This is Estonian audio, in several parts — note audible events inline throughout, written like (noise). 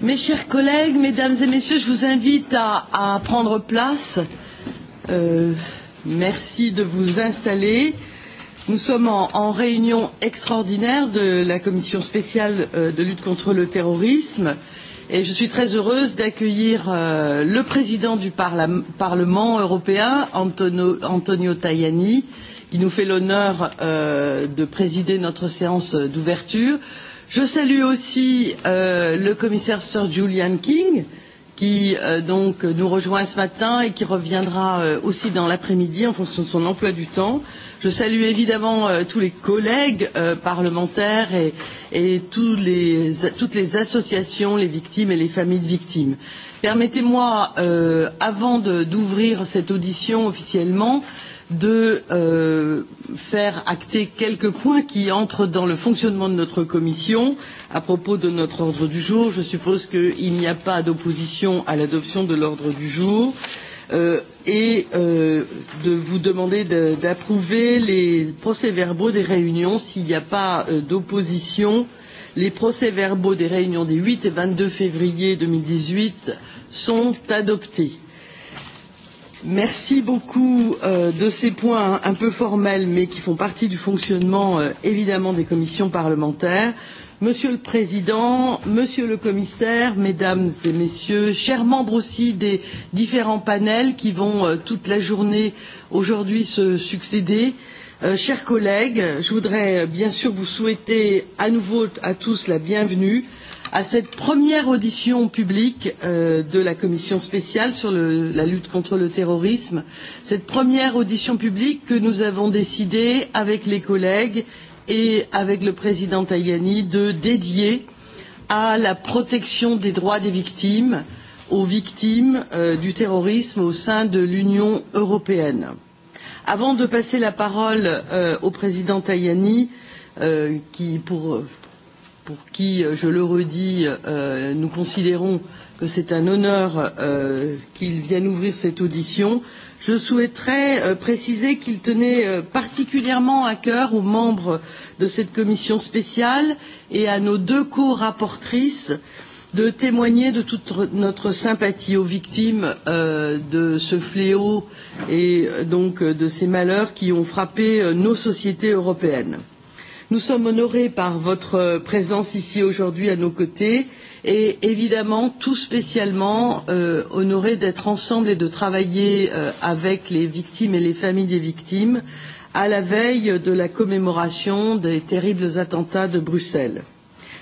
Mes chers collègues, mesdames et messieurs, je vous invite à, à prendre place. Euh, merci de vous installer. Nous sommes en, en réunion extraordinaire de la commission spéciale euh, de lutte contre le terrorisme et je suis très heureuse d'accueillir euh, le président du parla Parlement européen, Antonio, Antonio Tajani, qui nous fait l'honneur euh, de présider notre séance d'ouverture. Euh, Je salue aussi euh, le commissaire Sir Julian King, qui euh, donc nous rejoint ce matin et qui reviendra euh, aussi dans l'après-midi en fonction de son emploi du temps. Je salue évidemment euh, tous les collègues euh, parlementaires et, et tous les, toutes les associations, les victimes et les familles de victimes. Permettez-moi, euh, avant d'ouvrir cette audition officiellement, euh, de euh, faire acter quelques points qui entrent dans le fonctionnement de notre commission. À propos de notre ordre du jour, je suppose qu'il n'y a pas d'opposition à l'adoption de l'ordre du jour euh, et euh, de vous demander d'approuver de, les procès-verbaux des réunions s'il n'y a pas euh, d'opposition. Les procès-verbaux des réunions des 8 et 22 février 2018 sont adoptés. Merci beaucoup euh, de ces points un peu formels, mais qui font partie du fonctionnement euh, évidemment des commissions parlementaires. Monsieur le Président, Monsieur le Commissaire, Mesdames et Messieurs, chers membres aussi des différents panels qui vont euh, toute la journée aujourd'hui se succéder, euh, chers collègues, je voudrais euh, bien sûr vous souhaiter à nouveau à tous la bienvenue à cette première audition publique euh, de la commission spéciale sur le, la lutte contre le terrorisme, cette première audition publique que nous avons décidé avec les collègues et avec le président Tajani de dédier à la protection des droits des victimes, aux victimes euh, du terrorisme au sein de l'Union européenne. Avant de passer la parole euh, au président Tajani, euh, qui, pour pour qui, euh, je le redis, euh, nous considérons que c'est un honneur euh, qu'il vienne ouvrir cette audition. Je souhaiterais euh, préciser qu'il tenait euh, particulièrement à cœur aux membres de cette commission spéciale et à nos deux co-rapportrices de témoigner de toute notre sympathie aux victimes euh, de ce fléau et euh, donc euh, de ces malheurs qui ont frappé nos sociétés européennes. Euh, Nous sommes honorés par votre présence ici aujourd'hui à nos côtés et évidemment tout spécialement euh, honorés d'être ensemble et de travailler euh, avec les victimes et les familles des victimes à la veille de la commémoration des terribles attentats de Bruxelles.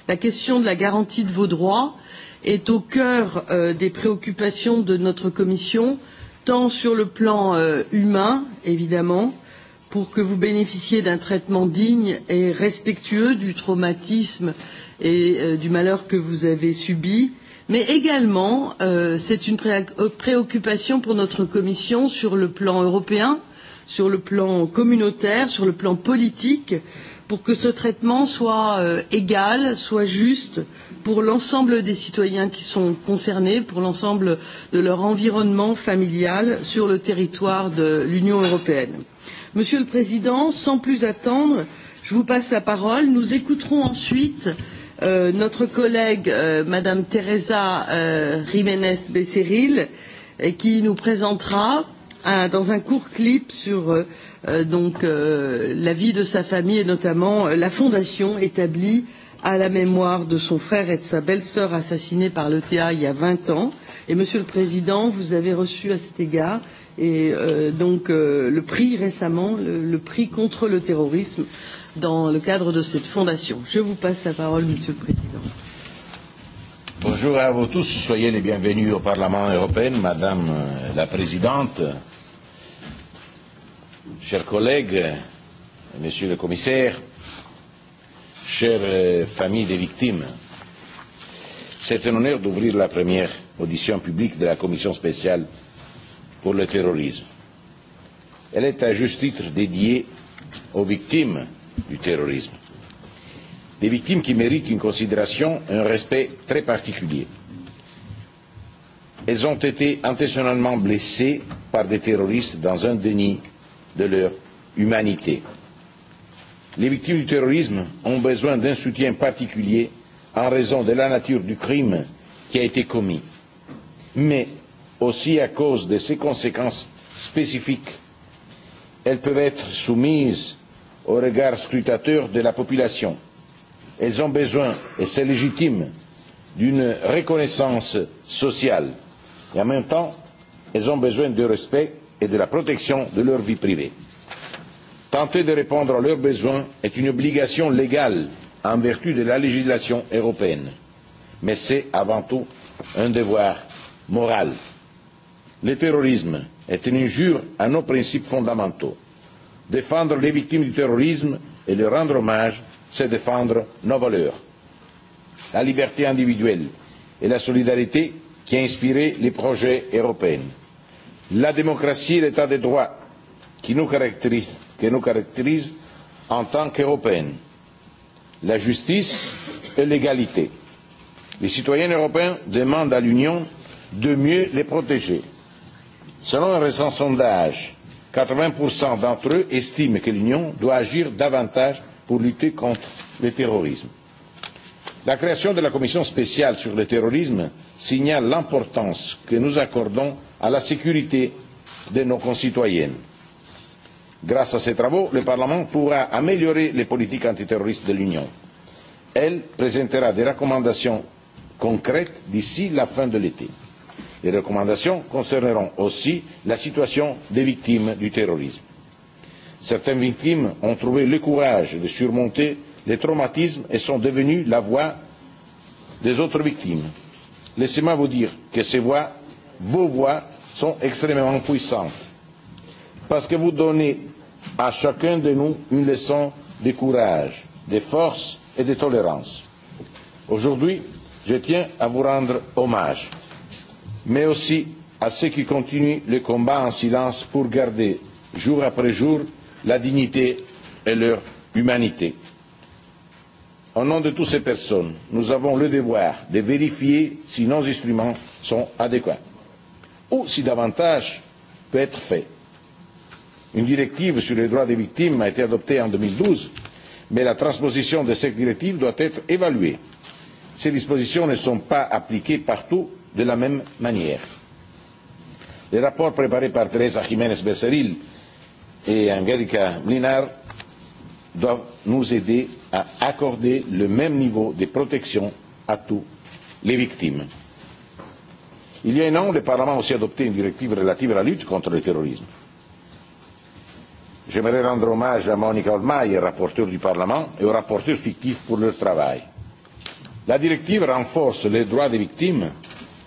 La question de la garantie de vos droits est au cœur euh, des préoccupations de notre commission, tant sur le plan euh, humain, évidemment, pour que vous bénéficiez d'un traitement digne et respectueux du traumatisme et euh, du malheur que vous avez subi. Mais également, euh, c'est une pré euh, préoccupation pour notre Commission sur le plan européen, sur le plan communautaire, sur le plan politique, pour que ce traitement soit euh, égal, soit juste pour l'ensemble des citoyens qui sont concernés, pour l'ensemble de leur environnement familial sur le territoire de l'Union européenne. Monsieur le Président, sans plus attendre, je vous passe la parole. Nous écouterons ensuite euh, notre collègue euh, Madame Teresa euh, Jiménez Becerril et qui nous présentera un, dans un court clip sur euh, euh, donc, euh, la vie de sa famille et notamment euh, la fondation établie à la mémoire de son frère et de sa belle-sœur assassinés par l'ETA il y a 20 ans. Et Monsieur le Président, vous avez reçu à cet égard et euh, donc euh, le prix récemment, le, le prix contre le terrorisme dans le cadre de cette fondation. Je vous passe la parole, Monsieur le Président. Bonjour à vous tous, soyez les bienvenus au Parlement européen, Madame euh, la Présidente, chers collègues, Monsieur le Commissaire, chères euh, familles des victimes. C'est un honneur d'ouvrir la première audition publique de la Commission spéciale euh, pour le terrorisme. Elle est à juste titre dédiée aux victimes du terrorisme, des victimes qui méritent une considération et un respect très particulier. Elles ont été intentionnellement blessées par des terroristes dans un déni de leur humanité. Les victimes du terrorisme ont besoin d'un soutien particulier en raison de la nature du crime qui a été commis. Mais aussi à cause de ses conséquences spécifiques. Elles peuvent être soumises au regard scrutateur de la population. Elles ont besoin, et c'est légitime, d'une reconnaissance sociale. Et en même temps, elles ont besoin de respect et de la protection de leur vie privée. Tenter de répondre à leurs besoins est une obligation légale en vertu de la législation européenne, mais c'est avant tout un devoir moral. Le terrorisme est une injure à nos principes fondamentaux. Défendre les victimes du terrorisme et leur rendre hommage, c'est défendre nos valeurs. La liberté individuelle et la solidarité qui a inspiré les projets européens. La démocratie et l'état de droit qui nous caractérisent, qui nous caractérisent en tant qu'Européens. La justice et l'égalité. Les citoyens européens demandent à l'Union de mieux les protéger Selon un récent sondage, 80% d'entre eux estiment que l'Union doit agir davantage pour lutter contre le terrorisme. La création de la commission spéciale sur le terrorisme signale l'importance que nous accordons à la sécurité de nos concitoyennes. Grâce à ces travaux, le Parlement pourra améliorer les politiques antiterroristes de l'Union. Elle présentera des recommandations concrètes d'ici la fin de l'été. Les recommandations concerneront aussi la situation des victimes du terrorisme. Certaines victimes ont trouvé le courage de surmonter les traumatismes et sont devenues la voix des autres victimes. Laissez-moi vous dire que ces voix, vos voix, sont extrêmement puissantes parce que vous donnez à chacun de nous une leçon de courage, de force et de tolérance. Aujourd'hui, je tiens à vous rendre hommage mais aussi à ceux qui continuent le combat en silence pour garder, jour après jour, la dignité et leur humanité. Au nom de toutes ces personnes, nous avons le devoir de vérifier si nos instruments sont adéquats ou si davantage peut être fait. Une directive sur les droits des victimes a été adoptée en 2012, mais la transposition de cette directive doit être évaluée. Ces dispositions ne sont pas appliquées partout de la même manière. Le rapport préparé par Teresa Jiménez Besseril et Angelica Mlinar doivent nous aider à accorder le même niveau de protection à toutes les victimes. Il y a un an, le Parlement a aussi adopté une directive relative à la lutte contre le terrorisme. J'aimerais rendre hommage à Monica Holmeyer, rapporteure du Parlement, et aux rapporteurs fictifs pour leur travail. La directive renforce les droits des victimes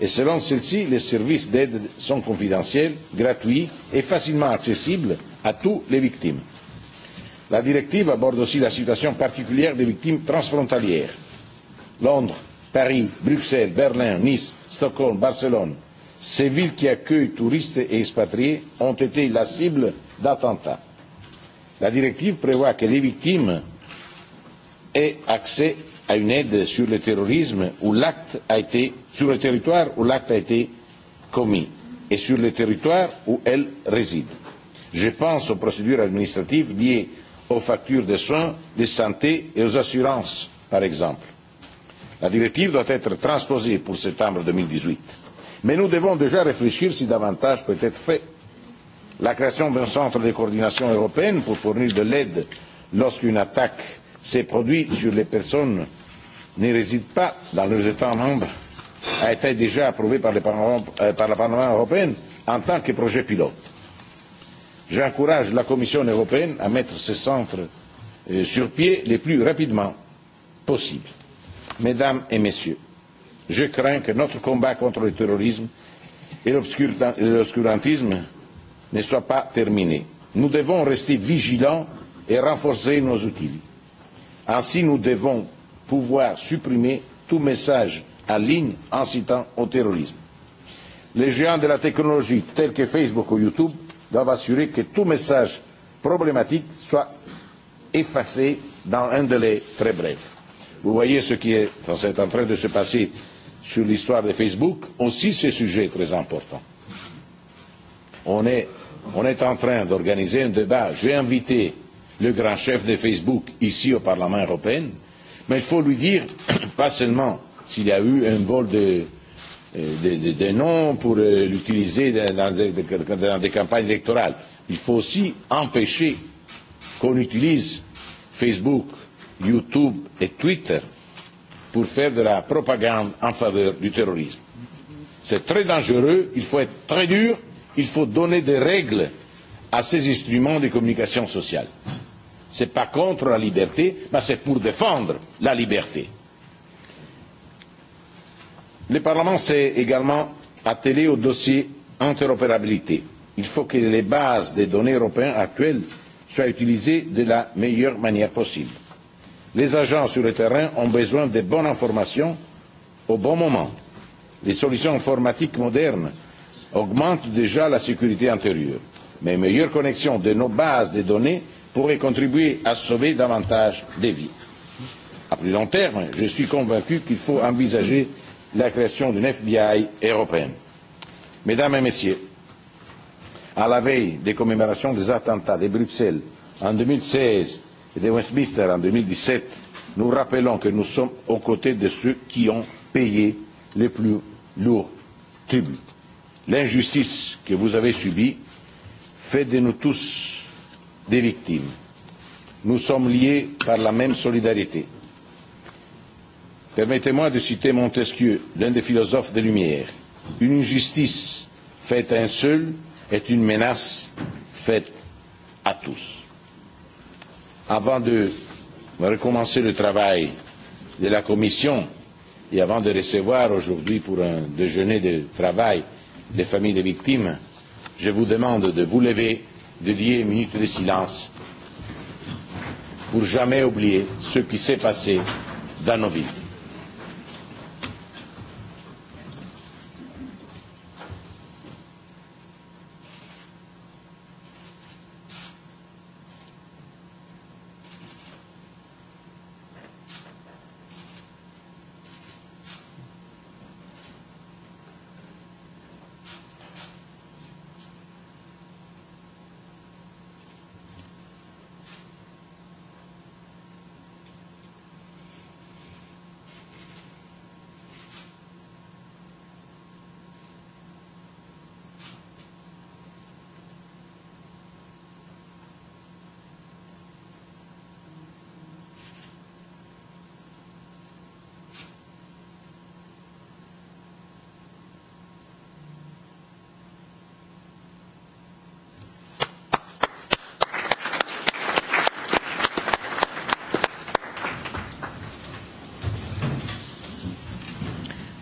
Et selon celle-ci, les services d'aide sont confidentiels, gratuits et facilement accessibles à toutes les victimes. La directive aborde aussi la situation particulière des victimes transfrontalières. Londres, Paris, Bruxelles, Berlin, Nice, Stockholm, Barcelone, ces villes qui accueillent touristes et expatriés ont été la cible d'attentats. La directive prévoit que les victimes aient accès à une aide sur le terrorisme où l'acte a été, sur le territoire où l'acte a été commis et sur le territoire où elle réside. Je pense aux procédures administratives liées aux factures de soins, de santé et aux assurances, par exemple. La directive doit être transposée pour septembre 2018. Mais nous devons déjà réfléchir si davantage peut être fait. La création d'un centre de coordination européenne pour fournir de l'aide lorsqu'une attaque s'est produite sur les personnes ne réside pas dans les États membres a été déjà approuvé par le Parlement, euh, par le Parlement européen en tant que projet pilote. J'encourage la Commission européenne à mettre ce centre euh, sur pied le plus rapidement possible. Mesdames et Messieurs, je crains que notre combat contre le terrorisme et l'obscurantisme ne soit pas terminé. Nous devons rester vigilants et renforcer nos outils. Ainsi, nous devons pouvoir supprimer tout message en ligne incitant au terrorisme. Les géants de la technologie tels que Facebook ou YouTube doivent assurer que tout message problématique soit effacé dans un délai très bref. Vous voyez ce qui est, ce qui est en train de se passer sur l'histoire de Facebook, aussi ce sujet très important. On est, on est en train d'organiser un débat. J'ai invité le grand chef de Facebook ici au Parlement européen Mais il faut lui dire, (clears throat) pas seulement s'il y a eu un vol de, euh, de, de, de noms pour euh, l'utiliser dans, de, de, dans des campagnes électorales, il faut aussi empêcher qu'on utilise Facebook, YouTube et Twitter pour faire de la propagande en faveur du terrorisme. C'est très dangereux, il faut être très dur, il faut donner des règles à ces instruments de communication sociale. Ce n'est pas contre la liberté, mais c'est pour défendre la liberté. Le Parlement s'est également attelé au dossier interopérabilité. Il faut que les bases des données européennes actuelles soient utilisées de la meilleure manière possible. Les agents sur le terrain ont besoin de bonnes informations au bon moment. Les solutions informatiques modernes augmentent déjà la sécurité intérieure, mais une meilleure connexion de nos bases de données pourrait contribuer à sauver davantage de vies. À plus long terme, je suis convaincu qu'il faut envisager la création d'une FBI européenne. Mesdames et Messieurs, à la veille des commémorations des attentats de Bruxelles en 2016 et de Westminster en 2017, nous rappelons que nous sommes aux côtés de ceux qui ont payé les plus lourds tributs. L'injustice que vous avez subie fait de nous tous des victimes. Nous sommes liés par la même solidarité. Permettez-moi de citer Montesquieu, l'un des philosophes des Lumières. Une injustice faite à un seul est une menace faite à tous. Avant de recommencer le travail de la Commission et avant de recevoir aujourd'hui pour un déjeuner de travail les familles des victimes, je vous demande de vous lever dédier une minute de silence pour jamais oublier ce qui s'est passé dans nos villes.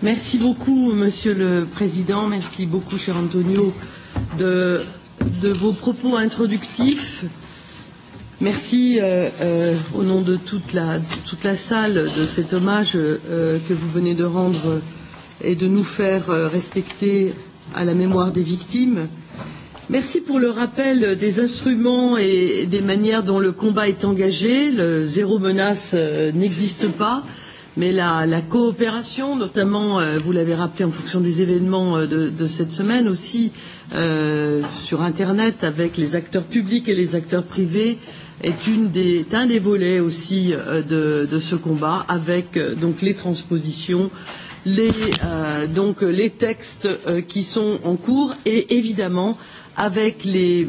Merci beaucoup, Monsieur le Président. Merci beaucoup, cher Antonio, de, de vos propos introductifs. Merci euh, euh, au nom de toute la, toute la salle de cet hommage euh, que vous venez de rendre et de nous faire euh, respecter à la mémoire des victimes. Merci pour le rappel des instruments et des manières dont le combat est engagé. Le zéro menace euh, n'existe pas. Euh, mais la, la coopération, notamment, euh, vous l'avez rappelé en fonction des événements euh, de, de cette semaine aussi, euh, sur Internet avec les acteurs publics et les acteurs privés, est, une des, est un des volets aussi euh, de, de ce combat, avec euh, donc les transpositions, les, euh, donc, les textes euh, qui sont en cours et évidemment avec les,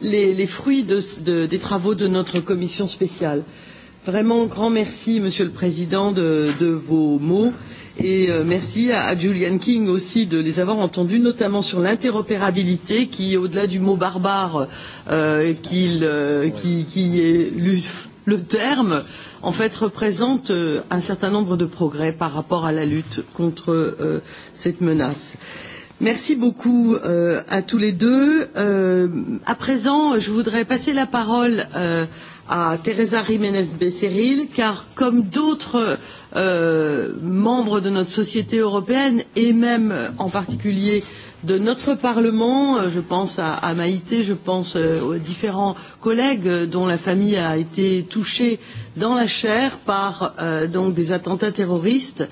les, les fruits de, de, des travaux de notre commission spéciale. Euh, Vraiment, grand merci, Monsieur le Président, de, de vos mots. Et euh, merci à, à Julian King aussi de les avoir entendus, notamment sur l'interopérabilité, qui, au-delà du mot barbare euh, qu euh, qui, qui est lu, le terme, en fait, représente euh, un certain nombre de progrès par rapport à la lutte contre euh, cette menace. Merci beaucoup euh, à tous les deux. Euh, à présent, je voudrais passer la parole. Euh, à Teresa Jiménez Becerril, car comme d'autres euh, membres de notre société européenne et même euh, en particulier de notre Parlement, euh, je pense à, à Maïté, je pense euh, aux différents collègues dont la famille a été touchée dans la chair par euh, donc des attentats terroristes. Euh,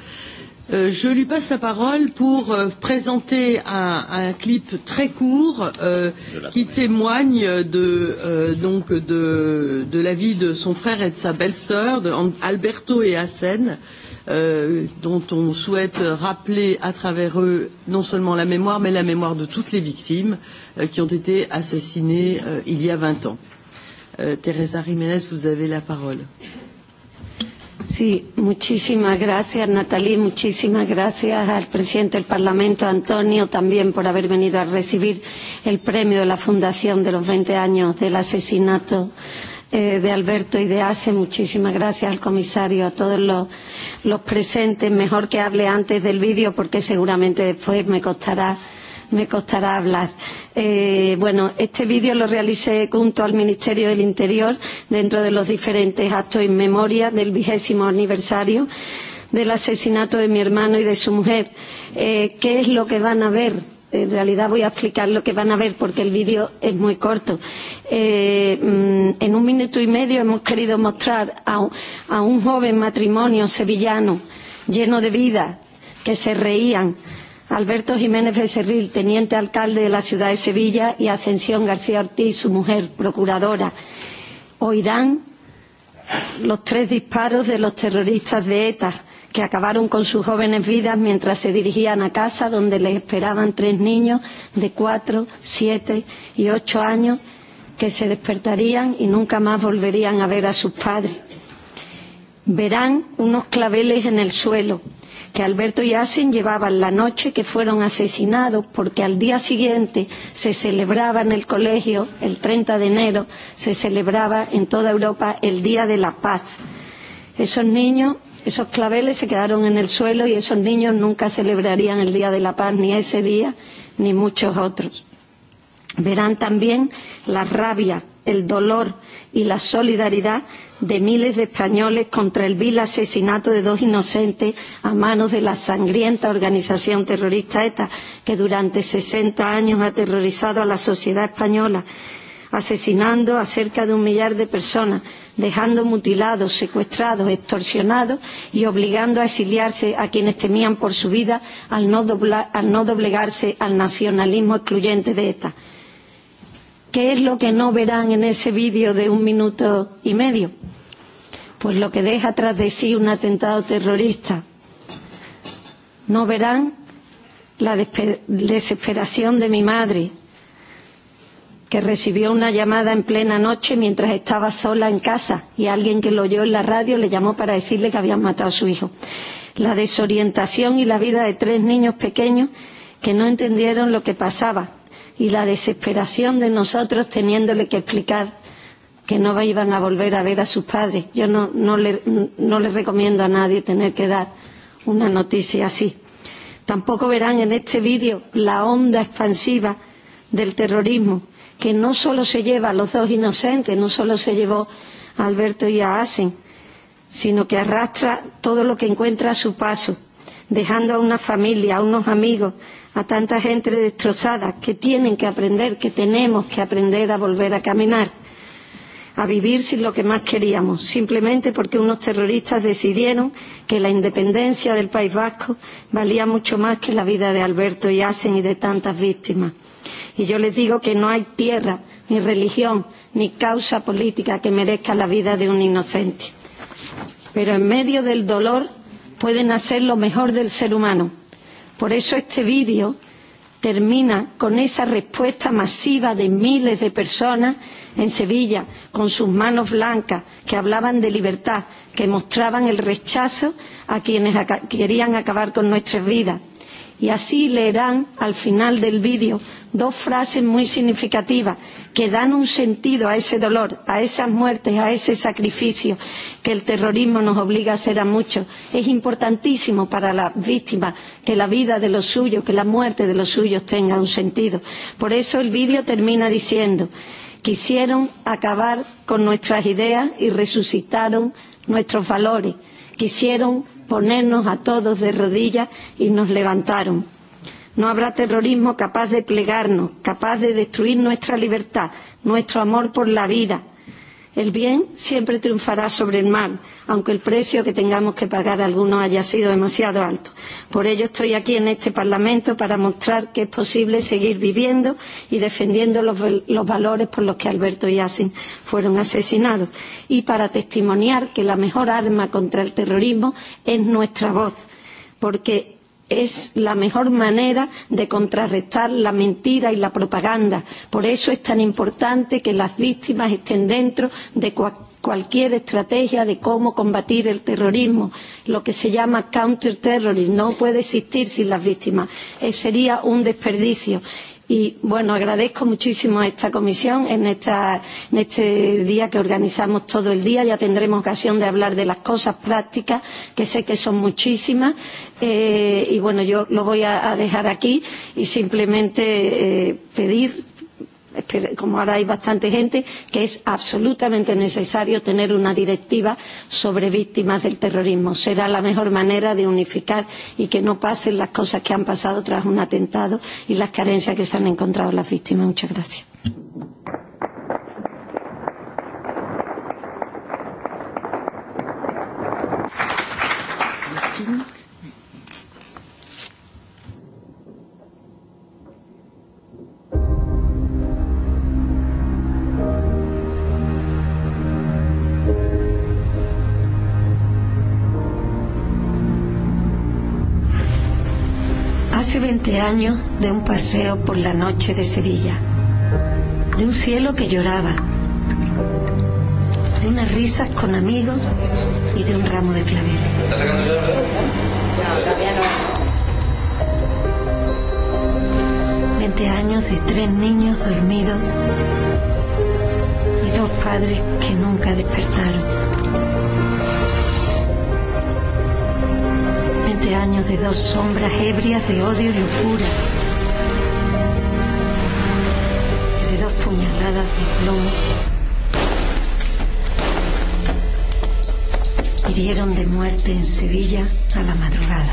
Euh, je lui passe la parole pour euh, présenter un, un clip très court euh, qui témoigne de, euh, donc de, de la vie de son frère et de sa belle-sœur, Alberto et Hassen, euh, dont on souhaite rappeler à travers eux non seulement la mémoire, mais la mémoire de toutes les victimes euh, qui ont été assassinées euh, il y a 20 ans. Euh, Teresa Jiménez, vous avez la parole. Merci. Sí, muchísimas gracias, Natalí. Muchísimas gracias al presidente del Parlamento, Antonio, también por haber venido a recibir el premio de la Fundación de los 20 años del asesinato eh, de Alberto y de ACE. Muchísimas gracias al comisario, a todos los, los presentes. Mejor que hable antes del vídeo porque seguramente después me costará me costará hablar. Eh, bueno, este vídeo lo realicé junto al Ministerio del Interior dentro de los diferentes actos en memoria del vigésimo aniversario del asesinato de mi hermano y de su mujer. Eh, ¿Qué es lo que van a ver? en realidad voy a explicar lo que van a ver porque el vídeo es muy corto. Eh, mm, en un minuto y medio hemos querido mostrar a, a un joven matrimonio sevillano lleno de vida, que se reían, Alberto Jiménez Becerril, teniente alcalde de la ciudad de Sevilla, y Ascensión García Ortiz, su mujer, procuradora, oirán los tres disparos de los terroristas de ETA, que acabaron con sus jóvenes vidas mientras se dirigían a casa, donde les esperaban tres niños de cuatro, siete y ocho años, que se despertarían y nunca más volverían a ver a sus padres. Verán unos claveles en el suelo, que Alberto y Asen llevaban la noche que fueron asesinados porque al día siguiente se celebraba en el colegio, el 30 de enero, se celebraba en toda Europa el Día de la Paz. Esos niños, esos claveles se quedaron en el suelo y esos niños nunca celebrarían el Día de la Paz, ni ese día, ni muchos otros. Verán también la rabia, el dolor y la solidaridad de miles de españoles contra el vil asesinato de dos inocentes a manos de la sangrienta organización terrorista ETA, que durante 60 años ha aterrorizado a la sociedad española, asesinando a cerca de un millar de personas, dejando mutilados, secuestrados, extorsionados y obligando a exiliarse a quienes temían por su vida al no, dobla, al no doblegarse al nacionalismo excluyente de ETA. ¿Qué es lo que no verán en ese vídeo de un minuto y medio? pues lo que deja tras de sí un atentado terrorista. No verán la desesperación de mi madre, que recibió una llamada en plena noche mientras estaba sola en casa y alguien que lo oyó en la radio le llamó para decirle que habían matado a su hijo. La desorientación y la vida de tres niños pequeños que no entendieron lo que pasaba y la desesperación de nosotros teniéndole que explicar que no iban a volver a ver a sus padres. Yo no, no, le, no les recomiendo a nadie tener que dar una noticia así. Tampoco verán en este vídeo la onda expansiva del terrorismo, que no solo se lleva a los dos inocentes, no solo se llevó a Alberto y a Asen, sino que arrastra todo lo que encuentra a su paso, dejando a una familia, a unos amigos, a tanta gente destrozada que tienen que aprender, que tenemos que aprender a volver a caminar a vivir sin lo que más queríamos, simplemente porque unos terroristas decidieron que la independencia del País Vasco valía mucho más que la vida de Alberto Yassen y de tantas víctimas. Y yo les digo que no hay tierra, ni religión, ni causa política que merezca la vida de un inocente. Pero en medio del dolor puede nacer lo mejor del ser humano. Por eso este vídeo termina con esa respuesta masiva de miles de personas en Sevilla, con sus manos blancas, que hablaban de libertad, que mostraban el rechazo a quienes aca querían acabar con nuestras vidas. Y así leerán al final del vídeo dos frases muy significativas que dan un sentido a ese dolor, a esas muertes, a ese sacrificio que el terrorismo nos obliga a hacer a muchos. Es importantísimo para las víctimas que la vida de los suyos, que la muerte de los suyos tenga un sentido. Por eso el vídeo termina diciendo Quisieron acabar con nuestras ideas y resucitaron nuestros valores. Quisieron ponernos a todos de rodillas y nos levantaron. No habrá terrorismo capaz de plegarnos, capaz de destruir nuestra libertad, nuestro amor por la vida, El bien siempre triunfará sobre el mal, aunque el precio que tengamos que pagar algunos haya sido demasiado alto. Por ello estoy aquí en este Parlamento para mostrar que es posible seguir viviendo y defendiendo los, los valores por los que Alberto y Asin fueron asesinados y para testimoniar que la mejor arma contra el terrorismo es nuestra voz, porque es la mejor manera de contrarrestar la mentira y la propaganda. Por eso es tan importante que las víctimas estén dentro de cualquier cualquier estrategia de cómo combatir el terrorismo, lo que se llama counterterrorism, no puede existir sin las víctimas. Eh, sería un desperdicio. Y bueno, agradezco muchísimo a esta comisión en, esta, en este día que organizamos todo el día. Ya tendremos ocasión de hablar de las cosas prácticas, que sé que son muchísimas. Eh, y bueno, yo lo voy a, a dejar aquí y simplemente eh, pedir como ahora hay bastante gente, que es absolutamente necesario tener una directiva sobre víctimas del terrorismo. Será la mejor manera de unificar y que no pasen las cosas que han pasado tras un atentado y las carencias que se han encontrado las víctimas. Muchas gracias. 20 años de un paseo por la noche de Sevilla, de un cielo que lloraba, de unas risas con amigos y de un ramo de claveles. ¿Estás sacando ya? No, todavía no. 20 años de tres niños dormidos y dos padres que nunca despertaron. Veinte años de dos sombras ebrias de odio y locura. Y de dos puñaladas de plomo. Hirieron de muerte en Sevilla a la madrugada.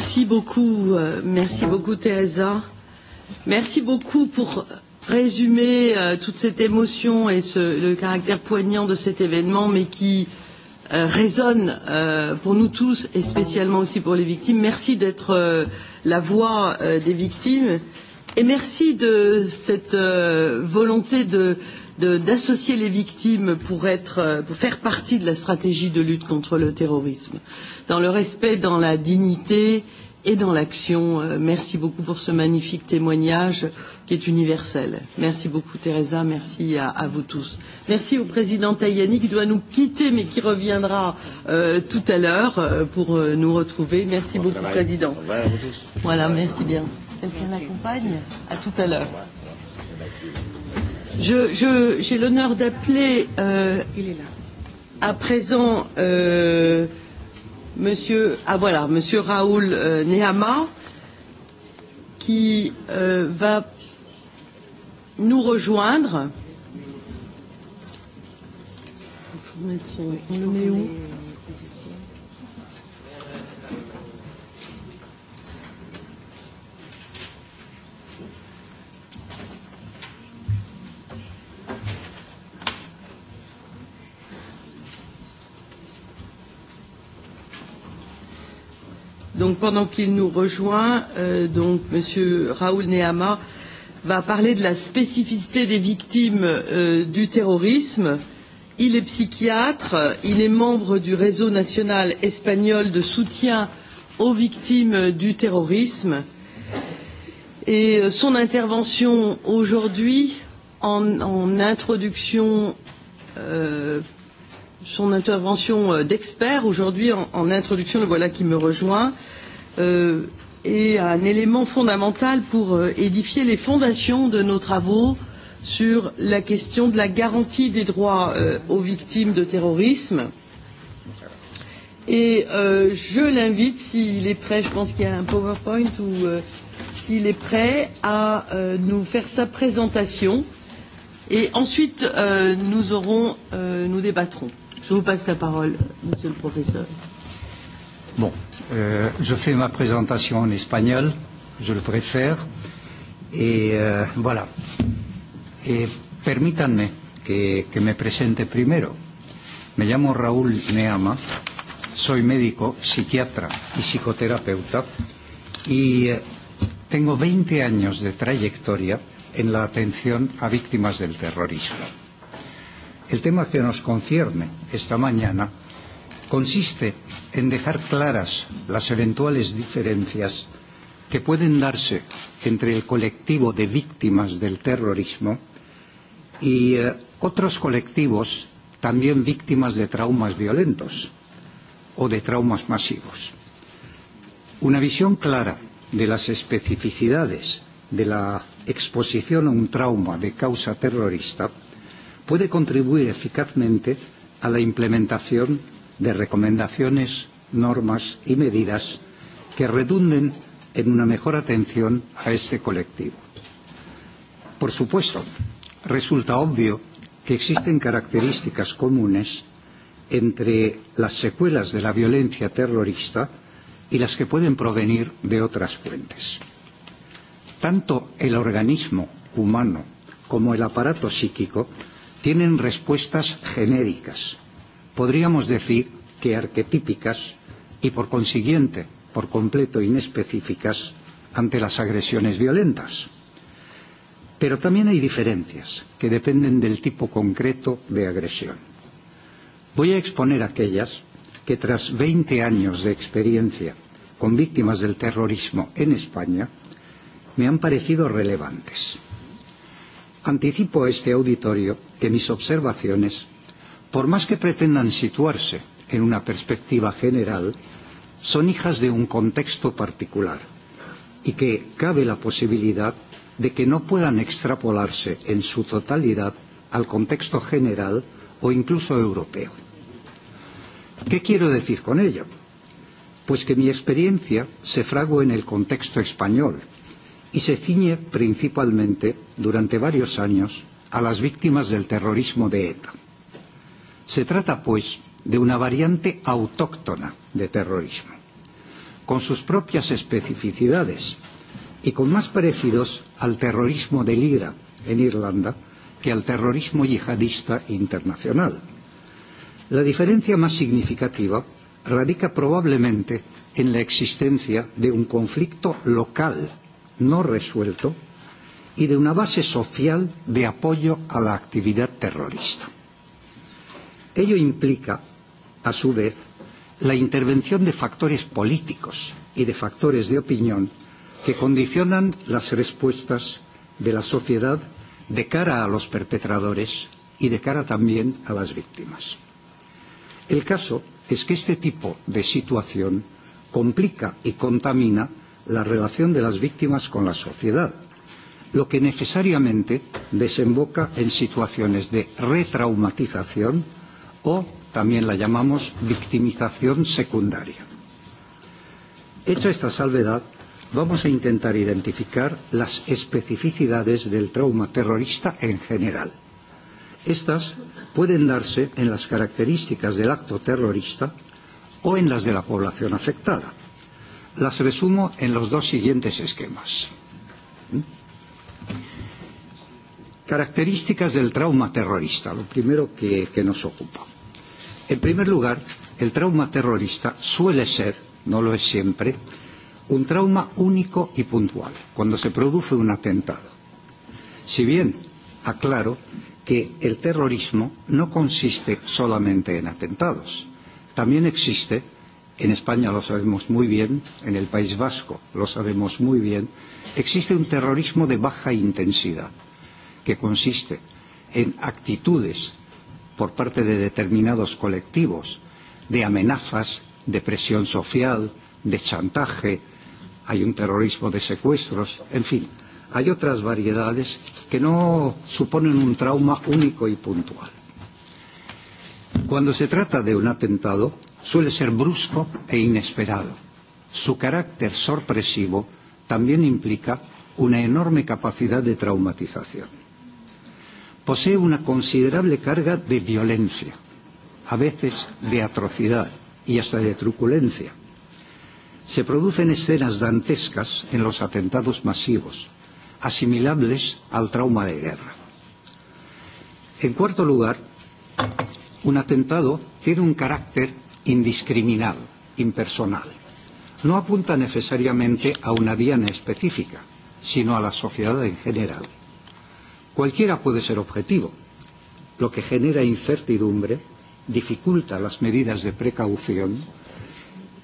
Merci beaucoup, euh, merci beaucoup Teresa. Merci beaucoup pour résumer euh, toute cette émotion et ce, le caractère poignant de cet événement, mais qui euh, résonne euh, pour nous tous et spécialement aussi pour les victimes. Merci d'être euh, la voix euh, des victimes et merci de cette euh, volonté de euh, d'associer les victimes pour, être, euh, pour faire partie de la stratégie de lutte contre le terrorisme, dans le respect, dans la dignité et dans l'action. Euh, merci beaucoup pour ce magnifique témoignage qui est universel. Merci beaucoup Teresa, merci à, à vous tous. Merci au président Tajani qui doit nous quitter mais qui reviendra euh, tout à l'heure euh, pour euh, nous retrouver. Merci bon beaucoup travail. président. Au revoir à vous tous. Voilà, merci bien. Quelqu'un l'accompagne À tout à l'heure. Je, je, j'ai l'honneur d'appeler euh, Il est là. à présent euh, Monsieur ah voilà Monsieur Raoul euh, Nehama qui euh, va nous rejoindre. Il faut mettre son, on le met où Donc pendant qu'il nous rejoint, euh, donc Monsieur Raoul Nehama va parler de la spécificité des victimes euh, du terrorisme. Il est psychiatre, il est membre du réseau national espagnol de soutien aux victimes du terrorisme. Et euh, son intervention aujourd'hui en, en introduction euh, son intervention euh, d'expert aujourd'hui en, en introduction, le voilà qui me rejoint, euh, est un élément fondamental pour euh, édifier les fondations de nos travaux sur la question de la garantie des droits euh, aux victimes de terrorisme. Et euh, je l'invite, s'il est prêt, je pense qu'il y a un PowerPoint, ou euh, s'il est prêt, à euh, nous faire sa présentation. Et ensuite, euh, nous aurons, euh, nous débattrons. Je vous passe la parole, monsieur le professeur. Bon, euh, je fais ma présentation en espagnol, je le préfère. Et euh, voilà. Eh, permítanme que, que me presente primero. Me llamo Raúl Neama, soy médico, psiquiatra y psicoterapeuta y eh, tengo 20 años de trayectoria en la atención a víctimas del terrorismo El tema que nos concierne esta mañana consiste en dejar claras las eventuales diferencias que pueden darse entre el colectivo de víctimas del terrorismo y eh, otros colectivos también víctimas de traumas violentos o de traumas masivos. Una visión clara de las especificidades de la exposición a un trauma de causa terrorista puede contribuir eficazmente a la implementación de recomendaciones, normas y medidas que redunden en una mejor atención a este colectivo. Por supuesto, resulta obvio que existen características comunes entre las secuelas de la violencia terrorista y las que pueden provenir de otras fuentes. Tanto el organismo humano como el aparato psíquico tienen respuestas genéricas, podríamos decir que arquetípicas y, por consiguiente, por completo inespecíficas ante las agresiones violentas. Pero también hay diferencias que dependen del tipo concreto de agresión. Voy a exponer aquellas que tras 20 años de experiencia con víctimas del terrorismo en España me han parecido relevantes. Anticipo a este auditorio que mis observaciones, por más que pretendan situarse en una perspectiva general, son hijas de un contexto particular y que cabe la posibilidad de que no puedan extrapolarse en su totalidad al contexto general o incluso europeo. ¿Qué quiero decir con ello? Pues que mi experiencia se fragua en el contexto español y se ciñe principalmente durante varios años a las víctimas del terrorismo de ETA. Se trata, pues, de una variante autóctona de terrorismo, con sus propias especificidades y con más parecidos al terrorismo del IRA en Irlanda que al terrorismo yihadista internacional. La diferencia más significativa radica probablemente en la existencia de un conflicto local no resuelto y de una base social de apoyo a la actividad terrorista. Ello implica, a su vez, la intervención de factores políticos y de factores de opinión que condicionan las respuestas de la sociedad de cara a los perpetradores y de cara también a las víctimas. El caso es que este tipo de situación complica y contamina la relación de las víctimas con la sociedad lo que necesariamente desemboca en situaciones de retraumatización o también la llamamos victimización secundaria. Hecha esta salvedad, vamos a intentar identificar las especificidades del trauma terrorista en general. Estas pueden darse en las características del acto terrorista o en las de la población afectada. Las resumo en los dos siguientes esquemas. ¿Mm? Características del trauma terrorista, lo primero que, que nos ocupa. En primer lugar, el trauma terrorista suele ser, no lo es siempre, un trauma único y puntual, cuando se produce un atentado. Si bien aclaro que el terrorismo no consiste solamente en atentados, también existe, en España lo sabemos muy bien, en el País Vasco lo sabemos muy bien, existe un terrorismo de baja intensidad que consiste en actitudes por parte de determinados colectivos de amenazas, de presión social, de chantaje, hay un terrorismo de secuestros, en fin, hay otras variedades que no suponen un trauma único y puntual. Cuando se trata de un atentado, suele ser brusco e inesperado. Su carácter sorpresivo también implica una enorme capacidad de traumatización posee una considerable carga de violencia, a veces de atrocidad y hasta de truculencia. Se producen escenas dantescas en los atentados masivos, asimilables al trauma de guerra. En cuarto lugar, un atentado tiene un carácter indiscriminado, impersonal. No apunta necesariamente a una diana específica, sino a la sociedad en general Cualquiera puede ser objetivo, lo que genera incertidumbre, dificulta las medidas de precaución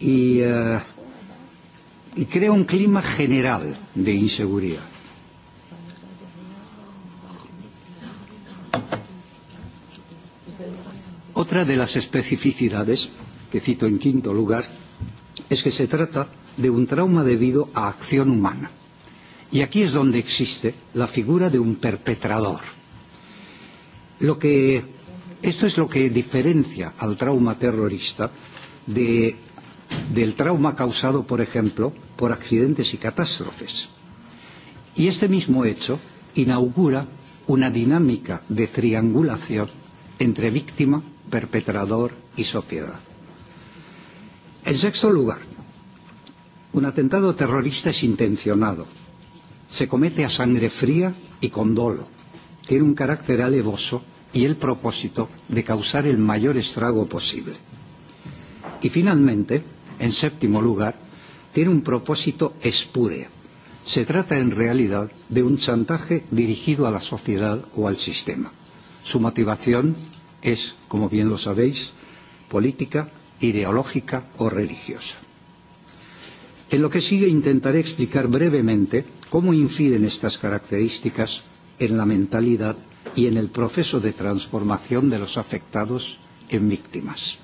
y, eh, y crea un clima general de inseguridad. Otra de las especificidades que cito en quinto lugar es que se trata de un trauma debido a acción humana. Y aquí es donde existe la figura de un perpetrador. Lo que, esto es lo que diferencia al trauma terrorista de, del trauma causado, por ejemplo, por accidentes y catástrofes. Y este mismo hecho inaugura una dinámica de triangulación entre víctima, perpetrador y sociedad. En sexto lugar, un atentado terrorista es intencionado se comete a sangre fría y con dolo. Tiene un carácter alevoso y el propósito de causar el mayor estrago posible. Y finalmente, en séptimo lugar, tiene un propósito espúreo. Se trata en realidad de un chantaje dirigido a la sociedad o al sistema. Su motivación es, como bien lo sabéis, política, ideológica o religiosa. En lo que sigue intentaré explicar brevemente cómo infiden estas características en la mentalidad y en el proceso de transformación de los afectados en víctimas.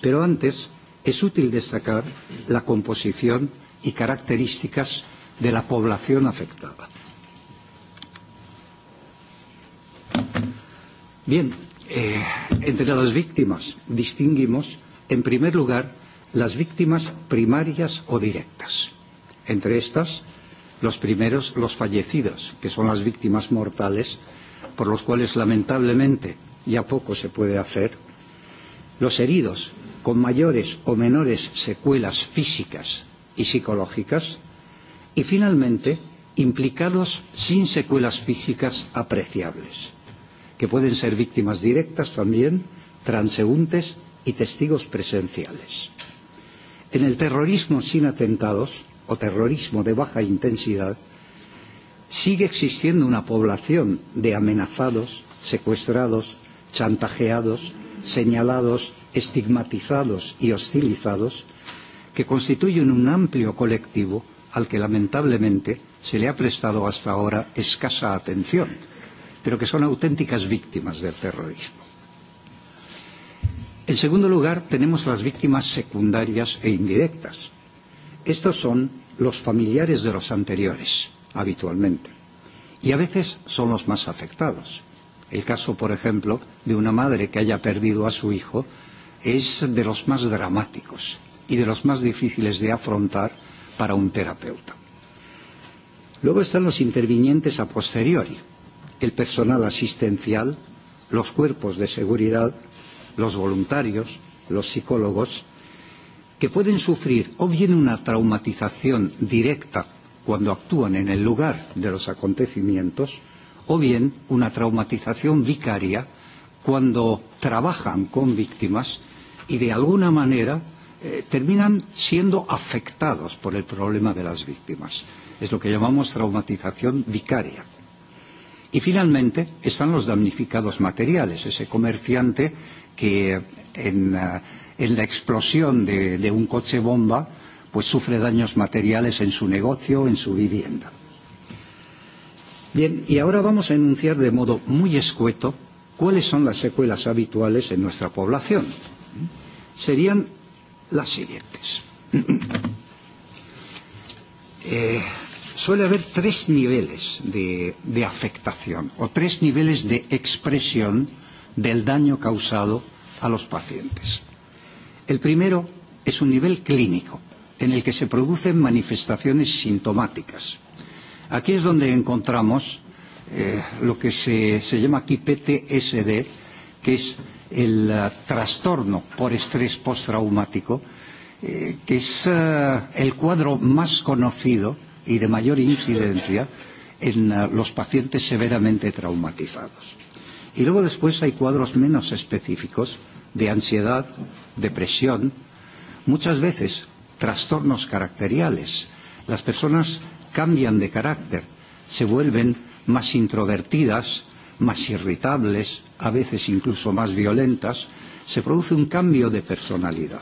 Pero antes es útil destacar la composición y características de la población afectada. Bien, eh, entre las víctimas distinguimos, en primer lugar, las víctimas primarias o directas. Entre estas Los primeros, los fallecidos, que son las víctimas mortales, por los cuales lamentablemente ya poco se puede hacer. Los heridos, con mayores o menores secuelas físicas y psicológicas. Y finalmente, implicados sin secuelas físicas apreciables, que pueden ser víctimas directas también, transeúntes y testigos presenciales. En el terrorismo sin atentados, o terrorismo de baja intensidad, sigue existiendo una población de amenazados, secuestrados, chantajeados, señalados, estigmatizados y hostilizados, que constituyen un amplio colectivo al que lamentablemente se le ha prestado hasta ahora escasa atención, pero que son auténticas víctimas del terrorismo. En segundo lugar, tenemos las víctimas secundarias e indirectas. Estos son los familiares de los anteriores, habitualmente. Y a veces son los más afectados. El caso, por ejemplo, de una madre que haya perdido a su hijo es de los más dramáticos y de los más difíciles de afrontar para un terapeuta. Luego están los intervinientes a posteriori, el personal asistencial, los cuerpos de seguridad, los voluntarios, los psicólogos, que pueden sufrir o bien una traumatización directa cuando actúan en el lugar de los acontecimientos, o bien una traumatización vicaria cuando trabajan con víctimas y de alguna manera eh, terminan siendo afectados por el problema de las víctimas. Es lo que llamamos traumatización vicaria. Y finalmente están los damnificados materiales, ese comerciante que eh, en, eh, en la explosión de, de un coche bomba, pues sufre daños materiales en su negocio, en su vivienda. Bien, y ahora vamos a enunciar de modo muy escueto cuáles son las secuelas habituales en nuestra población. Serían las siguientes. (clears throat) eh, suele haber tres niveles de, de afectación o tres niveles de expresión del daño causado a los pacientes. El primero es un nivel clínico, en el que se producen manifestaciones sintomáticas. Aquí es donde encontramos eh, lo que se, se llama aquí PTSD, que es el uh, trastorno por estrés postraumático, eh, que es uh, el cuadro más conocido y de mayor incidencia en uh, los pacientes severamente traumatizados. Y luego después hay cuadros menos específicos de ansiedad, depresión, muchas veces trastornos caracteriales. Las personas cambian de carácter, se vuelven más introvertidas, más irritables, a veces incluso más violentas, se produce un cambio de personalidad.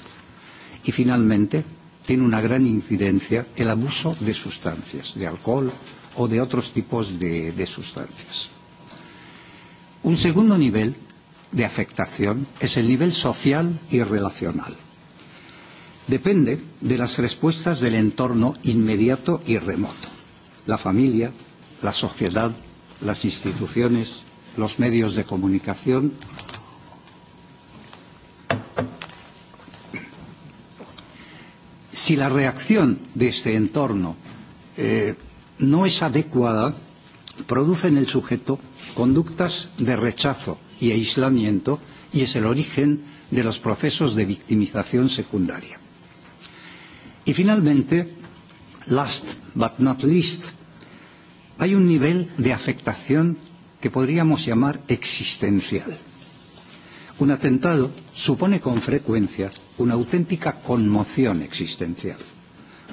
Y finalmente, tiene una gran incidencia el abuso de sustancias, de alcohol o de otros tipos de, de sustancias. Un segundo nivel de afectación es el nivel social y relacional. Depende de las respuestas del entorno inmediato y remoto, la familia, la sociedad, las instituciones, los medios de comunicación. Si la reacción de este entorno eh, no es adecuada, produce en el sujeto conductas de rechazo, y aislamiento y es el origen de los procesos de victimización secundaria. Y finalmente, last but not least, hay un nivel de afectación que podríamos llamar existencial. Un atentado supone con frecuencia una auténtica conmoción existencial,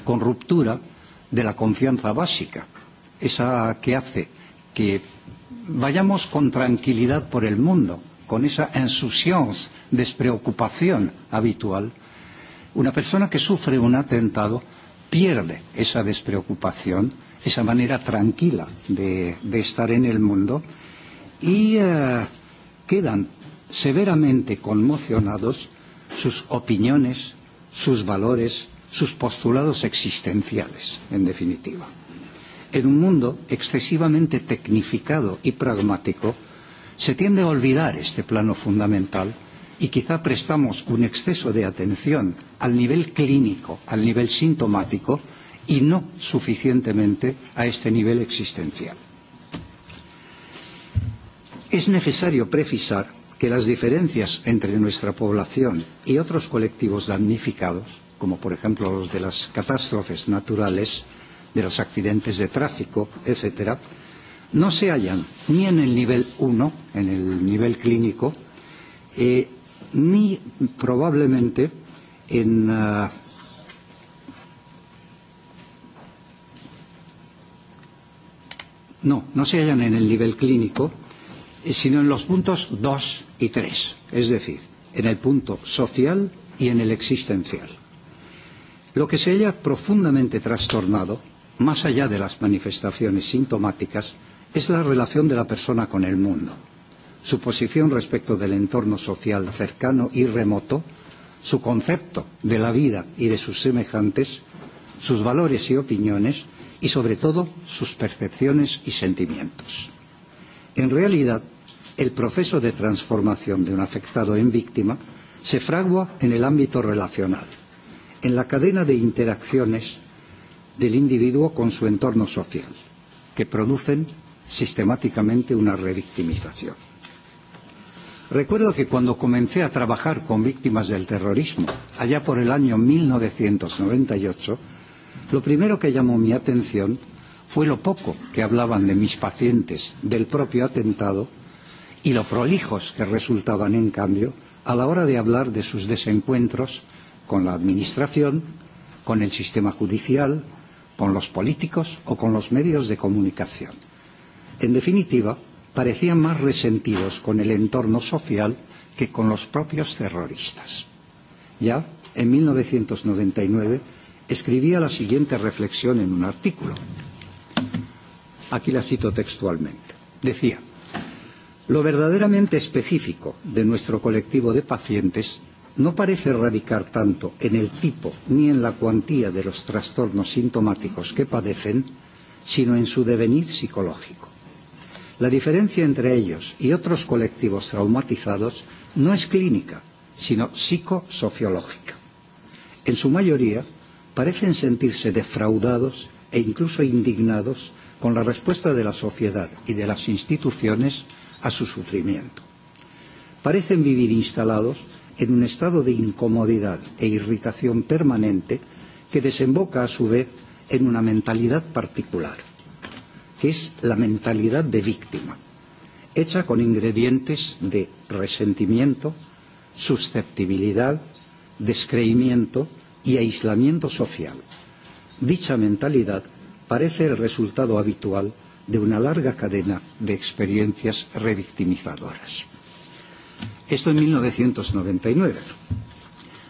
con ruptura de la confianza básica, esa que hace que vayamos con tranquilidad por el mundo, con esa insouciance, despreocupación habitual. Una persona que sufre un atentado pierde esa despreocupación, esa manera tranquila de, de estar en el mundo y eh, quedan severamente conmocionados sus opiniones, sus valores, sus postulados existenciales, en definitiva en un mundo excesivamente tecnificado y pragmático, se tiende a olvidar este plano fundamental y quizá prestamos un exceso de atención al nivel clínico, al nivel sintomático y no suficientemente a este nivel existencial. Es necesario precisar que las diferencias entre nuestra población y otros colectivos damnificados, como por ejemplo los de las catástrofes naturales, de los accidentes de tráfico, etcétera, no se hallan ni en el nivel 1, en el nivel clínico, eh, ni probablemente en uh, no, no se hallan en el nivel clínico, eh, sino en los puntos 2 y 3, es decir, en el punto social y en el existencial. Lo que se halla profundamente trastornado más allá de las manifestaciones sintomáticas, es la relación de la persona con el mundo, su posición respecto del entorno social cercano y remoto, su concepto de la vida y de sus semejantes, sus valores y opiniones y, sobre todo, sus percepciones y sentimientos. En realidad, el proceso de transformación de un afectado en víctima se fragua en el ámbito relacional, en la cadena de interacciones del individuo con su entorno social, que producen sistemáticamente una revictimización. Recuerdo que cuando comencé a trabajar con víctimas del terrorismo, allá por el año 1998, lo primero que llamó mi atención fue lo poco que hablaban de mis pacientes del propio atentado y lo prolijos que resultaban, en cambio, a la hora de hablar de sus desencuentros con la Administración, con el sistema judicial, con los políticos o con los medios de comunicación. En definitiva, parecían más resentidos con el entorno social que con los propios terroristas. Ya en 1999 escribía la siguiente reflexión en un artículo. Aquí la cito textualmente. Decía, lo verdaderamente específico de nuestro colectivo de pacientes no parece radicar tanto en el tipo ni en la cuantía de los trastornos sintomáticos que padecen, sino en su devenir psicológico. La diferencia entre ellos y otros colectivos traumatizados no es clínica, sino psicosociológica. En su mayoría, parecen sentirse defraudados e incluso indignados con la respuesta de la sociedad y de las instituciones a su sufrimiento. Parecen vivir instalados en un estado de incomodidad e irritación permanente que desemboca a su vez en una mentalidad particular, que es la mentalidad de víctima, hecha con ingredientes de resentimiento, susceptibilidad, descreimiento y aislamiento social. Dicha mentalidad parece el resultado habitual de una larga cadena de experiencias revictimizadoras. Esto en 1999.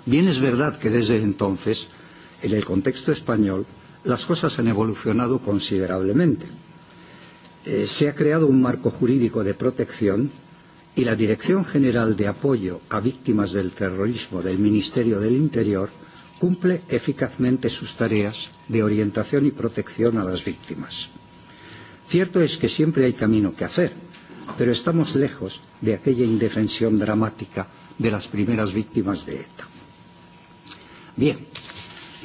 Bien es verdad que desde entonces, en el contexto español, las cosas han evolucionado considerablemente. Eh, se ha creado un marco jurídico de protección y la Dirección General de Apoyo a Víctimas del Terrorismo del Ministerio del Interior cumple eficazmente sus tareas de orientación y protección a las víctimas. Cierto es que siempre hay camino que hacer pero estamos lejos de aquella indefensión dramática de las primeras víctimas de ETA. Bien,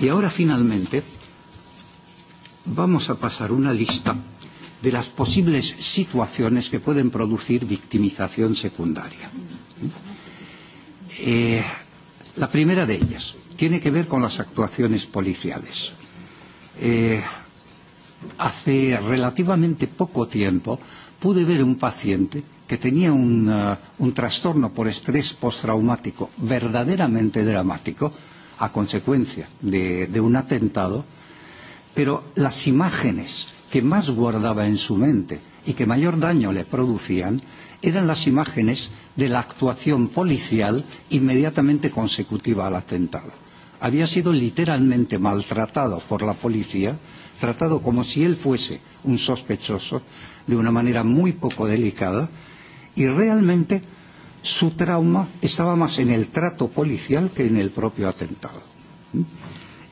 y ahora finalmente vamos a pasar una lista de las posibles situaciones que pueden producir victimización secundaria. Eh, la primera de ellas tiene que ver con las actuaciones policiales. Eh, hace relativamente poco tiempo pude ver un paciente que tenía un, uh, un trastorno por estrés postraumático verdaderamente dramático a consecuencia de, de un atentado, pero las imágenes que más guardaba en su mente y que mayor daño le producían eran las imágenes de la actuación policial inmediatamente consecutiva al atentado. Había sido literalmente maltratado por la policía, tratado como si él fuese un sospechoso, de una manera muy poco delicada y realmente su trauma estaba más en el trato policial que en el propio atentado.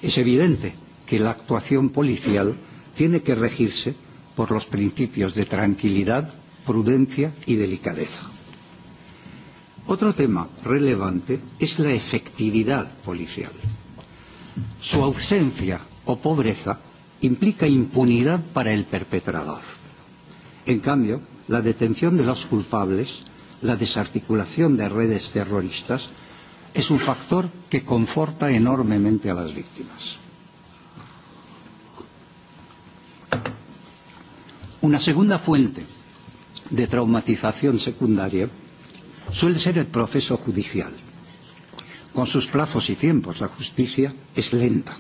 Es evidente que la actuación policial tiene que regirse por los principios de tranquilidad, prudencia y delicadeza. Otro tema relevante es la efectividad policial. Su ausencia o pobreza implica impunidad para el perpetrador. En cambio, la detención de los culpables, la desarticulación de redes terroristas, es un factor que conforta enormemente a las víctimas. Una segunda fuente de traumatización secundaria suele ser el proceso judicial. Con sus plazos y tiempos, la justicia es lenta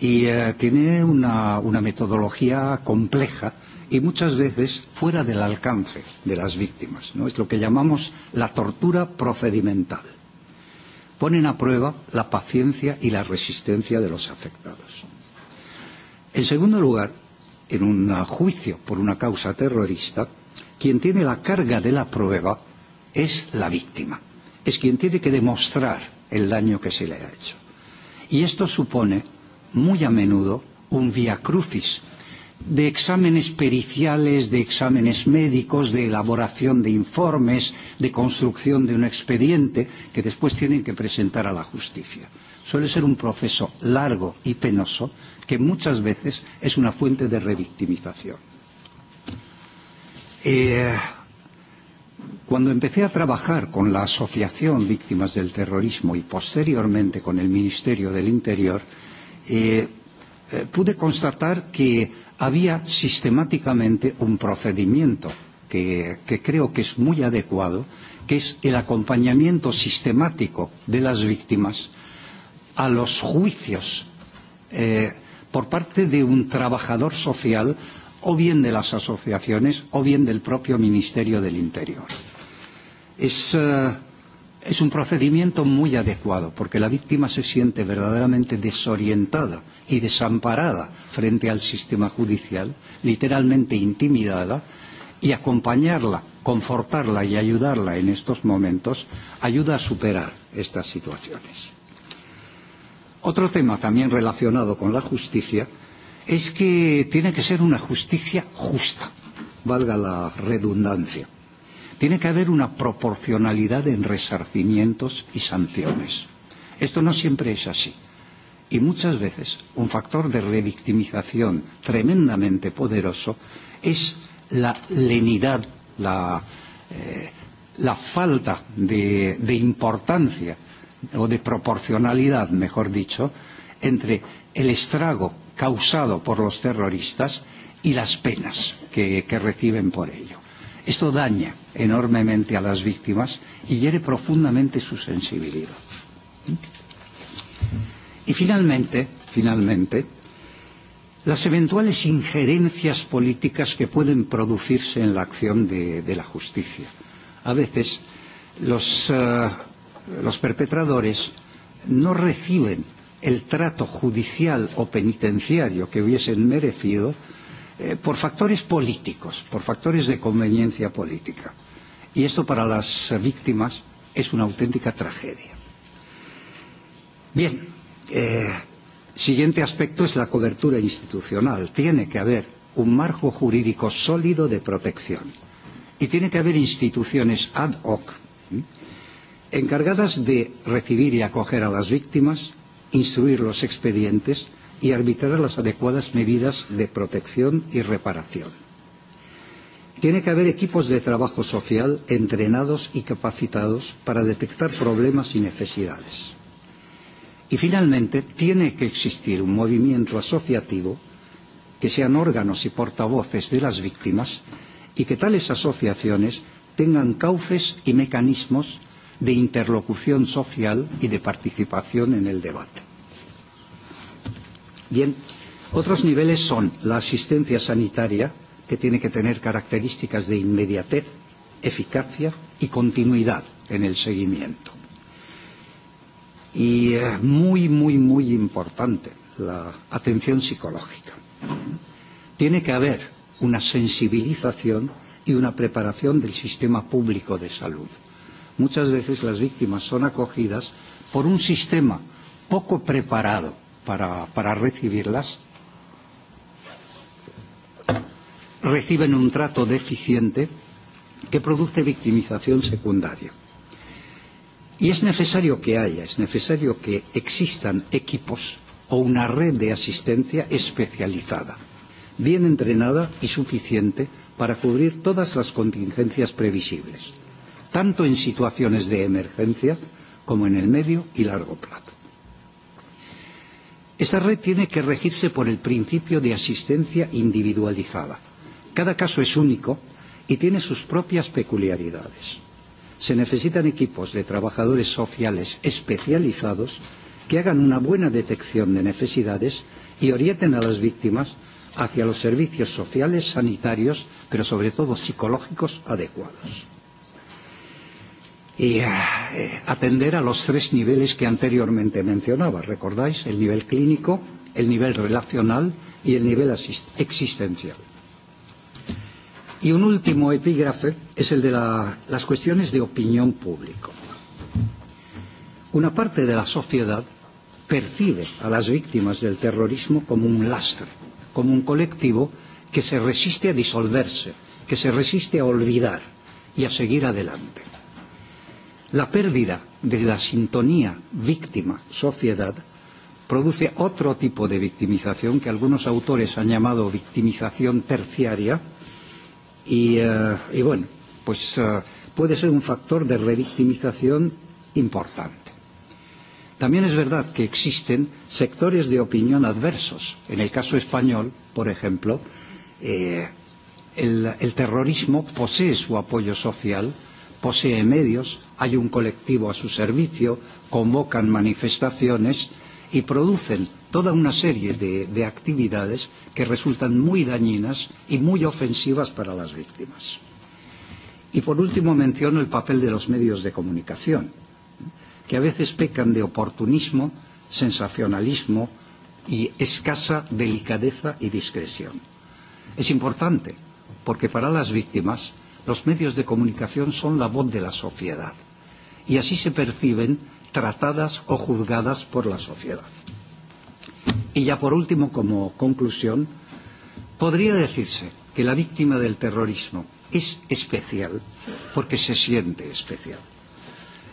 y eh, tiene una, una metodología compleja y muchas veces fuera del alcance de las víctimas. ¿no? Es lo que llamamos la tortura procedimental. Ponen a prueba la paciencia y la resistencia de los afectados. En segundo lugar, en un juicio por una causa terrorista, quien tiene la carga de la prueba es la víctima, es quien tiene que demostrar el daño que se le ha hecho. Y esto supone, muy a menudo, un via crucis de exámenes periciales, de exámenes médicos, de elaboración de informes, de construcción de un expediente que después tienen que presentar a la justicia. Suele ser un proceso largo y penoso que muchas veces es una fuente de revictimización. Eh, cuando empecé a trabajar con la Asociación Víctimas del Terrorismo y posteriormente con el Ministerio del Interior, eh, eh, pude constatar que había sistemáticamente un procedimiento que, que creo que es muy adecuado, que es el acompañamiento sistemático de las víctimas a los juicios eh, por parte de un trabajador social o bien de las asociaciones o bien del propio Ministerio del Interior. Es, uh, eh, es un procedimiento muy adecuado porque la víctima se siente verdaderamente desorientada y desamparada frente al sistema judicial, literalmente intimidada, y acompañarla, confortarla y ayudarla en estos momentos ayuda a superar estas situaciones. Otro tema también relacionado con la justicia es que tiene que ser una justicia justa, valga la redundancia Tiene que haber una proporcionalidad en resarcimientos y sanciones. Esto no siempre es así. Y muchas veces un factor de revictimización tremendamente poderoso es la lenidad, la, eh, la falta de, de importancia o de proporcionalidad, mejor dicho, entre el estrago causado por los terroristas y las penas que, que reciben por ello. Esto daña enormemente a las víctimas y hiere profundamente su sensibilidad. Y finalmente, finalmente, las eventuales injerencias políticas que pueden producirse en la acción de, de la justicia. A veces los, uh, los perpetradores no reciben el trato judicial o penitenciario que hubiesen merecido eh, por factores políticos, por factores de conveniencia política. Y esto para las víctimas es una auténtica tragedia. Bien, eh, siguiente aspecto es la cobertura institucional. Tiene que haber un marco jurídico sólido de protección y tiene que haber instituciones ad hoc ¿eh? encargadas de recibir y acoger a las víctimas, instruir los expedientes, y arbitrar las adecuadas medidas de protección y reparación. Tiene que haber equipos de trabajo social entrenados y capacitados para detectar problemas y necesidades. Y finalmente, tiene que existir un movimiento asociativo que sean órganos y portavoces de las víctimas y que tales asociaciones tengan cauces y mecanismos de interlocución social y de participación en el debate. Bien, otros niveles son la asistencia sanitaria, que tiene que tener características de inmediatez, eficacia y continuidad en el seguimiento. Y eh, muy, muy, muy importante, la atención psicológica. Tiene que haber una sensibilización y una preparación del sistema público de salud. Muchas veces las víctimas son acogidas por un sistema poco preparado para, para recibirlas, reciben un trato deficiente que produce victimización secundaria. Y es necesario que haya, es necesario que existan equipos o una red de asistencia especializada, bien entrenada y suficiente para cubrir todas las contingencias previsibles, tanto en situaciones de emergencia como en el medio y largo plazo. Esta red tiene que regirse por el principio de asistencia individualizada. Cada caso es único y tiene sus propias peculiaridades. Se necesitan equipos de trabajadores sociales especializados que hagan una buena detección de necesidades y orienten a las víctimas hacia los servicios sociales, sanitarios, pero sobre todo psicológicos adecuados y eh, atender a los tres niveles que anteriormente mencionaba. ¿Recordáis? El nivel clínico, el nivel relacional y el nivel existencial. Y un último epígrafe es el de la, las cuestiones de opinión pública. Una parte de la sociedad percibe a las víctimas del terrorismo como un lastre, como un colectivo que se resiste a disolverse, que se resiste a olvidar y a seguir adelante. La pérdida de la sintonía víctima-sociedad produce otro tipo de victimización que algunos autores han llamado victimización terciaria y, eh, y bueno, pues eh, puede ser un factor de revictimización importante. También es verdad que existen sectores de opinión adversos. En el caso español, por ejemplo, eh, el, el terrorismo posee su apoyo social eh, posee medios, hay un colectivo a su servicio, convocan manifestaciones y producen toda una serie de, de actividades que resultan muy dañinas y muy ofensivas para las víctimas. Y por último menciono el papel de los medios de comunicación, que a veces pecan de oportunismo, sensacionalismo y escasa delicadeza y discreción. Es importante, porque para las víctimas Los medios de comunicación son la voz de la sociedad y así se perciben tratadas o juzgadas por la sociedad. Y ya por último, como conclusión, podría decirse que la víctima del terrorismo es especial porque se siente especial.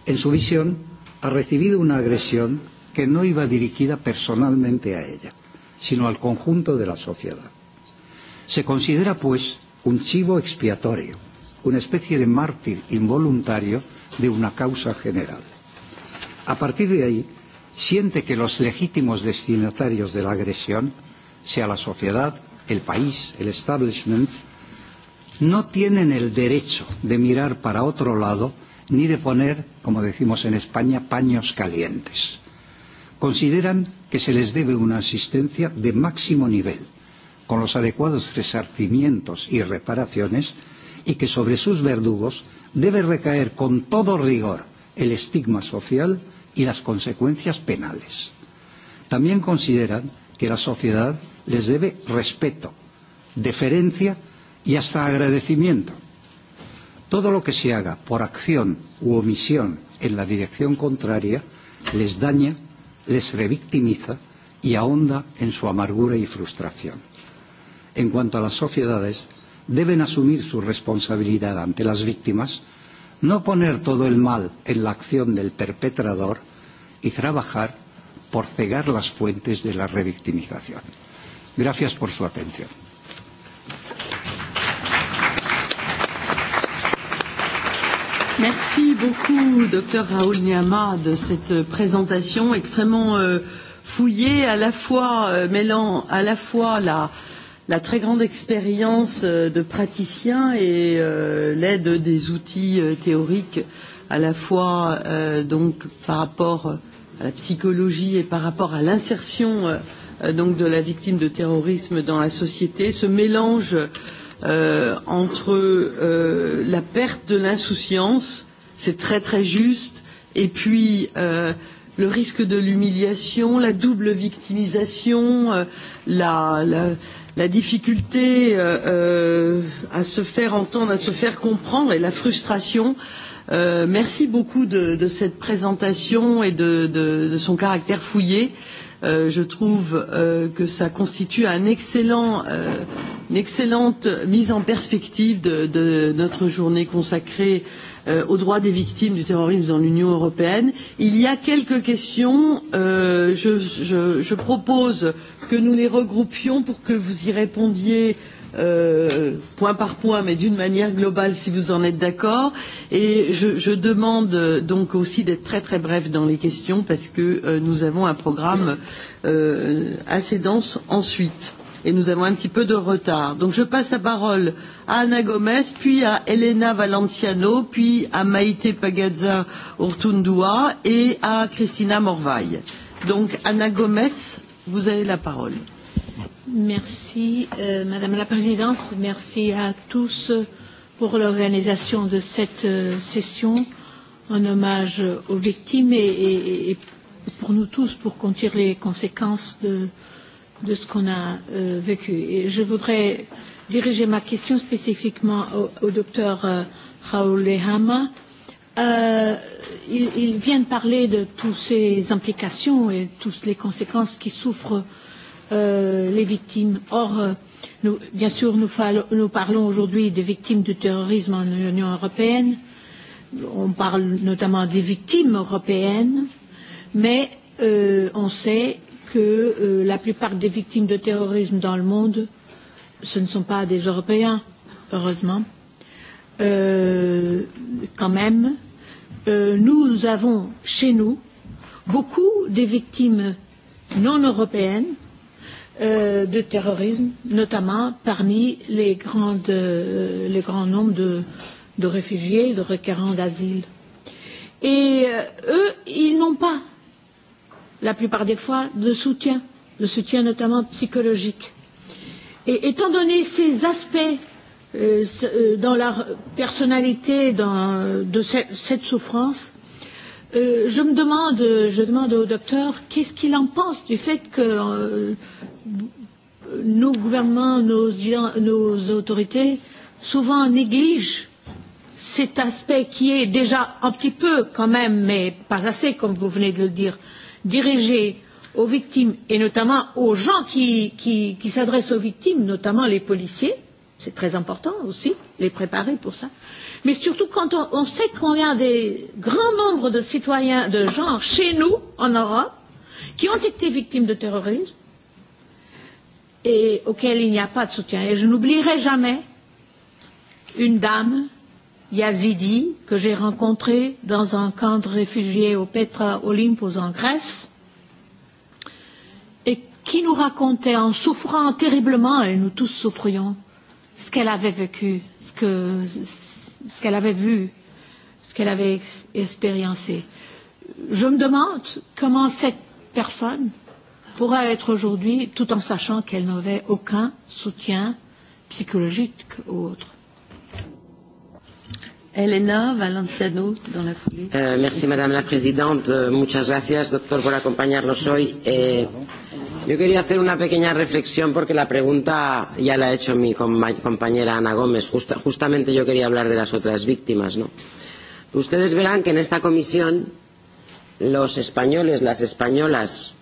En su visión ha recibido una agresión que no iba dirigida personalmente a ella, sino al conjunto de la sociedad. Se considera, pues, un chivo expiatorio una especie de mártir involuntario de una causa general. A partir de ahí, siente que los legítimos destinatarios de la agresión, sea la sociedad, el país, el establishment, no tienen el derecho de mirar para otro lado ni de poner, como decimos en España, paños calientes. Consideran que se les debe una asistencia de máximo nivel, con los adecuados resarcimientos y reparaciones y que sobre sus verdugos debe recaer con todo rigor el estigma social y las consecuencias penales. También consideran que la sociedad les debe respeto, deferencia y hasta agradecimiento. Todo lo que se haga por acción u omisión en la dirección contraria les daña, les revictimiza y ahonda en su amargura y frustración. En cuanto a las sociedades, deben asumir su responsabilidad ante las víctimas, no poner todo el mal en la acción del perpetrador y trabajar por cegar las fuentes de la revictimización. Gracias por su atención. Merci beaucoup, docteur Raoul Niama, de cette présentation extrêmement euh, fouillée, à la fois euh, mêlant à la fois la, euh, la très grande expérience euh, de praticien et euh, l'aide des outils euh, théoriques à la fois euh, donc par rapport euh, à la psychologie et par rapport à l'insertion euh, euh, donc de la victime de terrorisme dans la société, ce mélange euh, entre euh, la perte de l'insouciance, c'est très très juste, et puis euh, le risque de l'humiliation, la double victimisation, euh, la, la, la difficulté euh, euh, à se faire entendre, à se faire comprendre et la frustration. Euh, merci beaucoup de, de cette présentation et de, de, de son caractère fouillé. Euh, je trouve euh, que ça constitue un excellent, euh, une excellente mise en perspective de, de notre journée consacrée euh, euh, aux droits des victimes du terrorisme dans l'Union européenne. Il y a quelques questions. Euh, je, je, je propose que nous les regroupions pour que vous y répondiez euh, point par point, mais d'une manière globale, si vous en êtes d'accord. Et je, je demande euh, donc aussi d'être très très bref dans les questions parce que euh, nous avons un programme euh, assez dense ensuite et nous avons un petit peu de retard. Donc je passe la parole à Anna Gomez, puis à Elena Valenciano, puis à Maïté Pagazza Urtundua et à Christina Morvaille. Donc Anna Gomez, vous avez la parole. Merci euh, Madame la Présidente, merci à tous pour l'organisation de cette euh, session en hommage aux victimes et, et, et pour nous tous pour contenir les conséquences de, euh, de ce qu'on a euh, vécu. Et je voudrais diriger ma question spécifiquement au, au docteur euh, Raoul Lehama. Euh, il, il vient de parler de toutes ces implications et toutes les conséquences qui souffrent euh, les victimes. Or, euh, nous, bien sûr, nous, nous parlons aujourd'hui des victimes du terrorisme en Union européenne. On parle notamment des victimes européennes, mais euh, on sait que euh, la plupart des victimes de terrorisme dans le monde, ce ne sont pas des Européens, heureusement, euh, quand même, euh, nous avons chez nous beaucoup des victimes non européennes euh, de terrorisme, notamment parmi les, grandes, euh, les grands nombres de, de réfugiés, de requérants d'asile. Et euh, eux, ils n'ont pas la plupart des fois, de soutien, de soutien notamment psychologique. Et étant donné ces aspects euh, euh dans la personnalité dans, de cette, cette souffrance, euh, je me demande, je demande au docteur qu'est-ce qu'il en pense du fait que euh, nos gouvernements, nos, nos autorités, souvent négligent cet aspect qui est déjà un petit peu quand même, mais pas assez, comme vous venez de le dire, euh, dirigée aux victimes et notamment aux gens qui, qui, qui s'adressent aux victimes, notamment les policiers. C'est très important aussi, les préparer pour ça. Mais surtout quand on, on sait qu'on a des grands nombres de citoyens de genre chez nous, en Europe, qui ont été victimes de terrorisme et auxquels il n'y a pas de soutien. Et je n'oublierai jamais une dame yazidis que j'ai rencontrés dans un camp de réfugiés au Petra Olympos en Grèce et qui nous racontait en souffrant terriblement, et nous tous souffrions, ce qu'elle avait vécu, ce que, ce qu'elle avait vu, ce qu'elle avait expériencé. Je me demande comment cette personne pourra être aujourd'hui, tout en sachant qu'elle n'avait aucun soutien psychologique ou autre. Elena Valenciano, dans la foulée. Eh, merci, Madame la Presidente. Eh, muchas gracias, doctor, por acompañarnos hoy. Eh, yo quería hacer una pequeña reflexión porque la pregunta ya la ha hecho mi compañera Ana Gómez. Justa, justamente yo quería hablar de las otras víctimas. ¿no? Ustedes verán que en esta comisión los españoles, las españolas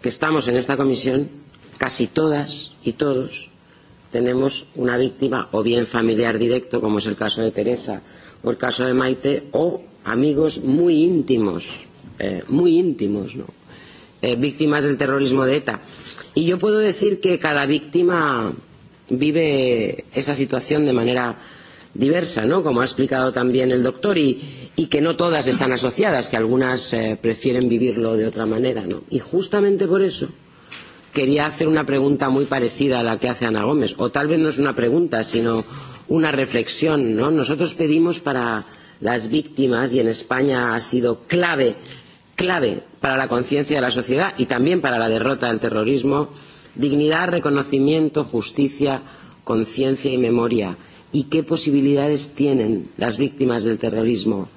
que estamos en esta comisión, casi todas y todos, tenemos una víctima o bien familiar directo, como es el caso de Teresa, o el caso de Maite, o amigos muy íntimos, eh, muy íntimos, ¿no? eh, víctimas del terrorismo de ETA. Y yo puedo decir que cada víctima vive esa situación de manera diversa, ¿no? como ha explicado también el doctor, y, y que no todas están asociadas, que algunas eh, prefieren vivirlo de otra manera. ¿no? Y justamente por eso quería hacer una pregunta muy parecida a la que hace Ana Gómez, o tal vez no es una pregunta, sino una reflexión. ¿no? Nosotros pedimos para las víctimas, y en España ha sido clave, clave para la conciencia de la sociedad y también para la derrota del terrorismo, dignidad, reconocimiento, justicia, conciencia y memoria. ¿Y qué posibilidades tienen las víctimas del terrorismo?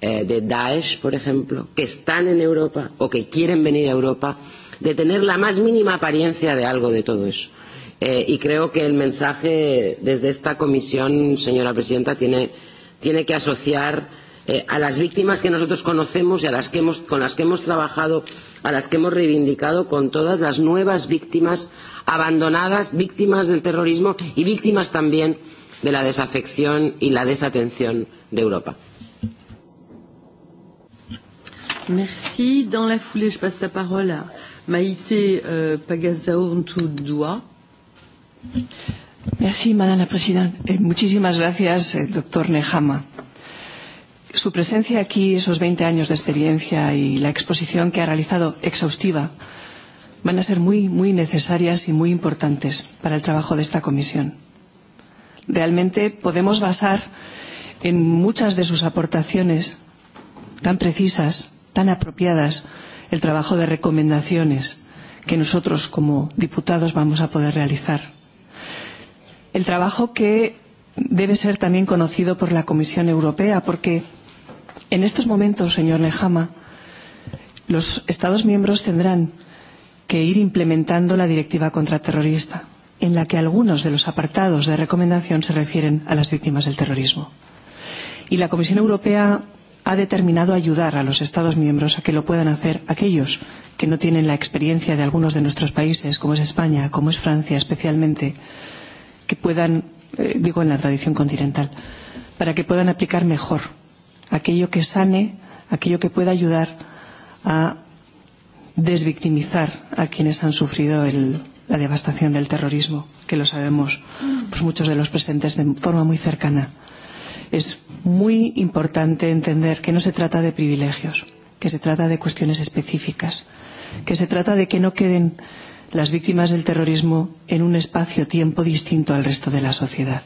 eh, de Daesh, por ejemplo, que están en Europa o que quieren venir a Europa, de tener la más mínima apariencia de algo de todo eso. Eh, y creo que el mensaje desde esta comisión, señora presidenta, tiene, tiene que asociar eh, a las víctimas que nosotros conocemos y a las que hemos, con las que hemos trabajado, a las que hemos reivindicado, con todas las nuevas víctimas abandonadas, víctimas del terrorismo y víctimas también de la desafección y la desatención de Europa. Merci. Dans la foulée, je passe la parole à Maïté euh, Pagazaurntoudoua Merci, Madame la Presidenta. Eh, muchísimas gracias, eh, doctor Nehama. Su presencia aquí, esos 20 años de experiencia y la exposición que ha realizado exhaustiva van a ser muy, muy necesarias y muy importantes para el trabajo de esta comisión. Realmente podemos basar en muchas de sus aportaciones tan precisas, tan apropiadas, el trabajo de recomendaciones que nosotros como diputados vamos a poder realizar el trabajo que debe ser también conocido por la Comisión Europea, porque en estos momentos, señor Nehama, los Estados miembros tendrán que ir implementando la directiva contraterrorista, en la que algunos de los apartados de recomendación se refieren a las víctimas del terrorismo. Y la Comisión Europea ha determinado ayudar a los Estados miembros a que lo puedan hacer aquellos que no tienen la experiencia de algunos de nuestros países, como es España, como es Francia especialmente, que puedan, eh, digo en la tradición continental, para que puedan aplicar mejor aquello que sane, aquello que pueda ayudar a desvictimizar a quienes han sufrido el, la devastación del terrorismo, que lo sabemos mm. pues muchos de los presentes de forma muy cercana. Es muy importante entender que no se trata de privilegios, que se trata de cuestiones específicas, que se trata de que no queden las víctimas del terrorismo en un espacio-tiempo distinto al resto de la sociedad,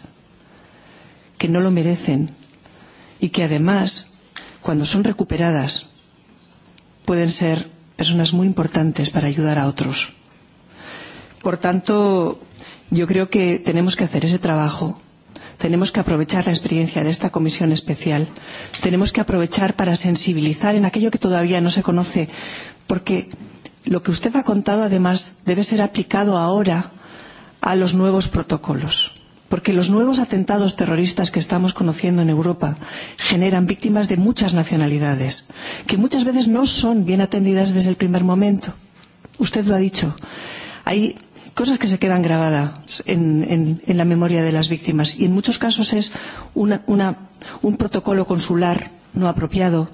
que no lo merecen y que además, cuando son recuperadas, pueden ser personas muy importantes para ayudar a otros. Por tanto, yo creo que tenemos que hacer ese trabajo tenemos que aprovechar la experiencia de esta comisión especial, tenemos que aprovechar para sensibilizar en aquello que todavía no se conoce, porque Lo que usted ha contado, además, debe ser aplicado ahora a los nuevos protocolos, porque los nuevos atentados terroristas que estamos conociendo en Europa generan víctimas de muchas nacionalidades, que muchas veces no son bien atendidas desde el primer momento. Usted lo ha dicho. Hay cosas que se quedan grabadas en, en, en la memoria de las víctimas y en muchos casos es una, una, un protocolo consular no apropiado,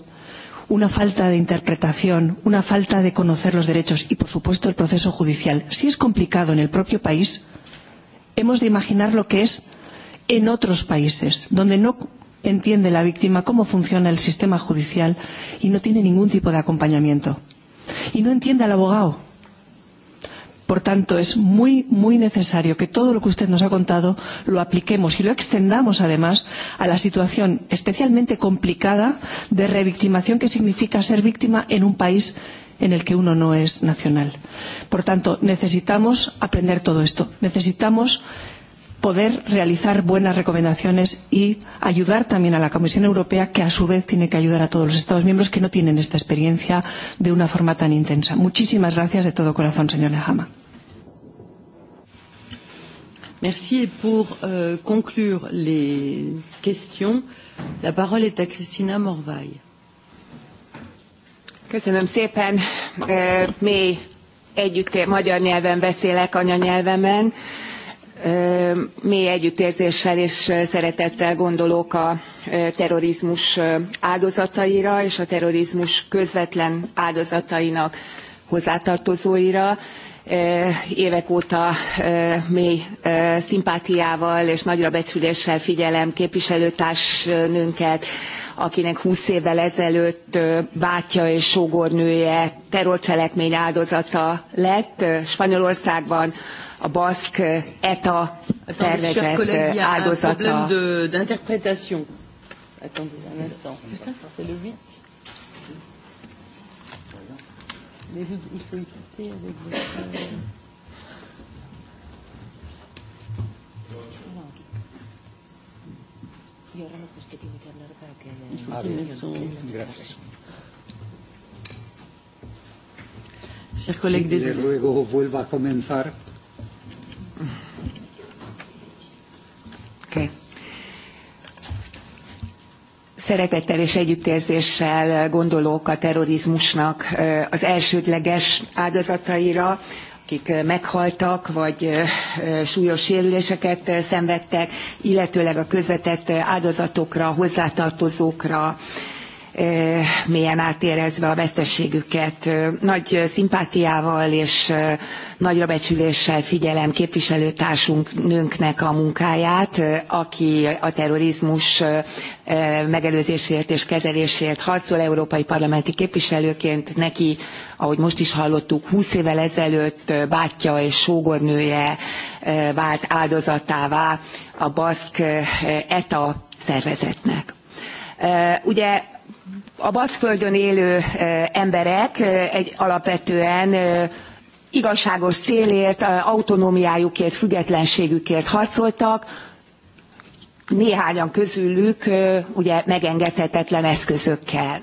una falta de interpretación, una falta de conocer los derechos y, por supuesto, el proceso judicial. Si es complicado en el propio país, hemos de imaginar lo que es en otros países, donde no entiende la víctima cómo funciona el sistema judicial y no tiene ningún tipo de acompañamiento. Y no entiende al abogado Por tanto, es muy, muy necesario que todo lo que usted nos ha contado lo apliquemos y lo extendamos, además, a la situación especialmente complicada de revictimación que significa ser víctima en un país en el que uno no es nacional. Por tanto, necesitamos aprender todo esto. Necesitamos poder realizar buenas recomendaciones y ayudar también a la Comisión Europea, que a su vez tiene que ayudar a todos los Estados miembros que no tienen esta experiencia de una forma tan intensa. Muchísimas gracias de todo corazón, señor Nehama. Merci. Et pour euh, conclure les questions, la parole est à Christina Morvai. Köszönöm szépen. Mély együtté magyar nyelven beszélek, anyanyelvemen mély együttérzéssel és szeretettel gondolok a terrorizmus áldozataira és a terrorizmus közvetlen áldozatainak hozzátartozóira évek óta mély szimpátiával és nagyra becsüléssel figyelem képviselőtársnőnket akinek húsz évvel ezelőtt bátyja és sógornője terrorcselekmény áldozata lett spanyolországban a baszk e, ETA szervezet e, áldozata. d'interprétation. Attendez un instant. C'est le 8. Mais vous, il faut quitter avec votre... Y ahora no, pues que tiene que hablar para que... Ah, bien. Son... Gracias. Chers collègues, si desde luego vuelva a comenzar Okay. Szeretettel és együttérzéssel gondolok a terrorizmusnak az elsődleges áldozataira, akik meghaltak, vagy súlyos sérüléseket szenvedtek, illetőleg a közvetett áldozatokra, hozzátartozókra, Eh, mélyen átérezve a vesztességüket. Nagy szimpátiával és nagyra becsüléssel figyelem képviselőtársunk nőnknek a munkáját, aki a terrorizmus megelőzésért és kezelésért harcol európai parlamenti képviselőként. Neki, ahogy most is hallottuk, 20 évvel ezelőtt bátyja és sógornője vált áldozatává a baszk e- ETA szervezetnek. Ugye a baszföldön élő emberek egy alapvetően igazságos célért, autonómiájukért, függetlenségükért harcoltak, néhányan közülük ugye megengedhetetlen eszközökkel.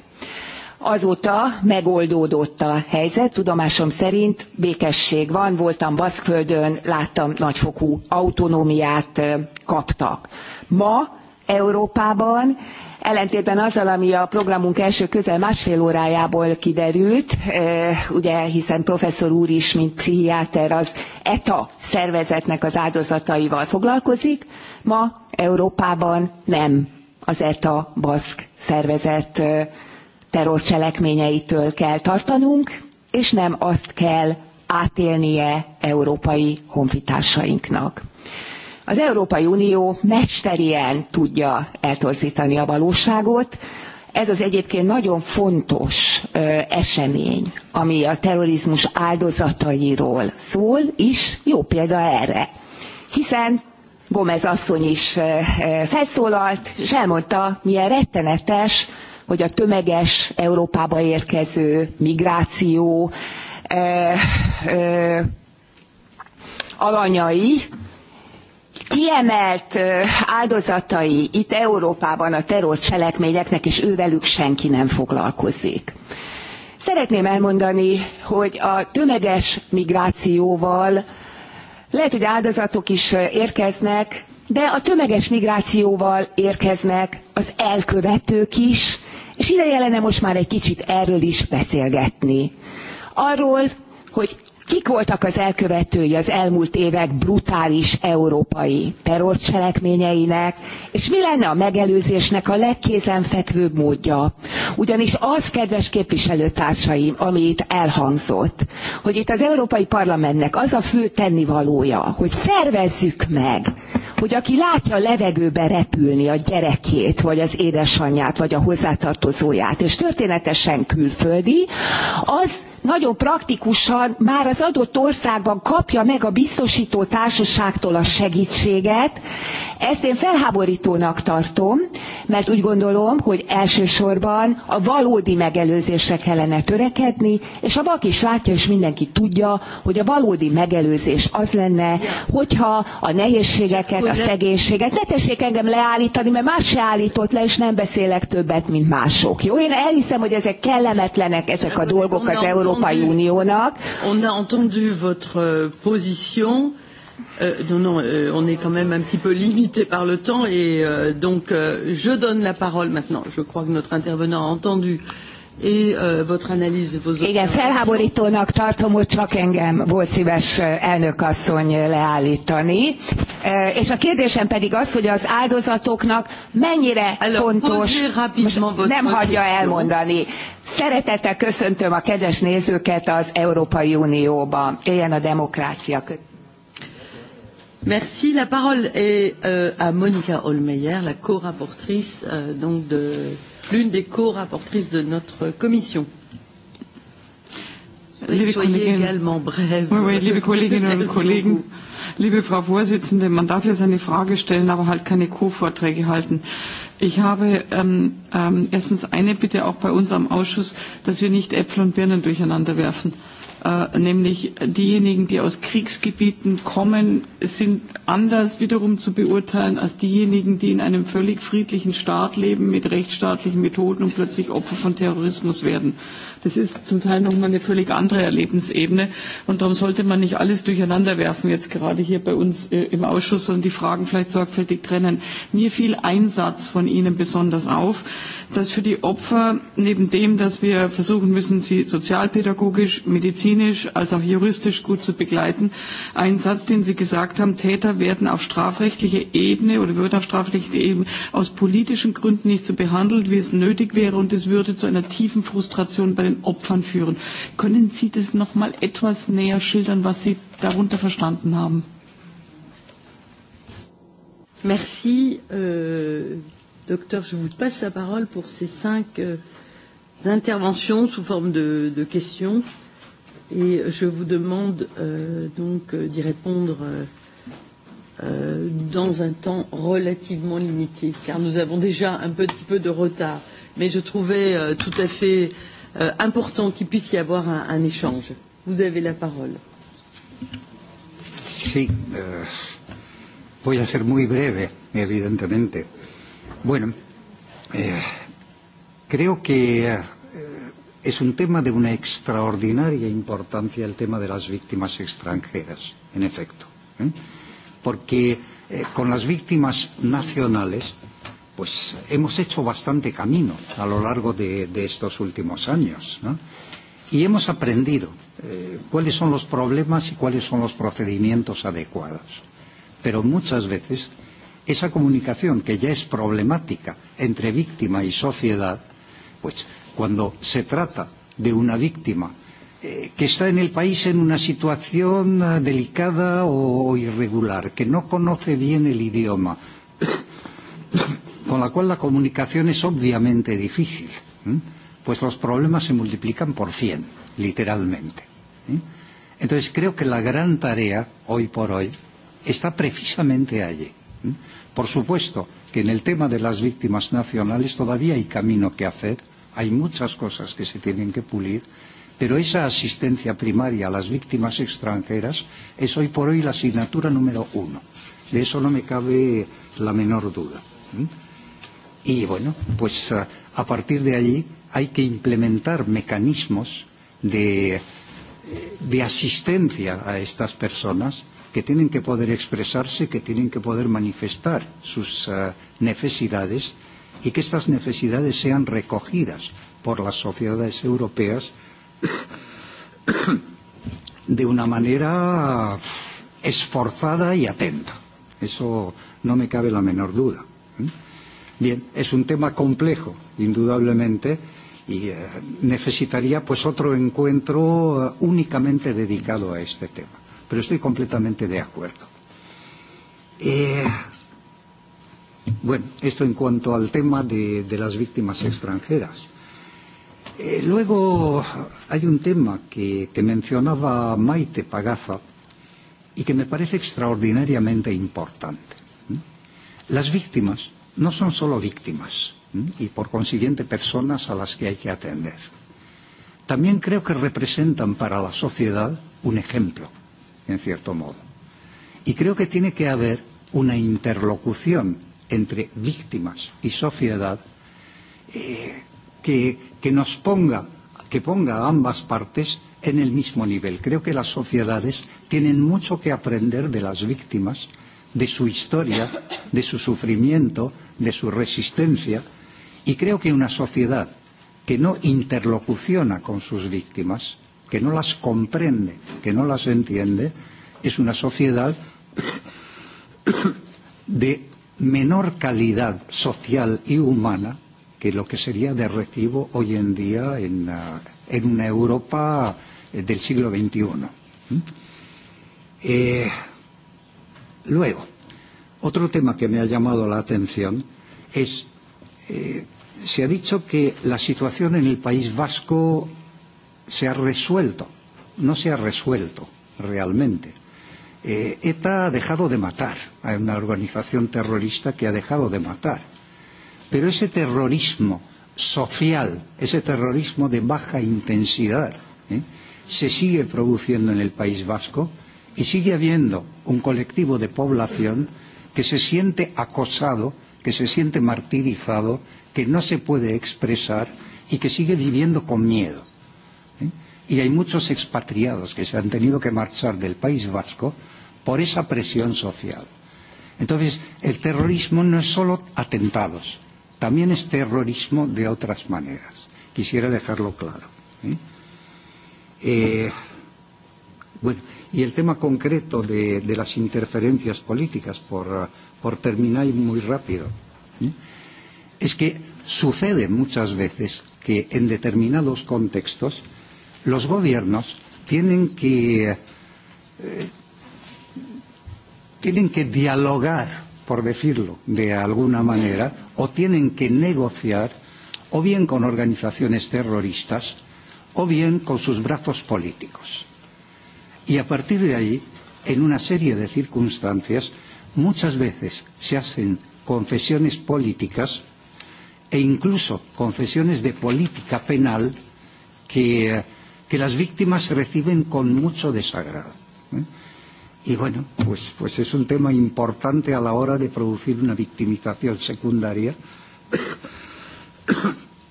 Azóta megoldódott a helyzet, tudomásom szerint békesség van, voltam Baszkföldön, láttam nagyfokú autonómiát kaptak. Ma Európában ellentétben azzal ami a programunk első közel másfél órájából kiderült ugye hiszen professzor úr is mint pszichiáter az eta szervezetnek az áldozataival foglalkozik ma európában nem az eta baszk szervezet terrorcselekményeitől kell tartanunk és nem azt kell átélnie európai honfitársainknak Az Európai Unió mesterien tudja eltorzítani a valóságot, ez az egyébként nagyon fontos ö, esemény, ami a terrorizmus áldozatairól szól, is jó példa erre. Hiszen Gomez asszony is ö, ö, felszólalt, és elmondta, milyen rettenetes, hogy a tömeges Európába érkező migráció ö, ö, alanyai kiemelt áldozatai itt Európában a terrorcselekményeknek, és ővelük senki nem foglalkozik. Szeretném elmondani, hogy a tömeges migrációval lehet, hogy áldozatok is érkeznek, de a tömeges migrációval érkeznek az elkövetők is, és ideje lenne most már egy kicsit erről is beszélgetni. Arról, hogy Kik voltak az elkövetői az elmúlt évek brutális európai terrorcselekményeinek, és mi lenne a megelőzésnek a legkézenfekvőbb módja? Ugyanis az, kedves képviselőtársaim, ami itt elhangzott, hogy itt az Európai Parlamentnek az a fő tennivalója, hogy szervezzük meg, hogy aki látja a levegőbe repülni a gyerekét, vagy az édesanyját, vagy a hozzátartozóját, és történetesen külföldi, az nagyon praktikusan már az adott országban kapja meg a biztosító társaságtól a segítséget. Ezt én felháborítónak tartom, mert úgy gondolom, hogy elsősorban a valódi megelőzésre kellene törekedni, és a vak is látja, és mindenki tudja, hogy a valódi megelőzés az lenne, hogyha a nehézségeket, a szegénységet, ne tessék engem leállítani, mert más se állított le, és nem beszélek többet, mint mások. Jó, én elhiszem, hogy ezek kellemetlenek, ezek a dolgok az euró Európai Uniónak. On a entendu votre euh, position. Euh, non, non, euh, on est quand même un petit peu limité par le temps et euh, donc euh, je donne la parole maintenant. Je crois que notre intervenant a entendu euh, et euh, votre analyse, vos Igen, felháborítónak tartom, hogy csak engem volt szíves euh, elnökasszony leállítani. Euh, és a kérdésem pedig az, hogy az áldozatoknak mennyire Alors, fontos, most nem hagyja elmondani. Szeretettel köszöntöm a kedves nézőket az Európai Unióban. Éljen a demokrácia. Merci. La parole est euh, à Monica Holmeyer, la co-rapportrice euh, donc de l'une des co-rapportrices de notre commission. Liebe Kolleginnen, liebe Kolleginnen und Kollegen, liebe Frau Vorsitzende, man darf ja seine Frage stellen, aber halt keine Co-Vorträge halten. Ich habe ähm, ähm, erstens eine Bitte auch bei uns am Ausschuss, dass wir nicht Äpfel und Birnen durcheinander werfen. Äh, äh, nämlich diejenigen, die aus Kriegsgebieten kommen, sind anders wiederum zu beurteilen als diejenigen, die in einem völlig friedlichen Staat leben mit rechtsstaatlichen Methoden und plötzlich Opfer von Terrorismus werden. Äh, Das ist zum Teil nochmal eine völlig andere Erlebensebene. Und darum sollte man nicht alles durcheinander werfen, jetzt gerade hier bei uns äh, im Ausschuss, sondern die Fragen vielleicht sorgfältig trennen. Mir fiel ein Satz von Ihnen besonders auf, dass für die Opfer, neben dem, dass wir versuchen müssen, sie sozialpädagogisch, medizinisch, als auch juristisch gut zu begleiten, ein Satz, den Sie gesagt haben, Täter werden auf strafrechtlicher Ebene oder würden auf strafrechtlicher Ebene aus politischen Gründen nicht so behandelt, wie es nötig wäre. Und das würde zu einer tiefen Frustration bei den den Opfern führen. Können Sie das noch mal etwas näher schildern, was Sie darunter verstanden haben? Merci, euh, docteur. Je vous passe la parole pour ces cinq euh, interventions sous forme de, de questions. Et je vous demande euh, donc euh, d'y répondre euh, euh, dans un temps relativement limité, car nous avons déjà un petit peu de retard. Mais je trouvais euh, tout à fait euh, euh, important qu'il puisse y avoir un, un échange. Vous avez la parole. Sí, eh, voy a ser muy breve, evidentemente. Bueno, eh, creo que eh, es un tema de una extraordinaria importancia el tema de las víctimas extranjeras, en efecto. ¿eh? Porque eh, con las víctimas nacionales pues hemos hecho bastante camino a lo largo de, de estos últimos años, ¿no? Y hemos aprendido eh, cuáles son los problemas y cuáles son los procedimientos adecuados. Pero muchas veces esa comunicación que ya es problemática entre víctima y sociedad, pues cuando se trata de una víctima eh, que está en el país en una situación eh, delicada o, o irregular, que no conoce bien el idioma, (coughs) con la cual la comunicación es obviamente difícil, ¿eh? pues los problemas se multiplican por 100, literalmente. ¿eh? Entonces creo que la gran tarea, hoy por hoy, está precisamente allí. ¿eh? Por supuesto que en el tema de las víctimas nacionales todavía hay camino que hacer, hay muchas cosas que se tienen que pulir, pero esa asistencia primaria a las víctimas extranjeras es hoy por hoy la asignatura número uno. De eso no me cabe la menor duda. ¿Mm? Y bueno, pues a, eh, a partir de allí hay que implementar mecanismos de, eh, de asistencia a estas personas que tienen que poder expresarse, que tienen que poder manifestar sus uh, necesidades y que estas necesidades sean recogidas por las sociedades europeas (coughs) de una manera esforzada y atenta. Eso no me cabe la menor duda. ¿Mm? Bien, es un tema complejo, indudablemente, y eh, necesitaría pues otro encuentro eh, únicamente dedicado a este tema. Pero estoy completamente de acuerdo. Eh, bueno, esto en cuanto al tema de, de las víctimas extranjeras. Eh, luego hay un tema que, que mencionaba Maite Pagaza y que me parece extraordinariamente importante. Las víctimas no son solo víctimas ¿m? y por consiguiente personas a las que hay que atender. También creo que representan para la sociedad un ejemplo, en cierto modo. Y creo que tiene que haber una interlocución entre víctimas y sociedad eh, que, que nos ponga, que ponga a ambas partes en el mismo nivel. Creo que las sociedades tienen mucho que aprender de las víctimas de su historia, de su sufrimiento, de su resistencia, y creo que una sociedad que no interlocuciona con sus víctimas, que no las comprende, que no las entiende, es una sociedad de menor calidad social y humana que lo que sería de recibo hoy en día en, uh, en una Europa eh, del siglo XXI. ¿Mm? Eh, Luego, otro tema que me ha llamado la atención es, eh, se ha dicho que la situación en el País Vasco se ha resuelto. No se ha resuelto realmente. Eh, ETA ha dejado de matar. Hay una organización terrorista que ha dejado de matar. Pero ese terrorismo social, ese terrorismo de baja intensidad, ¿eh? se sigue produciendo en el País Vasco Y sigue habiendo un colectivo de población que se siente acosado, que se siente martirizado, que no se puede expresar y que sigue viviendo con miedo. ¿Eh? Y hay muchos expatriados que se han tenido que marchar del País Vasco por esa presión social. Entonces, el terrorismo no es solo atentados, también es terrorismo de otras maneras. Quisiera dejarlo claro. ¿eh? Eh, bueno, Y el tema concreto de, de las interferencias políticas, por, por terminar y muy rápido, ¿eh? es que sucede muchas veces que en determinados contextos los gobiernos tienen que, eh, tienen que dialogar, por decirlo de alguna manera, o tienen que negociar o bien con organizaciones terroristas o bien con sus brazos políticos. Y a partir de ahí, en una serie de circunstancias, muchas veces se hacen confesiones políticas e incluso confesiones de política penal que, que las víctimas reciben con mucho desagrado. ¿eh? Y bueno, pues, pues es un tema importante a la hora de producir una victimización secundaria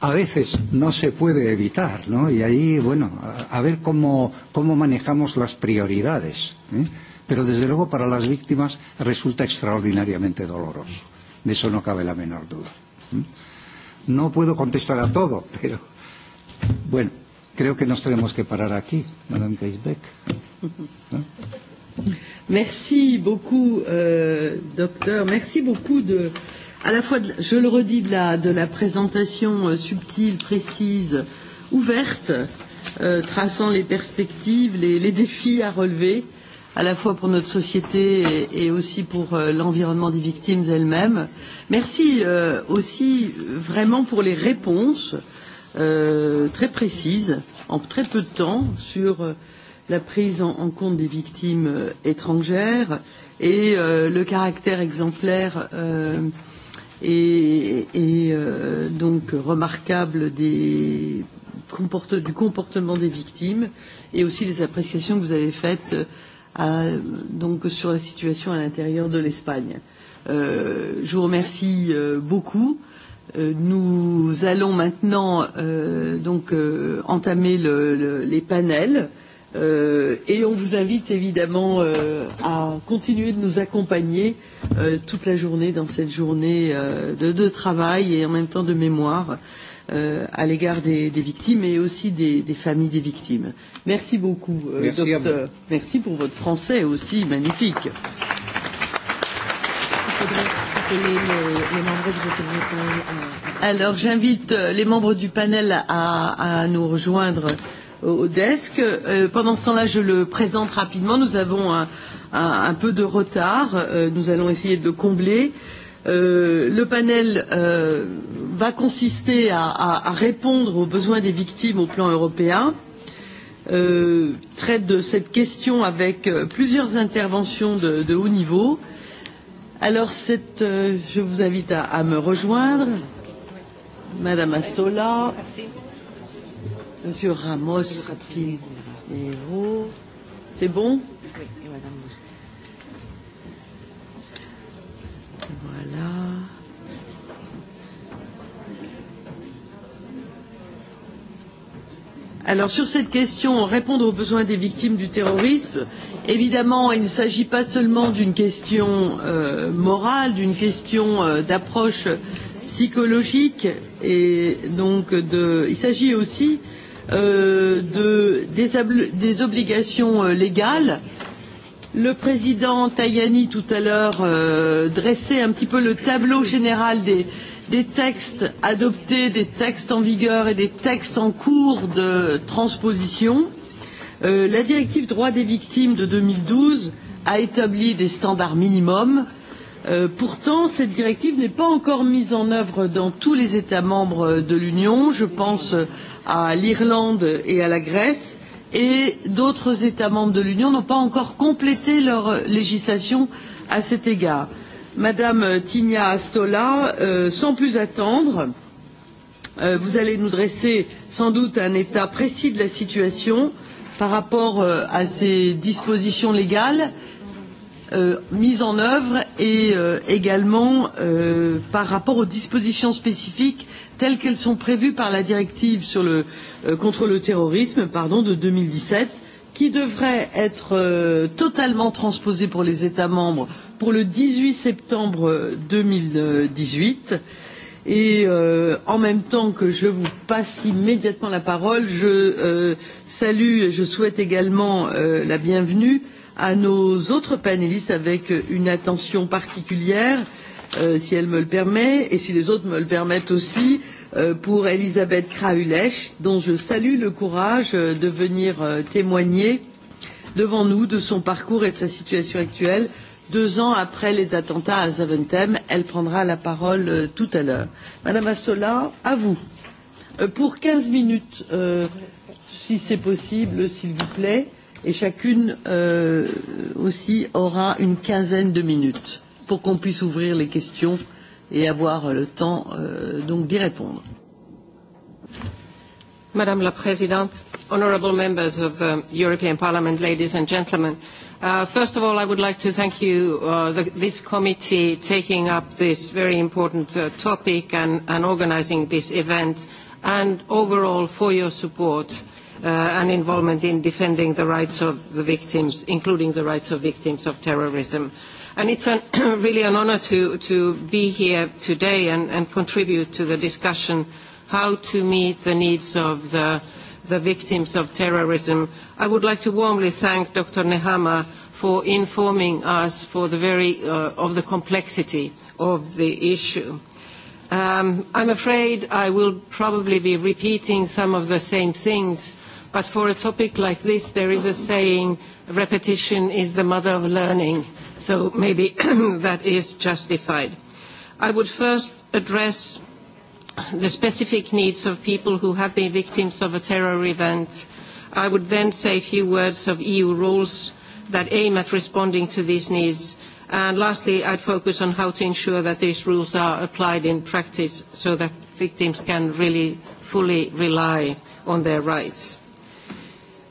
a veces no se puede evitar, ¿no? Y ahí, bueno, a, a ver cómo, cómo manejamos las prioridades. ¿eh? Pero desde luego para las víctimas resulta extraordinariamente doloroso. De eso no cabe la menor duda. ¿eh? No puedo contestar a todo, (laughs) pero bueno, creo que nos tenemos que parar aquí, Madame Geisbeck. ¿no? Merci beaucoup, euh, docteur. Merci beaucoup de. Euh, à la fois, de, je le redis, de la, de la présentation euh, subtile, précise, ouverte, euh, traçant les perspectives, les, les défis à relever, à la fois pour notre société et, et aussi pour euh, l'environnement des victimes elles-mêmes. Merci euh, aussi vraiment pour les réponses euh, très précises, en très peu de temps, sur euh, la prise en, en compte des victimes euh, étrangères et euh, le caractère exemplaire euh, et, et euh, donc remarquable des comporte, du comportement des victimes et aussi les appréciations que vous avez faites euh, à, donc, sur la situation à l'intérieur de l'Espagne. Euh, je vous remercie euh, beaucoup. Euh, nous allons maintenant euh, donc, euh, entamer le, le, les panels. Euh, Euh, et on vous invite évidemment euh, à continuer de nous accompagner euh, toute la journée dans cette journée euh, de, de travail et en même temps de mémoire euh, à l'égard des, des victimes et aussi des, des familles des victimes. Merci beaucoup, euh, Merci docteur. Merci pour votre français aussi magnifique. Il faudrait appeler les, les membres du gouvernement. Alors j'invite euh, les membres du panel à, à nous rejoindre. Euh, au desk. Euh, pendant ce temps-là, je le présente rapidement. Nous avons un, un, un peu de retard. Euh, nous allons essayer de le combler. Euh, le panel euh, va consister à, à, à répondre aux besoins des victimes au plan européen. Euh, traite de cette question avec euh, plusieurs interventions de, de haut niveau. Alors, cette, euh, je vous invite à, à me rejoindre. Madame Astola. Merci. Monsieur Ramos Pinheiro. C'est bon Oui, et Madame Boustet. Voilà. Alors sur cette question, répondre aux besoins des victimes du terrorisme, évidemment, il ne s'agit pas seulement d'une question euh, morale, d'une question euh, d'approche psychologique, et donc de... il s'agit aussi euh, euh, de, des, des obligations euh, légales. Le président Tajani tout à l'heure euh, dressait un petit peu le tableau général des, des textes adoptés, des textes en vigueur et des textes en cours de transposition. Euh, la directive droit des victimes de 2012 a établi des standards minimums euh, Euh, pourtant, cette directive n'est pas encore mise en œuvre dans tous les États membres de l'Union. Je pense à l'Irlande et à la Grèce. Et d'autres États membres de l'Union n'ont pas encore complété leur législation à cet égard. Madame Tigna Astola, euh, sans plus attendre, euh, vous allez nous dresser sans doute un état précis de la situation par rapport euh, à ces dispositions légales euh, mise en œuvre et euh, également euh, par rapport aux dispositions spécifiques telles qu'elles sont prévues par la directive sur le, euh, contre le terrorisme pardon, de 2017 qui devrait être euh, totalement transposée pour les États membres pour le 18 septembre 2018. Et euh, en même temps que je vous passe immédiatement la parole, je euh, salue et je souhaite également euh, la bienvenue euh, à nos autres panélistes avec une attention particulière, euh, si elle me le permet, et si les autres me le permettent aussi, euh, pour Elisabeth Krahulech, dont je salue le courage euh, de venir euh, témoigner devant nous de son parcours et de sa situation actuelle. Deux ans après les attentats à Zaventem, elle prendra la parole euh, tout à l'heure. Madame Assola, à vous. Euh, pour 15 minutes, euh, si c'est possible, s'il vous plaît. Euh, et chacune euh, aussi aura une quinzaine de minutes pour qu'on puisse ouvrir les questions et avoir le temps euh, donc d'y répondre. Madame la Présidente, honorable members of the European Parliament, ladies and gentlemen, uh, first of all I would like to thank you, uh, the, this committee, taking up this very important uh, topic and, and organizing this event, and overall for your support uh, and involvement in defending the rights of the victims, including the rights of victims of terrorism. And it's an, (clears throat) really an honor to, to be here today and, and contribute to the discussion how to meet the needs of the, the victims of terrorism. I would like to warmly thank Dr. Nehama for informing us for the very, uh, of the complexity of the issue. Um, I'm afraid I will probably be repeating some of the same things But for a topic like this, there is a saying, repetition is the mother of learning. So maybe (clears throat) that is justified. I would first address the specific needs of people who have been victims of a terror event. I would then say a few words of EU rules that aim at responding to these needs. And lastly, I'd focus on how to ensure that these rules are applied in practice so that victims can really fully rely on their rights.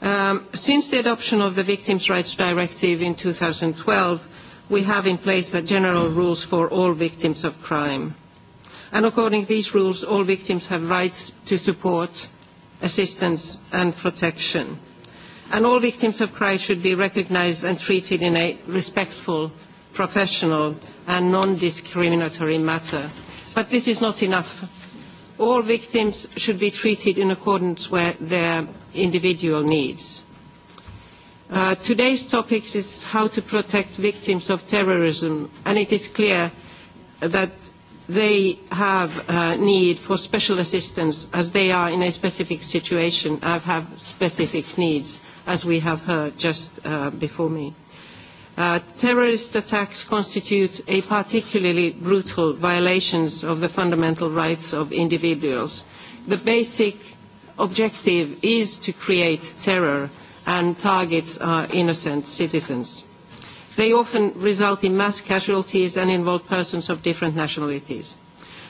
Um, since the adoption of the Victims' Rights Directive in 2012, we have in place the general rules for all victims of crime. And according to these rules, all victims have rights to support, assistance and protection. And all victims of crime should be recognized and treated in a respectful, professional and non-discriminatory matter. But this is not enough. All victims should be treated in accordance with their individual needs. Uh, today's topic is how to protect victims of terrorism, and it is clear that they have a uh, need for special assistance as they are in a specific situation and have specific needs, as we have heard just uh, before me. Uh, terrorist attacks constitute a particularly brutal violations of the fundamental rights of individuals. The basic objective is to create terror and targets are innocent citizens. They often result in mass casualties and involve persons of different nationalities.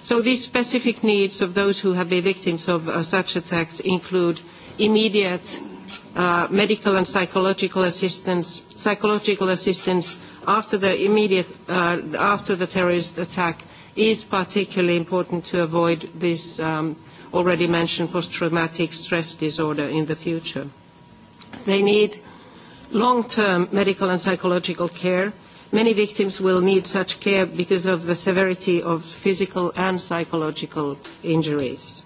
So these specific needs of those who have been victims of uh, such attacks include immediate uh, medical and psychological assistance, psychological assistance after the immediate, uh, after the terrorist attack is particularly important to avoid this um, already mentioned post-traumatic stress disorder in the future. They need long-term medical and psychological care. Many victims will need such care because of the severity of physical and psychological injuries.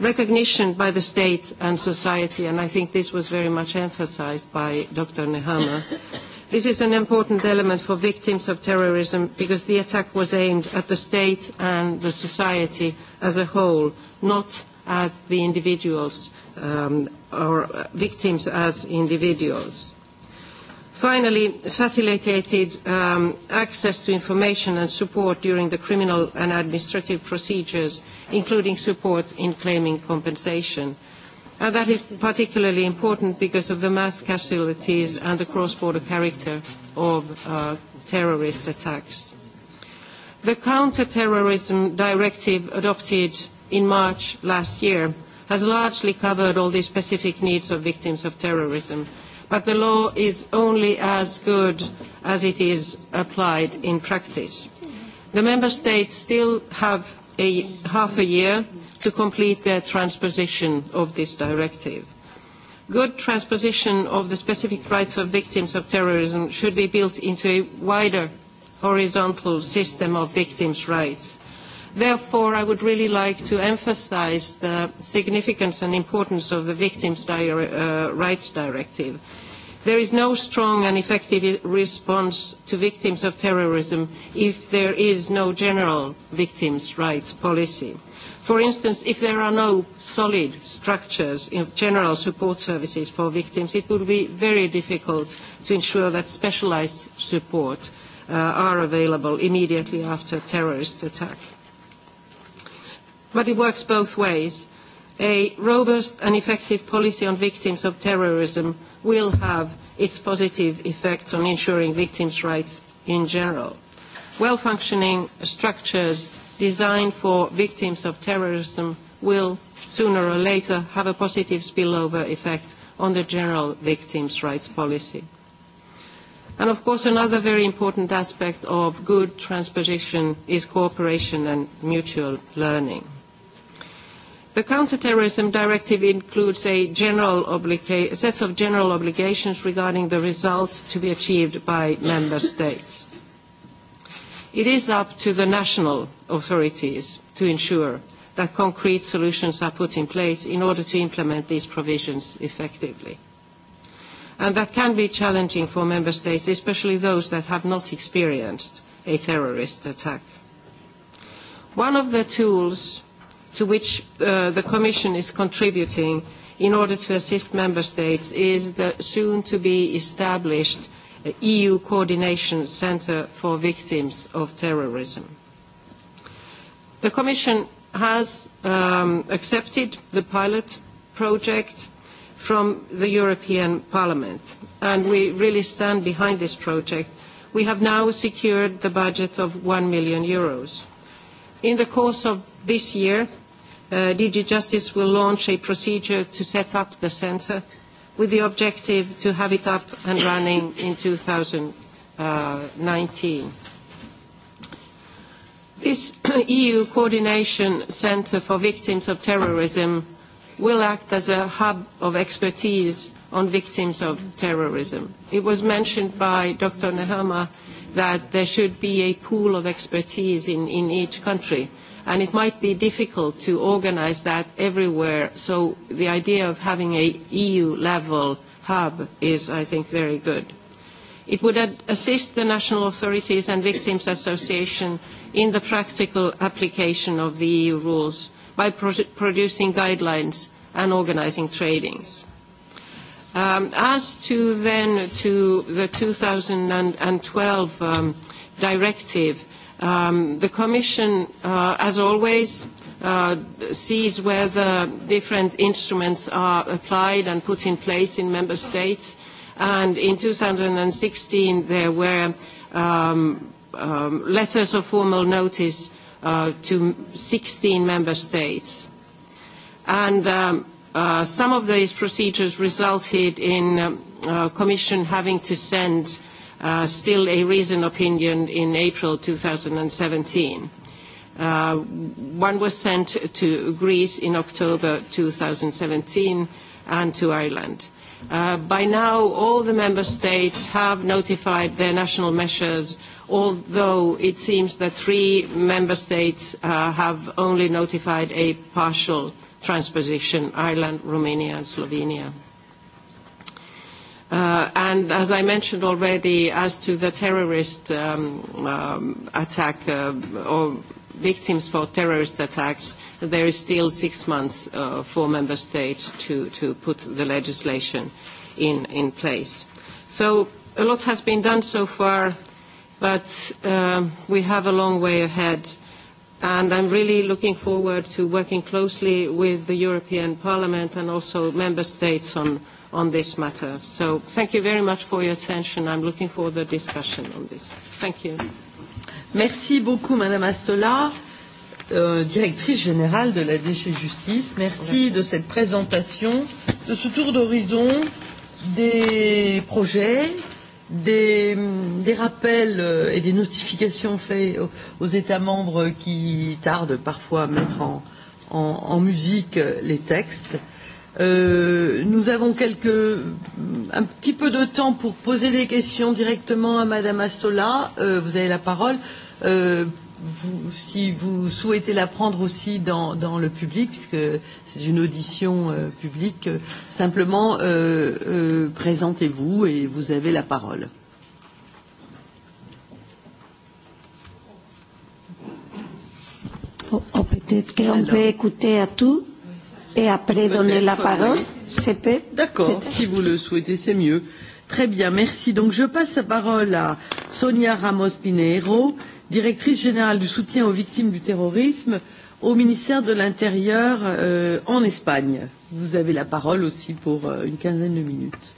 Recognition by the state and society, and I think this was very much emphasized by Dr. Nehama, This is an important element for victims of terrorism because the attack was aimed at the state and the society as a whole, not at the individuals um, or uh, victims as individuals. Finally, facilitated um, access to information and support during the criminal and administrative procedures, including support in claiming compensation and that is particularly important because of the mass casualties and the cross-border character of uh, terrorist attacks. The counter-terrorism directive adopted in March last year has largely covered all the specific needs of victims of terrorism, but the law is only as good as it is applied in practice. The member states still have a half a year to complete their transposition of this directive. Good transposition of the specific rights of victims of terrorism should be built into a wider horizontal system of victims' rights. Therefore, I would really like to emphasize the significance and importance of the Victims' di uh, Rights Directive. There is no strong and effective response to victims of terrorism if there is no general victims' rights policy. For instance, if there are no solid structures in general support services for victims, it would be very difficult to ensure that specialized support uh, are available immediately after a terrorist attack. But it works both ways. A robust and effective policy on victims of terrorism will have its positive effects on ensuring victims' rights in general. Well-functioning structures designed for victims of terrorism will, sooner or later, have a positive spillover effect on the general victims' rights policy. And of course, another very important aspect of good transposition is cooperation and mutual learning. The Counterterrorism Directive includes a general obliga- set of general obligations regarding the results to be achieved by member states. It is up to the national authorities to ensure that concrete solutions are put in place in order to implement these provisions effectively. And that can be challenging for member states, especially those that have not experienced a terrorist attack. One of the tools to which uh, the Commission is contributing in order to assist member states is the soon-to-be established EU Coordination Centre for Victims of Terrorism. The Commission has um, accepted the pilot project from the European Parliament, and we really stand behind this project. We have now secured the budget of 1 million euros. In the course of this year, uh, DG Justice will launch a procedure to set up the centre uh, with the objective to have it up and running in 2019. This EU (clears throat) e Coordination Centre for Victims of Terrorism will act as a hub of expertise on victims of terrorism. It was mentioned by Dr. Nehama that there should be a pool of expertise in, in each country and it might be difficult to organize that everywhere. So the idea of having a EU-level hub is, I think, very good. It would ad- assist the national authorities and victims' association in the practical application of the EU rules by pro- producing guidelines and organizing tradings. Um, as to then to the 2012 um, directive, Um, the Commission, uh, as always, uh, sees whether different instruments are applied and put in place in Member States. And in 2016, there were um, um, letters of formal notice uh, to 16 Member States. And um, uh, some of these procedures resulted in um, uh, Commission having to send uh, still a reasoned opinion in April 2017. Uh, one was sent to Greece in October 2017 and to Ireland. Uh, by now, all the member states have notified their national measures, although it seems that three member states uh, have only notified a partial transposition, Ireland, Romania, and Slovenia. Uh, and as I mentioned already, as to the terrorist um, um, attack uh, or victims for terrorist attacks, there is still six months uh, for member states to, to put the legislation in, in place. So a lot has been done so far, but um, we have a long way ahead. And I'm really looking forward to working closely with the European Parliament and also member states on on this matter. So thank you very much for your attention. I'm looking forward to the discussion on this. Thank you. Merci beaucoup, Madame Astola, euh, directrice générale de la DG Justice. Merci de cette présentation, de ce tour d'horizon des projets, des, des rappels euh, et des notifications faits aux, aux États membres qui tardent parfois à mettre en, en, en musique euh, les textes. Euh, Euh, nous avons quelques, un petit peu de temps pour poser des questions directement à Madame Astola. Euh, vous avez la parole. Euh, vous, si vous souhaitez la prendre aussi dans, dans le public, puisque c'est une audition euh, publique, euh, simplement euh, euh, présentez-vous et vous avez la parole. Oh, oh, Peut-être qu'on peut écouter à tout et après donner la parole, CP. D'accord, si vous le souhaitez, c'est mieux. Très bien, merci. Donc je passe la parole à Sonia Ramos Pinheiro, directrice générale du soutien aux victimes du terrorisme au ministère de l'Intérieur euh, en Espagne. Vous avez la parole aussi pour euh, une quinzaine de minutes.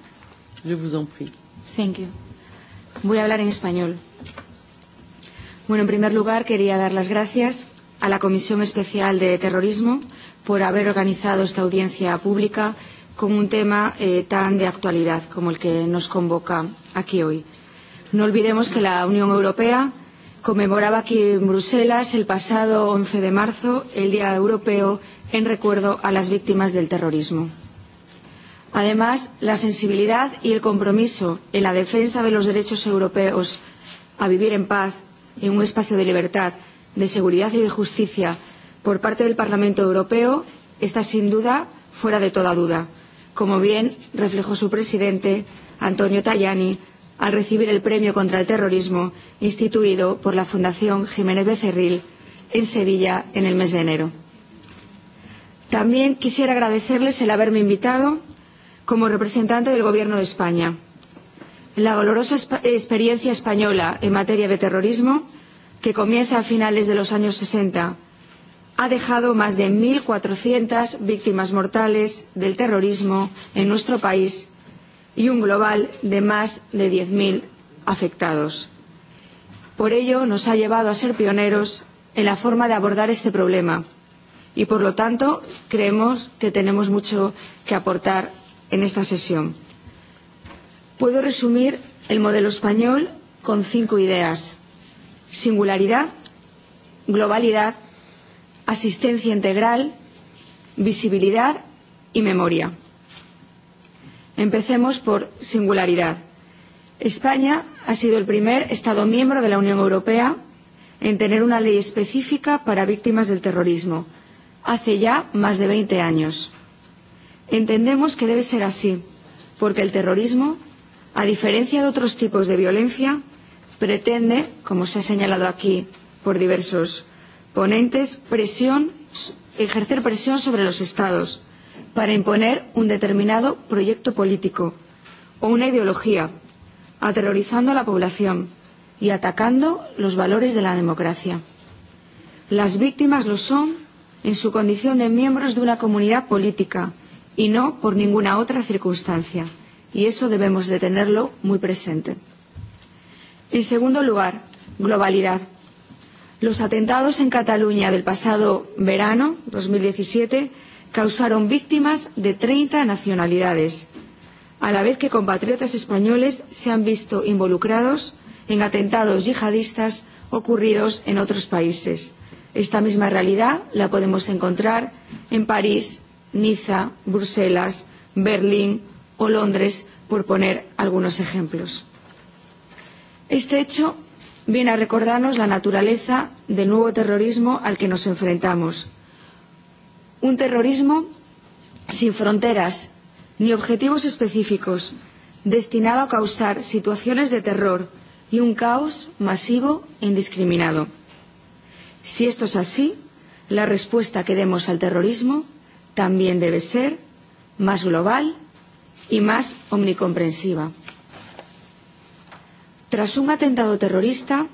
Je vous en prie. Thank you. Voy a hablar en español. Bueno, en primer lugar quería dar las gracias a la Comisión Especial de Terrorismo por haber organizado esta audiencia pública con un tema eh, tan de actualidad como el que nos convoca aquí hoy. No olvidemos que la Unión Europea conmemoraba aquí en Bruselas el pasado 11 de marzo el Día Europeo en recuerdo a las víctimas del terrorismo. Además, la sensibilidad y el compromiso en la defensa de los derechos europeos a vivir en paz, en un espacio de libertad, de seguridad y de justicia por parte del Parlamento Europeo está sin duda fuera de toda duda, como bien reflejó su presidente, Antonio Tajani, al recibir el premio contra el terrorismo instituido por la Fundación Jiménez Becerril en Sevilla en el mes de enero. También quisiera agradecerles el haberme invitado como representante del Gobierno de España. La dolorosa experiencia española en materia de terrorismo, que comienza a finales de los años 60 ha dejado más de 1.400 víctimas mortales del terrorismo en nuestro país y un global de más de 10.000 afectados. Por ello, nos ha llevado a ser pioneros en la forma de abordar este problema y, por lo tanto, creemos que tenemos mucho que aportar en esta sesión. Puedo resumir el modelo español con cinco ideas. Singularidad, globalidad, asistencia integral, visibilidad y memoria. Empecemos por singularidad. España ha sido el primer Estado miembro de la Unión Europea en tener una ley específica para víctimas del terrorismo, hace ya más de 20 años. Entendemos que debe ser así, porque el terrorismo, a diferencia de otros tipos de violencia, pretende, como se ha señalado aquí por diversos ponentes presión, ejercer presión sobre los Estados para imponer un determinado proyecto político o una ideología, aterrorizando a la población y atacando los valores de la democracia. Las víctimas lo son en su condición de miembros de una comunidad política y no por ninguna otra circunstancia, y eso debemos de tenerlo muy presente. En segundo lugar, globalidad Los atentados en Cataluña del pasado verano 2017 causaron víctimas de 30 nacionalidades, a la vez que compatriotas españoles se han visto involucrados en atentados yihadistas ocurridos en otros países. Esta misma realidad la podemos encontrar en París, Niza, Bruselas, Berlín o Londres, por poner algunos ejemplos. Este hecho viene a recordarnos la naturaleza del nuevo terrorismo al que nos enfrentamos. Un terrorismo sin fronteras ni objetivos específicos, destinado a causar situaciones de terror y un caos masivo e indiscriminado. Si esto es así, la respuesta que demos al terrorismo también debe ser más global y más omnicomprensiva. Tras un atentado terrorista,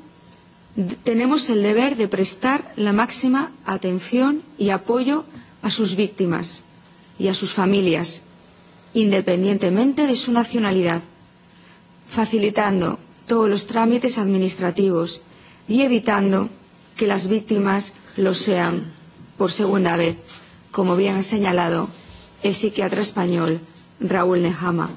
tenemos el deber de prestar la máxima atención y apoyo a sus víctimas y a sus familias, independientemente de su nacionalidad, facilitando todos los trámites administrativos y evitando que las víctimas lo sean por segunda vez, como bien ha señalado el psiquiatra español Raúl Nehama.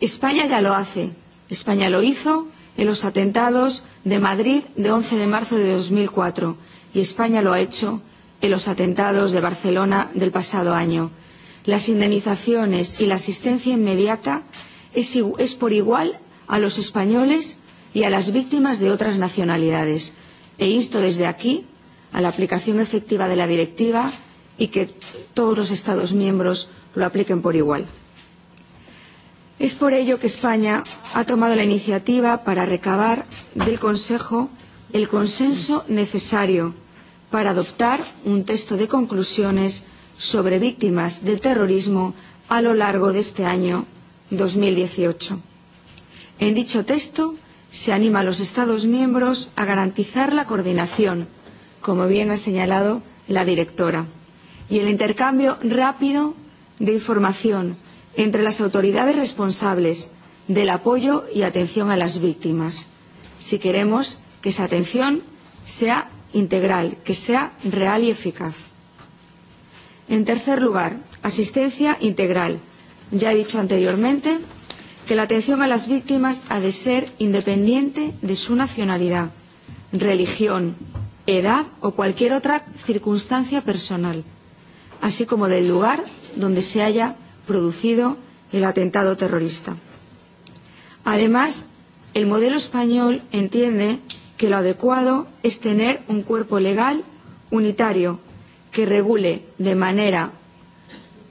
España ya lo hace, España lo hizo en los atentados de Madrid de 11 de marzo de 2004 y España lo ha hecho en los atentados de Barcelona del pasado año. Las indemnizaciones y la asistencia inmediata es, es por igual a los españoles y a las víctimas de otras nacionalidades. E insto desde aquí a la aplicación efectiva de la directiva y que todos los Estados miembros lo apliquen por igual. Es por ello que España ha tomado la iniciativa para recabar del Consejo el consenso necesario para adoptar un texto de conclusiones sobre víctimas del terrorismo a lo largo de este año 2018. En dicho texto se anima a los Estados miembros a garantizar la coordinación, como bien ha señalado la directora, y el intercambio rápido de información entre las autoridades responsables del apoyo y atención a las víctimas, si queremos que esa atención sea integral, que sea real y eficaz. En tercer lugar, asistencia integral. Ya he dicho anteriormente que la atención a las víctimas ha de ser independiente de su nacionalidad, religión, edad o cualquier otra circunstancia personal, así como del lugar donde se haya producido el atentado terrorista. Además, el modelo español entiende que lo adecuado es tener un cuerpo legal unitario que regule de manera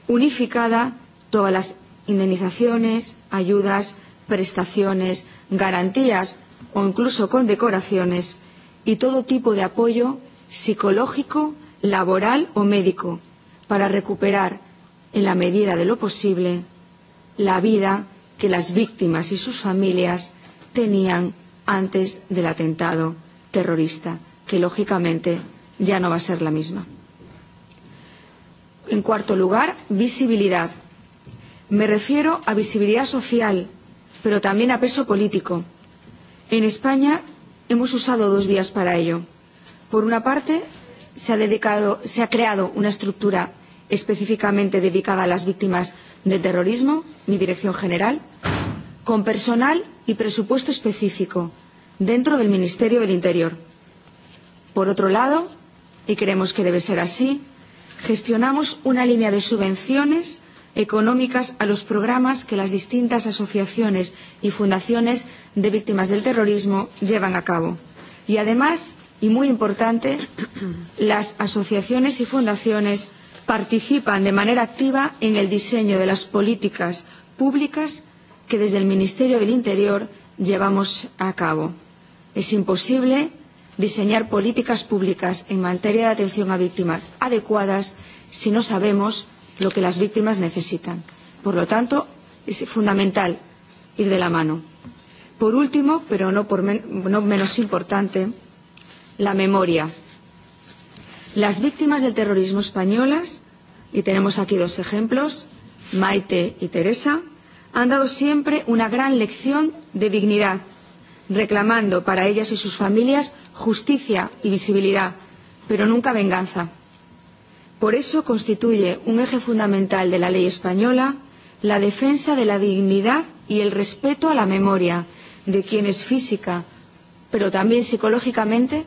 unificada todas las indemnizaciones, ayudas, prestaciones, garantías o incluso condecoraciones y todo tipo de apoyo psicológico, laboral o médico para recuperar en la medida de lo posible, la vida que las víctimas y sus familias tenían antes del atentado terrorista, que lógicamente ya no va a ser la misma. En cuarto lugar, visibilidad. Me refiero a visibilidad social, pero también a peso político. En España hemos usado dos vías para ello. Por una parte, se ha, dedicado, se ha creado una estructura específicamente dedicada a las víctimas del terrorismo, mi dirección general, con personal y presupuesto específico dentro del Ministerio del Interior. Por otro lado, y creemos que debe ser así, gestionamos una línea de subvenciones económicas a los programas que las distintas asociaciones y fundaciones de víctimas del terrorismo llevan a cabo. Y además, y muy importante, las asociaciones y fundaciones participan de manera activa en el diseño de las políticas públicas que desde el Ministerio del Interior llevamos a cabo. Es imposible diseñar políticas públicas en materia de atención a víctimas adecuadas si no sabemos lo que las víctimas necesitan. Por lo tanto, es fundamental ir de la mano. Por último, pero no, por men no menos importante, la memoria Las víctimas del terrorismo españolas, y tenemos aquí dos ejemplos, Maite y Teresa, han dado siempre una gran lección de dignidad, reclamando para ellas y sus familias justicia y visibilidad, pero nunca venganza. Por eso constituye un eje fundamental de la ley española la defensa de la dignidad y el respeto a la memoria de quienes física, pero también psicológicamente,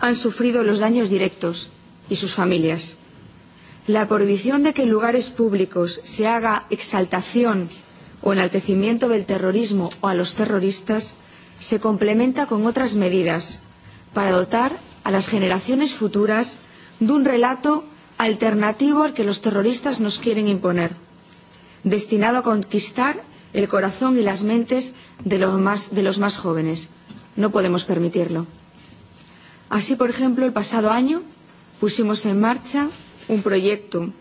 han sufrido los daños directos y sus familias. La prohibición de que en lugares públicos se haga exaltación o enaltecimiento del terrorismo o a los terroristas se complementa con otras medidas para dotar a las generaciones futuras de un relato alternativo al que los terroristas nos quieren imponer, destinado a conquistar el corazón y las mentes de los más, de los más jóvenes. No podemos permitirlo. Así, por ejemplo, el pasado año pusimos en marcha un proyecto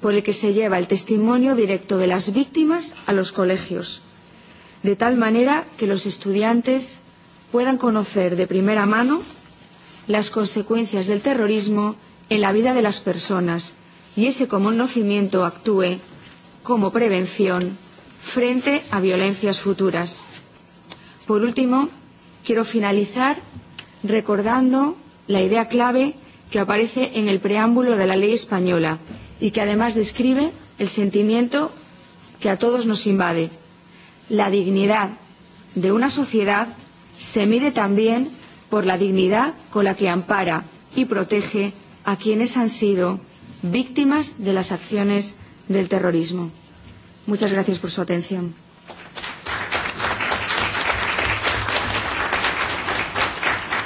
por el que se lleva el testimonio directo de las víctimas a los colegios, de tal manera que los estudiantes puedan conocer de primera mano las consecuencias del terrorismo en la vida de las personas y ese conocimiento actúe como prevención frente a violencias futuras. Por último, quiero finalizar recordando la idea clave que aparece en el preámbulo de la ley española y que además describe el sentimiento que a todos nos invade. La dignidad de una sociedad se mide también por la dignidad con la que ampara y protege a quienes han sido víctimas de las acciones del terrorismo. Muchas gracias por su atención.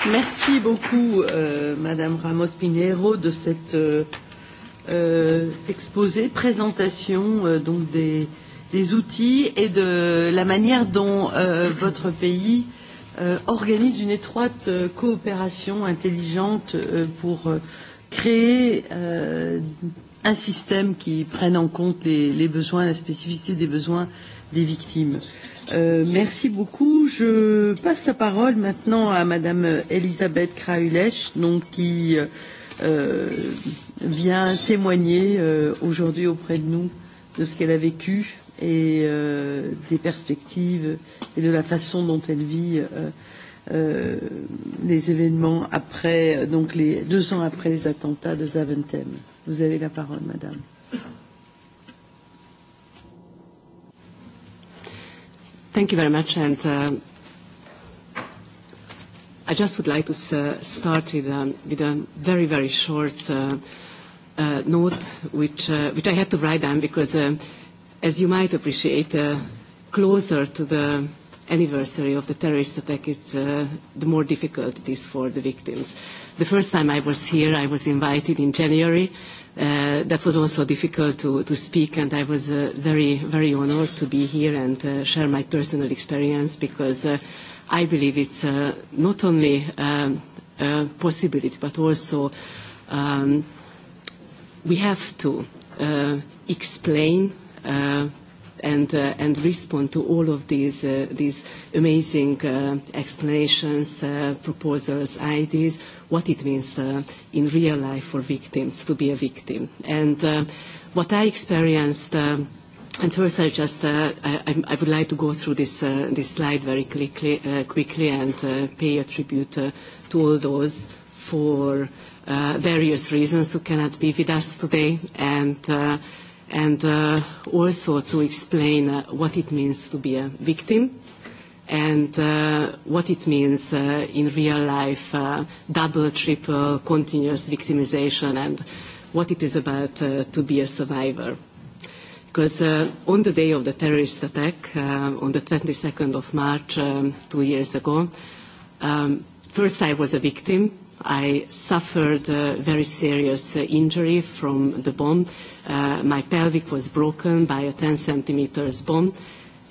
Merci beaucoup, euh, Madame Ramos Pinheiro, de cette euh, euh exposé, présentation euh, donc des, des outils et de la manière dont euh, votre pays euh, organise une étroite euh, coopération intelligente euh, pour euh, créer euh, un système qui prenne en compte les, les besoins, la spécificité des besoins des victimes. Euh, merci beaucoup. Je passe la parole maintenant à Madame Elisabeth Kraulech, donc qui euh, euh, vient témoigner euh, aujourd'hui auprès de nous de ce qu'elle a vécu et euh, des perspectives et de la façon dont elle vit euh, euh, les événements après, donc les deux ans après les attentats de Zaventem. Vous avez la parole, Madame. Merci. Thank you very much. And um, I just would like to uh, start with, um, with a very, very short uh, uh, note, which, uh, which I had to write down because, uh, as you might appreciate, uh, closer to the anniversary of the terrorist attack, it, uh, the more difficult it is for the victims. Uh, The first time I was here, I was invited in January. Uh, that was also difficult to, to speak, and I was uh, very, very honored to be here and uh, share my personal experience because uh, I believe it's uh, not only um, a possibility, but also um, we have to uh, explain uh, and, uh, and respond to all of these, uh, these amazing uh, explanations, uh, proposals, ideas, what it means uh, in real life for victims to be a victim. And uh, what I experienced uh, And first, I just uh, I, I would like to go through this uh, this slide very quickly, uh, quickly and uh, pay a tribute uh, to all those for uh, various reasons who cannot be with us today and. Uh, and uh, also to explain uh, what it means to be a victim and uh, what it means uh, in real life, uh, double, triple, continuous victimization, and what it is about uh, to be a survivor. Because uh, on the day of the terrorist attack, uh, on the 22nd of March, um, two years ago, um, first I was a victim, I suffered a very serious uh, injury from the bomb. Uh, my pelvic was broken by a 10 centimeters bomb.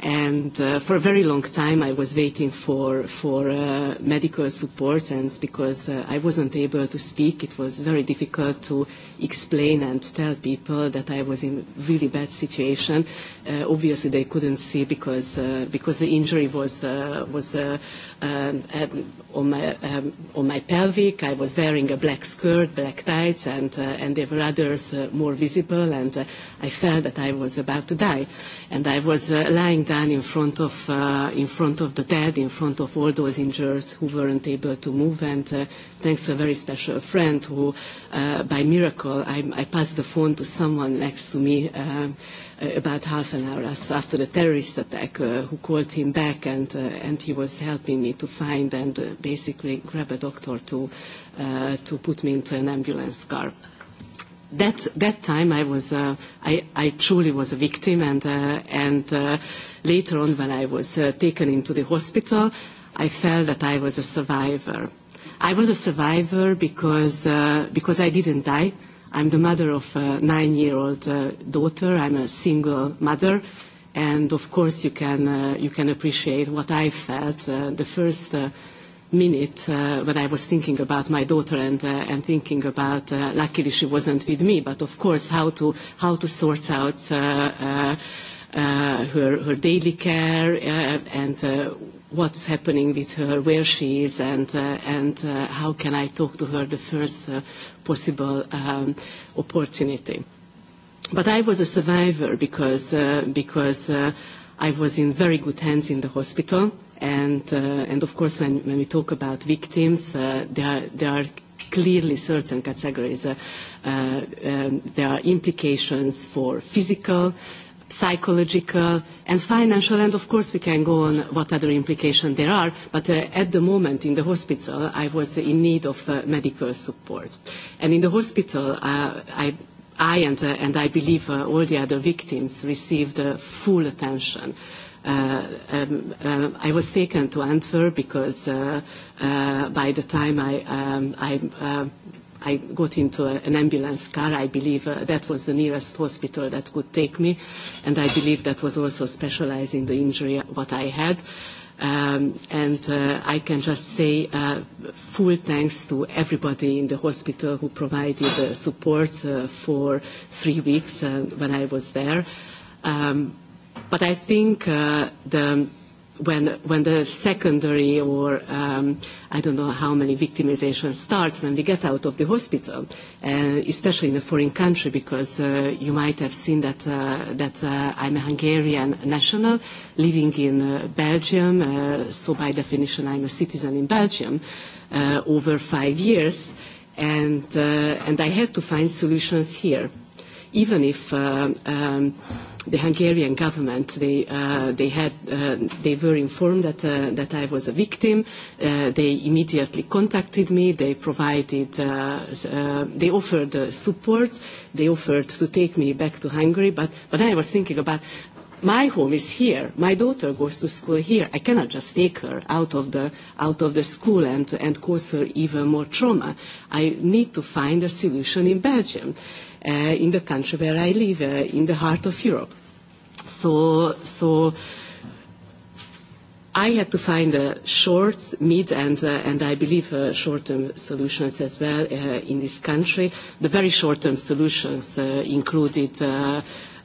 And uh, for a very long time, I was waiting for, for uh, medical support. And because uh, I wasn't able to speak, it was very difficult to explain and tell people that I was in really bad situation uh, obviously they couldn't see because uh, because the injury was uh, was uh, um, um, on my um, on my pelvic. I was wearing a black skirt, black tights, and uh, and there were others uh, more visible. And uh, I felt that I was about to die, and I was uh, lying down in front of uh, in front of the dead, in front of all those injured who weren't able to move, and uh, thanks to a very special friend who, uh, by miracle, I, I passed the phone to someone next to me um, about half an hour after the terrorist attack, uh, who called him back, and, uh, and he was helping me to find and uh, basically grab a doctor to, uh, to put me into an ambulance car that that time I was uh, I, I truly was a victim and uh, and uh, later on when I was uh, taken into the hospital I felt that I was a survivor I was a survivor because, uh, because I didn't die. I'm the mother of a nine-year-old uh, daughter. I'm a single mother. And of course, you can, uh, you can appreciate what I felt uh, the first uh, minute uh, when I was thinking about my daughter and, uh, and thinking about, uh, luckily she wasn't with me, but of course, how to, how to sort out uh, uh, uh, her, her daily care uh, and uh, what's happening with her, where she is, and, uh, and uh, how can I talk to her the first uh, possible um, opportunity. But I was a survivor because, uh, because uh, I was in very good hands in the hospital. And, uh, and of course, when, when we talk about victims, uh, there, are, there are clearly certain categories. Uh, uh, um, there are implications for physical uh, psychological and financial, and of course we can go on what other implications there are, but uh, at the moment in the hospital I was in need of uh, medical support. And in the hospital uh, I, I and, uh, and I believe uh, all the other victims received uh, full attention. Uh, um, uh, I was taken to Antwerp because uh, uh, by the time I, um, I uh, I got into a, an ambulance car. I believe uh, that was the nearest hospital that could take me, and I believe that was also specialized in the injury what I had. Um, and uh, I can just say uh, full thanks to everybody in the hospital who provided uh, support uh, for three weeks uh, when I was there. Um, but I think uh, the when when the secondary or um, I don't know how many victimization starts when we get out of the hospital, uh, especially in a foreign country, because uh, you might have seen that uh, that uh, I'm a Hungarian national living in uh, Belgium, uh, so by definition I'm a citizen in Belgium uh, over five years, and uh, and I had to find solutions here even if uh, um, the Hungarian government they uh, they had uh, they were informed that uh, that I was a victim. Uh, they immediately contacted me. They provided uh, uh, they offered uh, support. They offered to take me back to Hungary. But but I was thinking about my home is here. My daughter goes to school here. I cannot just take her out of the out of the school and and cause her even more trauma. I need to find a solution in Belgium. Uh, uh, in the country where I live, uh, in the heart of Europe. So, so I had to find uh, short, mid, and, uh, and I believe uh, short-term solutions as well uh, in this country. The very short-term solutions uh, included uh,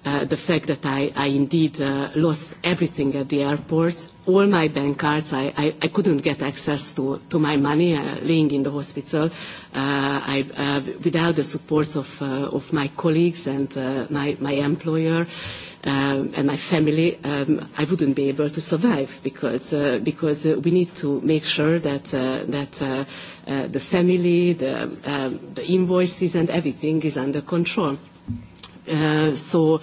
uh, the fact that I, I indeed uh, lost everything at the airport, all my bank cards, I, I, I couldn't get access to, to my money uh, laying in the hospital uh, I, uh, without the support of, uh, of my colleagues and uh, my, my employer. Um, and my family, um, I wouldn't be able to survive because uh, because uh, we need to make sure that uh, that uh, uh, the family, the, um, uh, the invoices, and everything is under control. Uh, so,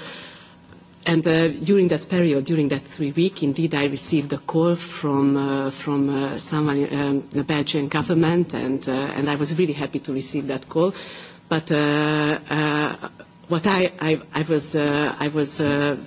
and uh, during that period, during that three week, indeed, I received a call from uh, from uh, someone, um, the Belgian government, and uh, and I was really happy to receive that call. But uh, uh, what I I, I was uh, I was. Uh,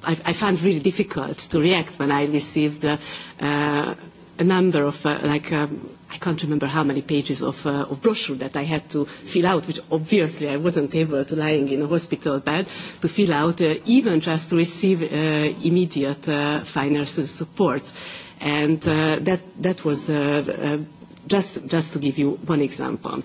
I, I found really difficult to react when I received uh, uh, a number of uh, like um, I can't remember how many pages of, uh, of brochure that I had to fill out, which obviously I wasn't able to lying in a hospital bed to fill out, uh, even just to receive uh, immediate uh, financial support. And uh, that, that was uh, uh, just, just to give you one example.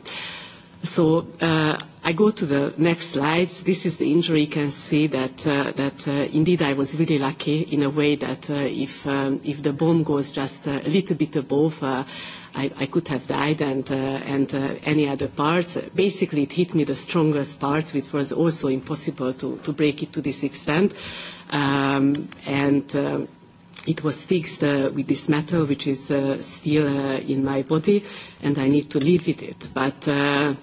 So uh, I go to the next slides. This is the injury. You can see that, uh, that uh, indeed I was really lucky in a way that uh, if, um, if the bone goes just a little bit above, uh, I, I could have died and, uh, and uh, any other parts. Basically, it hit me the strongest parts, which was also impossible to, to break it to this extent. Um, and uh, it was fixed uh, with this metal, which is uh, still uh, in my body, and I need to live with it. But uh,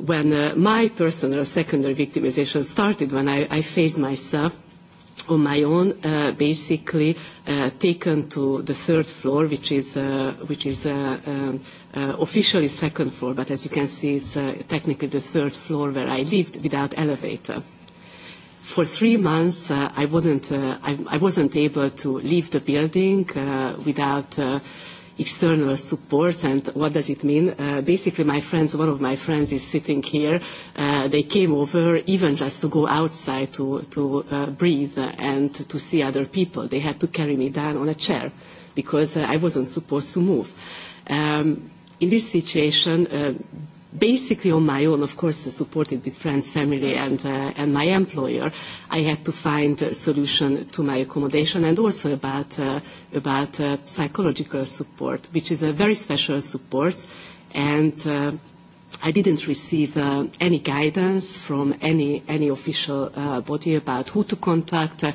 when uh, my personal secondary victimization started, when I, I faced myself on my own, uh, basically uh, taken to the third floor, which is, uh, which is uh, um, uh, officially second floor, but as you can see, it's uh, technically the third floor where I lived without elevator. For three months, uh, I, wouldn't, uh, I, I wasn't able to leave the building uh, without uh, external support and what does it mean. Uh, basically, my friends, one of my friends is sitting here. Uh, they came over even just to go outside to, to uh, breathe and to see other people. They had to carry me down on a chair because uh, I wasn't supposed to move. Um, in this situation, uh, basically on my own, of course, supported with friends, family, and, uh, and my employer, I had to find a solution to my accommodation and also about, uh, about uh, psychological support, which is a very special support. And uh, I didn't receive uh, any guidance from any, any official uh, body about who to contact uh,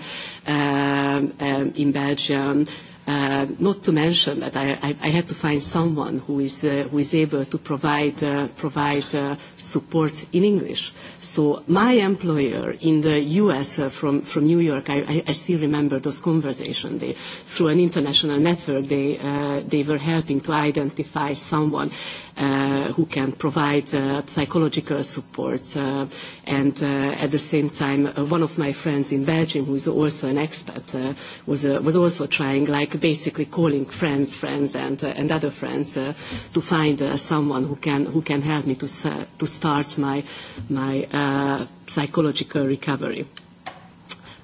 um, um in Belgium, uh, Uh, not to mention that I, I, I had to find someone who is, uh, who is able to provide, uh, provide uh, support in English. So my employer in the US uh, from, from New York, I, I, I still remember those conversations. They, through an international network, they, uh, they were helping to identify someone. Uh, uh, who can provide uh, psychological support. Uh, and uh, at the same time, uh, one of my friends in Belgium, who is also an expert, uh, was, uh, was also trying, like basically calling friends, friends, and, uh, and other friends uh, to find uh, someone who can, who can help me to, uh, to start my, my uh, psychological recovery.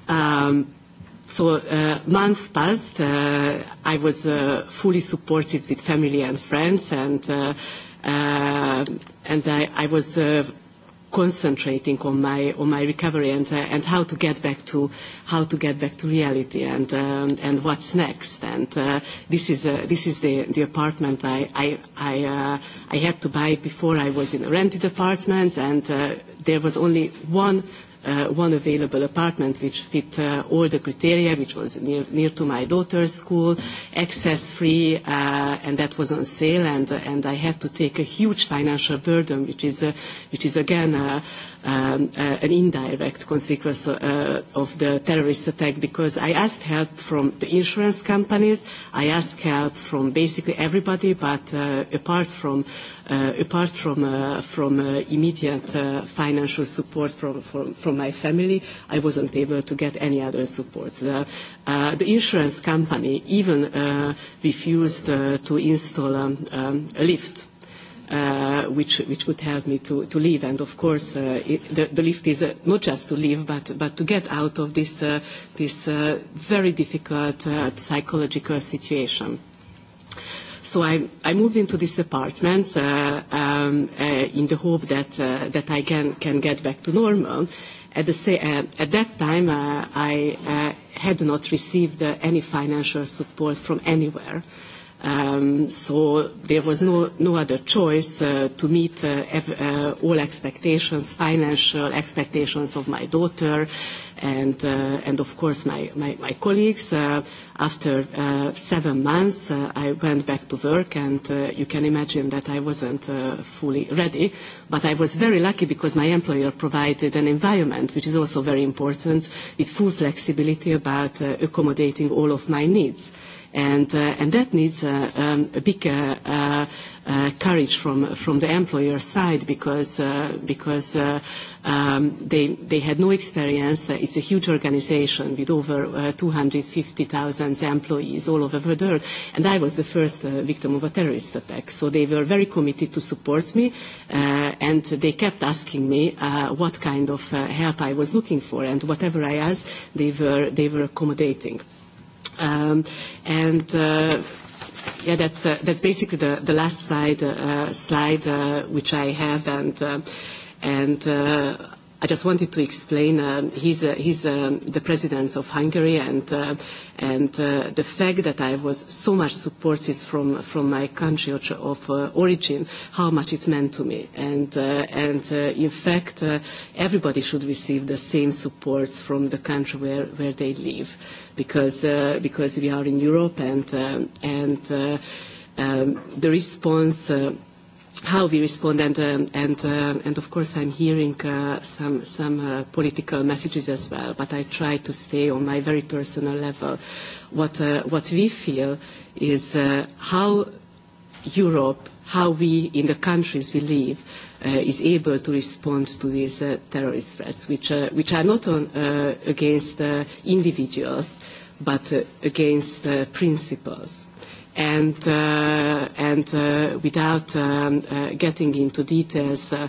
Um, So uh, months passed. Uh, I was uh, fully supported with family and friends, and uh, uh, and I, I was uh, concentrating on my on my recovery and uh, and how to get back to how to get back to reality and um, and what's next and uh, this is uh, this is the the apartment I I I, uh, I had to buy before I was in a rented apartment and uh, there was only one uh, one available apartment which fit uh, all the criteria, which was near, near to my daughter's school, access free, uh, and that was on sale. And, and I had to take a huge financial burden, which is, uh, which is again uh, um, uh, an indirect consequence uh, of the terrorist attack because I asked help from the insurance companies, I asked help from basically everybody, but uh, apart from uh, apart from uh, from uh, immediate uh, financial support from, from from my family, I wasn't able to get any other support. The, uh, the insurance company even uh, refused uh, to install um, um, a lift uh, which, which would help me to, to leave. And of course, uh, it, the, the lift is uh, not just to leave, but, but to get out of this, uh, this uh, very difficult uh, psychological situation. So I, I moved into this apartment uh, um, uh, in the hope that, uh, that I can, can get back to normal. At, the sa- uh, at that time, uh, I uh, had not received uh, any financial support from anywhere. Uh, Um, so there was no, no other choice uh, to meet uh, ev- uh, all expectations, financial expectations of my daughter and, uh, and of course my, my, my colleagues. Uh, after uh, seven months, uh, I went back to work and uh, you can imagine that I wasn't uh, fully ready. But I was very lucky because my employer provided an environment, which is also very important, with full flexibility about uh, accommodating all of my needs. And, uh, and that needs uh, um, a big uh, uh, uh, courage from, from the employer side because, uh, because uh, um, they, they had no experience. Uh, it's a huge organization with over uh, 250,000 employees all over the world. And I was the first uh, victim of a terrorist attack. So they were very committed to support me. Uh, and they kept asking me uh, what kind of uh, help I was looking for. And whatever I asked, they were, they were accommodating. Uh, Um, and uh, yeah, that's uh, that's basically the, the last slide uh, slide uh, which I have, and uh, and uh, I just wanted to explain. Um, he's uh, he's um, the president of Hungary, and uh, and uh, the fact that I was so much supported from from my country of, of uh, origin, how much it meant to me, and uh, and uh, in fact, uh, everybody should receive the same supports from the country where where they live, because uh, because we are in Europe, and um, and uh, um, the response. Uh, how we respond and um, and uh, and of course I'm hearing uh, some some uh, political messages as well but I try to stay on my very personal level what uh, what we feel is uh, how Europe how we in the countries we live uh, is able to respond to these uh, terrorist threats which uh, which are not on, uh, against uh, individuals but uh, against uh, principles uh, and, uh, and uh, without um, uh, getting into details, uh,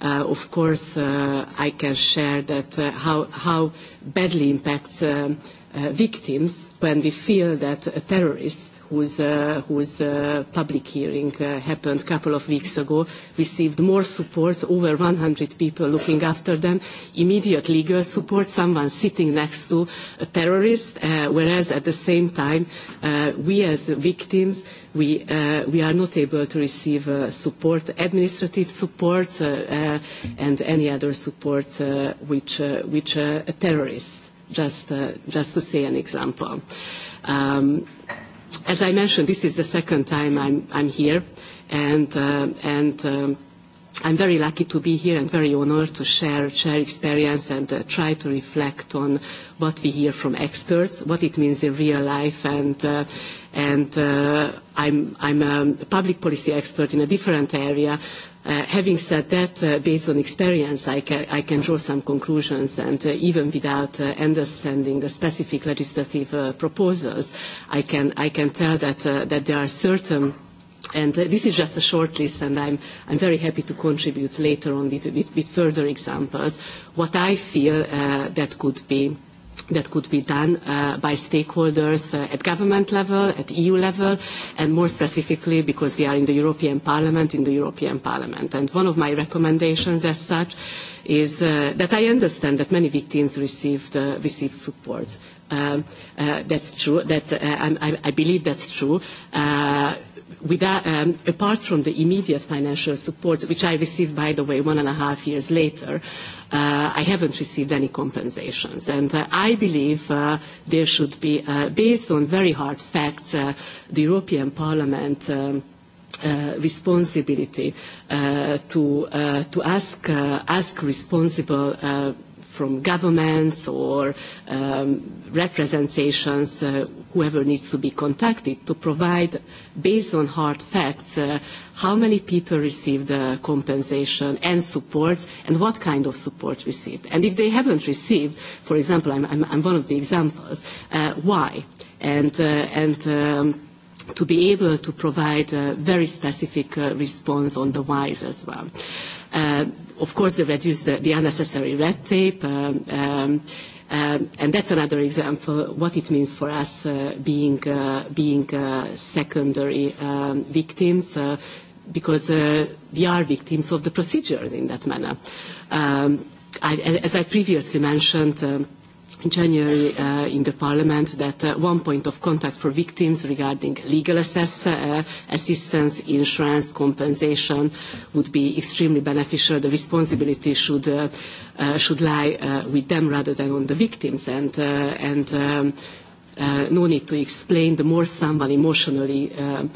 uh, of course, uh, I can share that uh, how, how badly impacts um, uh, victims when we feel that a terrorist whose, uh, whose uh, public hearing uh, happened a couple of weeks ago, received more support, over 100 people looking after them, immediate legal support, someone sitting next to a terrorist, uh, whereas at the same time, uh, we as victims, we, uh, we are not able to receive uh, support, administrative support, uh, uh, and any other support uh, which, uh, which uh, a terrorist, just, uh, just to say an example. Um, As I mentioned, this is the second time I'm, I'm here, and, uh, and um, I'm very lucky to be here and very honored to share, share experience and uh, try to reflect on what we hear from experts, what it means in real life, and, uh, and uh, I'm, I'm a public policy expert in a different area, Uh, having said that, uh, based on experience, I, ca- I can draw some conclusions, and uh, even without uh, understanding the specific legislative uh, proposals, I can, I can tell that, uh, that there are certain And uh, this is just a short list, and I'm, I'm very happy to contribute later on with, with, with further examples, what I feel uh, that could be that could be done uh, by stakeholders uh, at government level, at EU level, and more specifically because we are in the European Parliament, in the European Parliament. And one of my recommendations as such is uh, that I understand that many victims received, uh, received support. Um, uh, that's true. That, uh, I, I believe that's true. Uh, without, um, apart from the immediate financial support, which I received, by the way, one and a half years later, uh, uh, I haven't received any compensations. And uh, I believe uh, there should be, uh, based on very hard facts, uh, the European Parliament um, uh, responsibility uh, to, uh, to ask, uh, ask responsible uh, from governments or um, representations, uh, whoever needs to be contacted, to provide, based on hard facts, uh, how many people received uh, compensation and support, and what kind of support received. And if they haven't received, for example, I'm, I'm, I'm one of the examples, uh, why? And, uh, and um, to be able to provide a very specific uh, response on the whys as well. Uh, Of course, they reduce the, the unnecessary red tape. Um, um, um, and that's another example what it means for us uh, being, uh, being uh, secondary um, victims uh, because uh, we are victims of the procedure in that manner. Um, I, as I previously mentioned, um, January uh, in the Parliament that uh, one point of contact for victims regarding legal assess, uh, assistance, insurance, compensation would be extremely beneficial. The responsibility should, uh, uh, should lie uh, with them rather than on the victims. And, uh, and um, uh, no need to explain, the more someone emotionally um,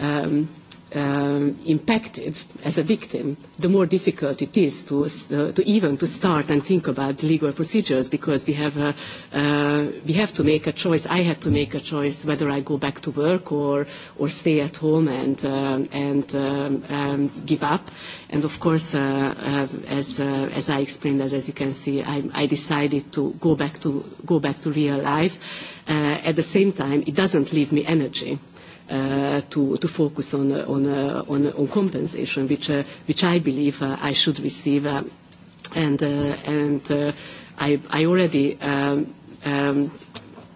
um, um, impacted as a victim, the more difficult it is to, uh, to even to start and think about legal procedures because we have, a, uh, we have to make a choice. I had to make a choice whether I go back to work or, or stay at home and, um, and um, um, give up. And of course, uh, uh, as, uh, as I explained, as, as you can see, I, I decided to go back to, go back to real life. Uh, at the same time, it doesn't leave me energy uh, to, to focus on, uh, on, uh, on, on compensation, which, uh, which I believe uh, I should receive. Uh, and uh, and uh, I, I already, um, um,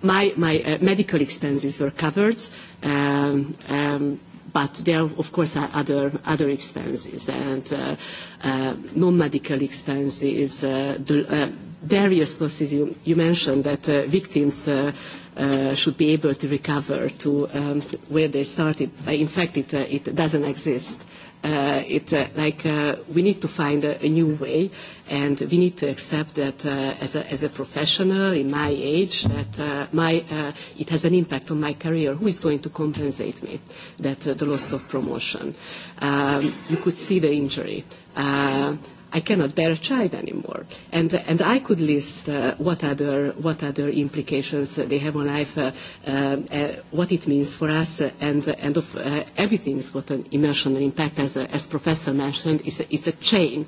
my, my uh, medical expenses were covered. Um, um, but there, of course, are other, other expenses and uh, uh, non-medical expenses, uh, the, uh, various losses. You, you mentioned that uh, victims uh, uh, should be able to recover to um, where they started. Uh, in fact, it, uh, it doesn't exist. Uh, it, uh, like, uh, we need to find a, a new way, and we need to accept that uh, as, a, as a professional in my age, that uh, my, uh, it has an impact on my career. Who is going to compensate me that uh, the loss of promotion? Um, you could see the injury. Uh, I cannot bear a child anymore. And, and I could list uh, what, other, what other implications they have on life, uh, uh, uh what it means for us, uh, and, uh, and of everything's got an emotional impact, as, as Professor mentioned. It's a, it's a chain.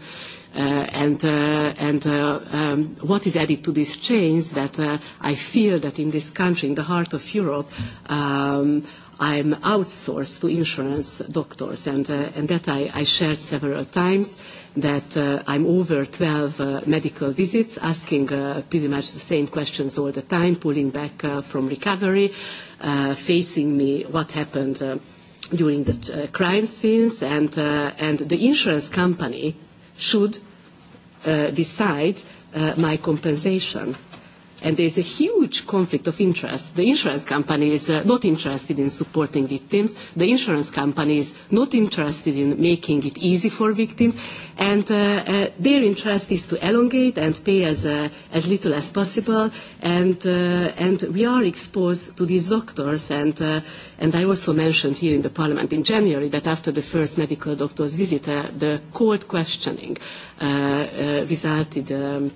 Uh, and, uh, and uh, um, what is added to these chains that I feel that in this country, in the heart of Europe, um, I'm outsourced to insurance doctors, and, uh, and that I, I shared several times that uh, I'm over 12 uh, medical visits, asking uh, pretty much the same questions all the time, pulling back uh, from recovery, uh, facing me what happened uh, during the uh, crime scenes, and, uh, and the insurance company should uh, decide uh, my compensation And there's a huge conflict of interest. The insurance company is uh, not interested in supporting victims. The insurance company is not interested in making it easy for victims. And uh, uh, their interest is to elongate and pay as, uh, as little as possible. And, uh, and we are exposed to these doctors. And, uh, and I also mentioned here in the Parliament in January that after the first medical doctor's visit, uh, the cold questioning uh, uh, resulted um,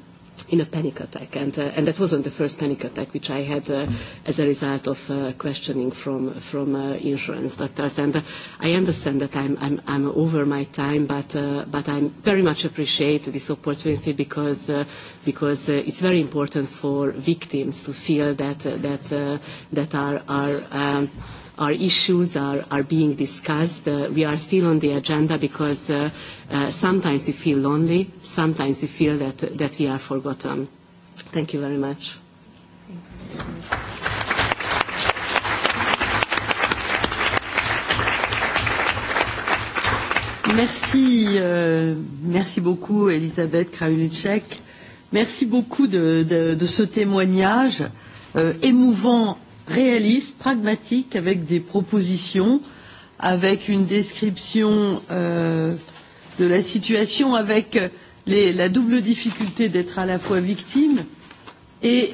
in a panic attack, and uh, and that wasn't the first panic attack which I had uh, as a result of uh, questioning from from uh, insurance doctors. And uh, I understand that I'm I'm, I'm over my time, but uh, but I very much appreciate this opportunity because uh, because uh, it's very important for victims to feel that uh, that uh, that are are. Um, our issues are, are being discussed. Uh, we are still on the agenda because uh, uh, sometimes we feel lonely, sometimes we feel that, that we are forgotten. Thank you very much. Thank you so much. Merci, euh, merci beaucoup Elisabeth Kraulicek. Merci beaucoup de, de, de ce témoignage euh, émouvant réaliste, pragmatique, avec des propositions, avec une description euh, de la situation, avec les, la double difficulté d'être à la fois victime et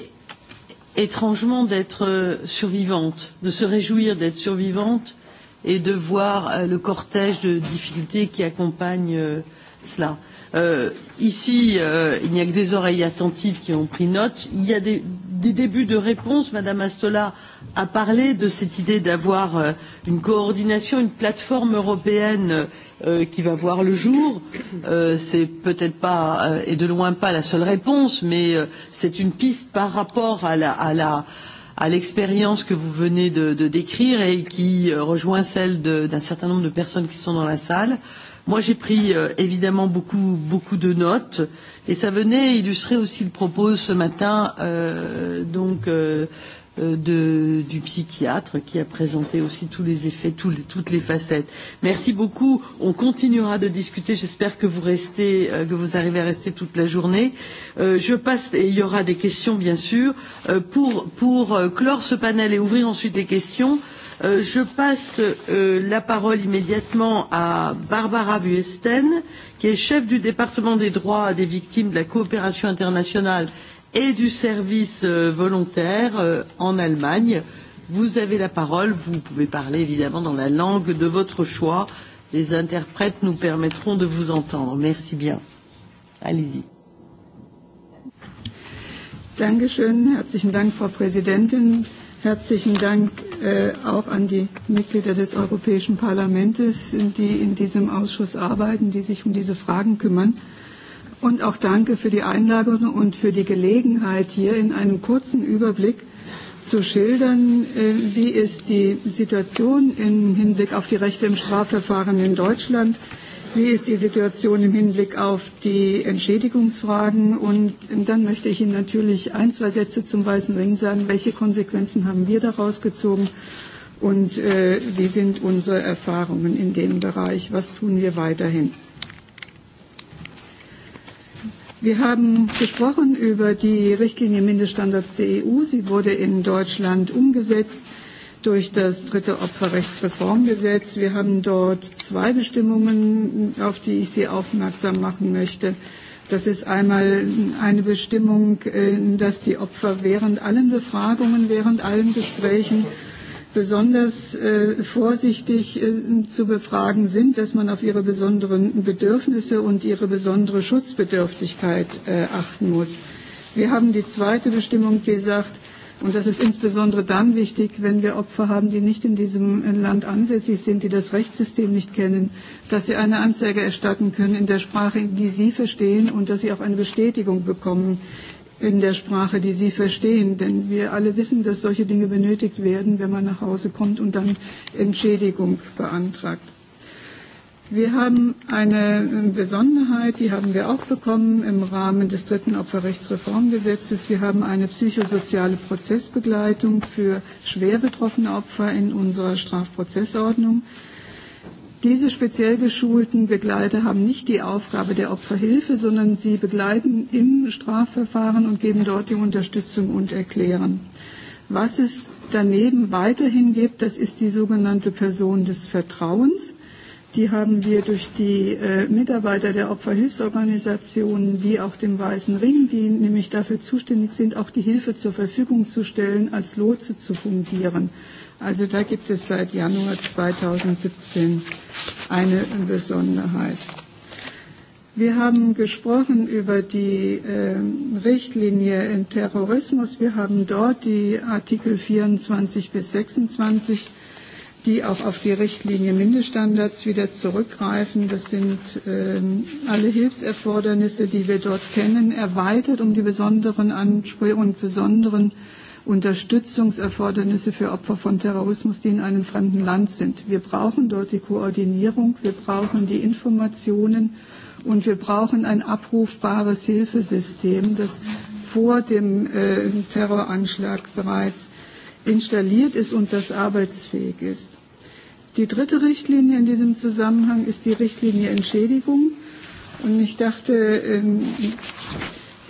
étrangement d'être euh, survivante, de se réjouir d'être survivante et de voir euh, le cortège de difficultés qui accompagne euh, cela. Euh, ici, euh, il n'y a que des oreilles attentives qui ont pris note. Il y a des, des débuts de réponse, Madame Astola a parlé de cette idée d'avoir euh, une coordination, une plateforme européenne euh, qui va voir le jour. Euh, c'est peut-être pas euh, et de loin pas la seule réponse, mais euh, c'est une piste par rapport à la, à la à l'expérience que vous venez de, de décrire et qui euh, rejoint celle d'un certain nombre de personnes qui sont dans la salle. Euh, Moi, j'ai pris euh, évidemment beaucoup, beaucoup de notes et ça venait illustrer aussi le propos ce matin euh, donc, euh, euh, de, du psychiatre qui a présenté aussi tous les effets, tous les, toutes les facettes. Merci beaucoup. On continuera de discuter. J'espère que vous restez, euh, que vous arrivez à rester toute la journée. Euh, je passe et il y aura des questions bien sûr euh, pour pour euh, clore ce panel et ouvrir ensuite les questions. Euh, Euh, je passe euh, la parole immédiatement à Barbara Vuesten, qui est chef du département des droits des victimes de la coopération internationale et du service euh, volontaire euh, en Allemagne. Vous avez la parole, vous pouvez parler évidemment dans la langue de votre choix. Les interprètes nous permettront de vous entendre. Merci bien. Allez-y. Dankeschön, herzlichen Dank, Frau Präsidentin. Herzlichen Dank äh, auch an die Mitglieder des Europäischen Parlaments, die in diesem Ausschuss arbeiten, die sich um diese Fragen kümmern. Und auch danke für die Einladung und für die Gelegenheit, hier in einem kurzen Überblick zu schildern, äh, wie ist die Situation im Hinblick auf die Rechte im Strafverfahren in Deutschland, äh, Wie ist die Situation im Hinblick auf die Entschädigungsfragen? Und dann möchte ich Ihnen natürlich ein, zwei Sätze zum Weißen Ring sagen. Welche Konsequenzen haben wir daraus gezogen? Und äh, wie sind unsere Erfahrungen in dem Bereich? Was tun wir weiterhin? Wir haben gesprochen über die Richtlinie Mindeststandards der EU. Sie wurde in Deutschland umgesetzt. Äh, durch das dritte Opferrechtsreformgesetz. Wir haben dort zwei Bestimmungen, auf die ich Sie aufmerksam machen möchte. Das ist einmal eine Bestimmung, äh, dass die Opfer während allen Befragungen, während allen Gesprächen besonders äh, vorsichtig äh, zu befragen sind, dass man auf ihre besonderen Bedürfnisse und ihre besondere Schutzbedürftigkeit äh, achten muss. Wir haben die zweite Bestimmung, die sagt, Und das ist insbesondere dann wichtig, wenn wir Opfer haben, die nicht in diesem äh, Land ansässig sind, die das Rechtssystem nicht kennen, dass sie eine Anzeige erstatten können in der Sprache, die sie verstehen und dass sie auch eine Bestätigung bekommen in der Sprache, die Sie verstehen. Denn wir alle wissen, dass solche Dinge benötigt werden, wenn man nach Hause kommt und dann Entschädigung beantragt. Wir haben eine Besonderheit, die haben wir auch bekommen im Rahmen des dritten Opferrechtsreformgesetzes. Wir haben eine psychosoziale Prozessbegleitung für schwer betroffene Opfer in unserer Strafprozessordnung. Diese speziell geschulten Begleiter haben nicht die Aufgabe der Opferhilfe, sondern sie begleiten im Strafverfahren und geben dort die Unterstützung und erklären. Was es daneben weiterhin gibt, das ist die sogenannte Person des Vertrauens. Die haben wir durch die äh, Mitarbeiter der Opferhilfsorganisationen wie auch dem Weißen Ring, die nämlich dafür zuständig sind, auch die Hilfe zur Verfügung zu stellen, als Lotse zu fungieren. Also da gibt es seit Januar 2017 eine Besonderheit. Wir haben gesprochen über die äh, Richtlinie im Terrorismus. Wir haben dort die Artikel 24 bis 26 die auch auf die Richtlinie Mindeststandards wieder zurückgreifen. Das sind ähm, alle Hilfserfordernisse, die wir dort kennen, erweitert um die besonderen Ansprüche und besonderen Unterstützungserfordernisse für Opfer von Terrorismus, die in einem fremden Land sind. Wir brauchen dort die Koordinierung, wir brauchen die Informationen und wir brauchen ein abrufbares Hilfesystem, das vor dem äh, Terroranschlag bereits installiert ist und das arbeitsfähig ist. Die dritte Richtlinie in diesem Zusammenhang ist die Richtlinie Entschädigung. Und ich dachte, ähm,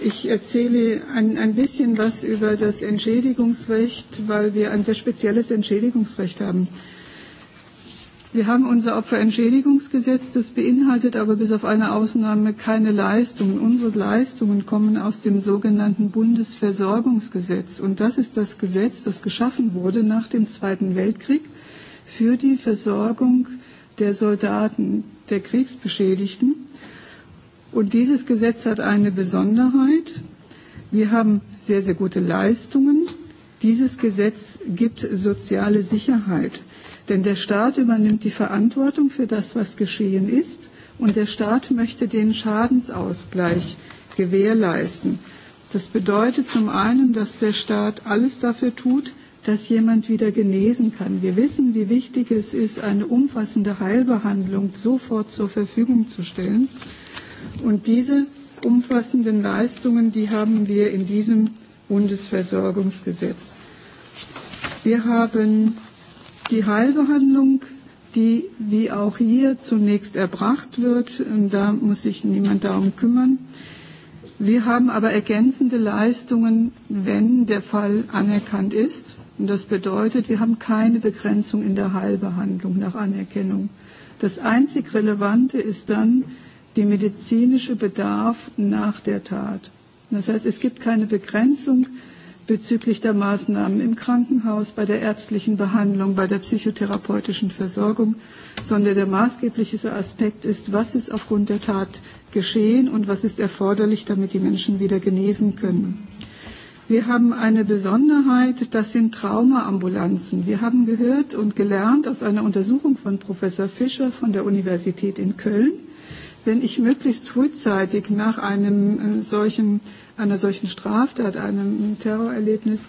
ich erzähle ein, ein bisschen was über das Entschädigungsrecht, weil wir ein sehr spezielles Entschädigungsrecht haben. Äh, Wir haben unser Opferentschädigungsgesetz, das beinhaltet aber bis auf eine Ausnahme keine Leistungen. Unsere Leistungen kommen aus dem sogenannten Bundesversorgungsgesetz. Und das ist das Gesetz, das geschaffen wurde nach dem Zweiten Weltkrieg für die Versorgung der Soldaten, der Kriegsbeschädigten. Und dieses Gesetz hat eine Besonderheit. Wir haben sehr, sehr gute Leistungen Dieses Gesetz gibt soziale Sicherheit, denn der Staat übernimmt die Verantwortung für das, was geschehen ist, und der Staat möchte den Schadensausgleich gewährleisten. Das bedeutet zum einen, dass der Staat alles dafür tut, dass jemand wieder genesen kann. Wir wissen, wie wichtig es ist, eine umfassende Heilbehandlung sofort zur Verfügung zu stellen. Und diese umfassenden Leistungen, die haben wir in diesem Bundesversorgungsgesetz. Wir haben die Heilbehandlung, die wie auch hier zunächst erbracht wird. Und da muss sich niemand darum kümmern. Wir haben aber ergänzende Leistungen, wenn der Fall anerkannt ist. Und das bedeutet, wir haben keine Begrenzung in der Heilbehandlung nach Anerkennung. Das einzig Relevante ist dann der medizinische Bedarf nach der Tat. Das heißt, es gibt keine Begrenzung bezüglich der Maßnahmen im Krankenhaus, bei der ärztlichen Behandlung, bei der psychotherapeutischen Versorgung, sondern der maßgebliche Aspekt ist, was ist aufgrund der Tat geschehen und was ist erforderlich, damit die Menschen wieder genesen können. Wir haben eine Besonderheit, das sind Traumaambulanzen. Wir haben gehört und gelernt aus einer Untersuchung von Professor Fischer von der Universität in Köln, wenn ich möglichst frühzeitig nach einem äh, solchen äh, einer solchen Straftat, einem Terrorerlebnis,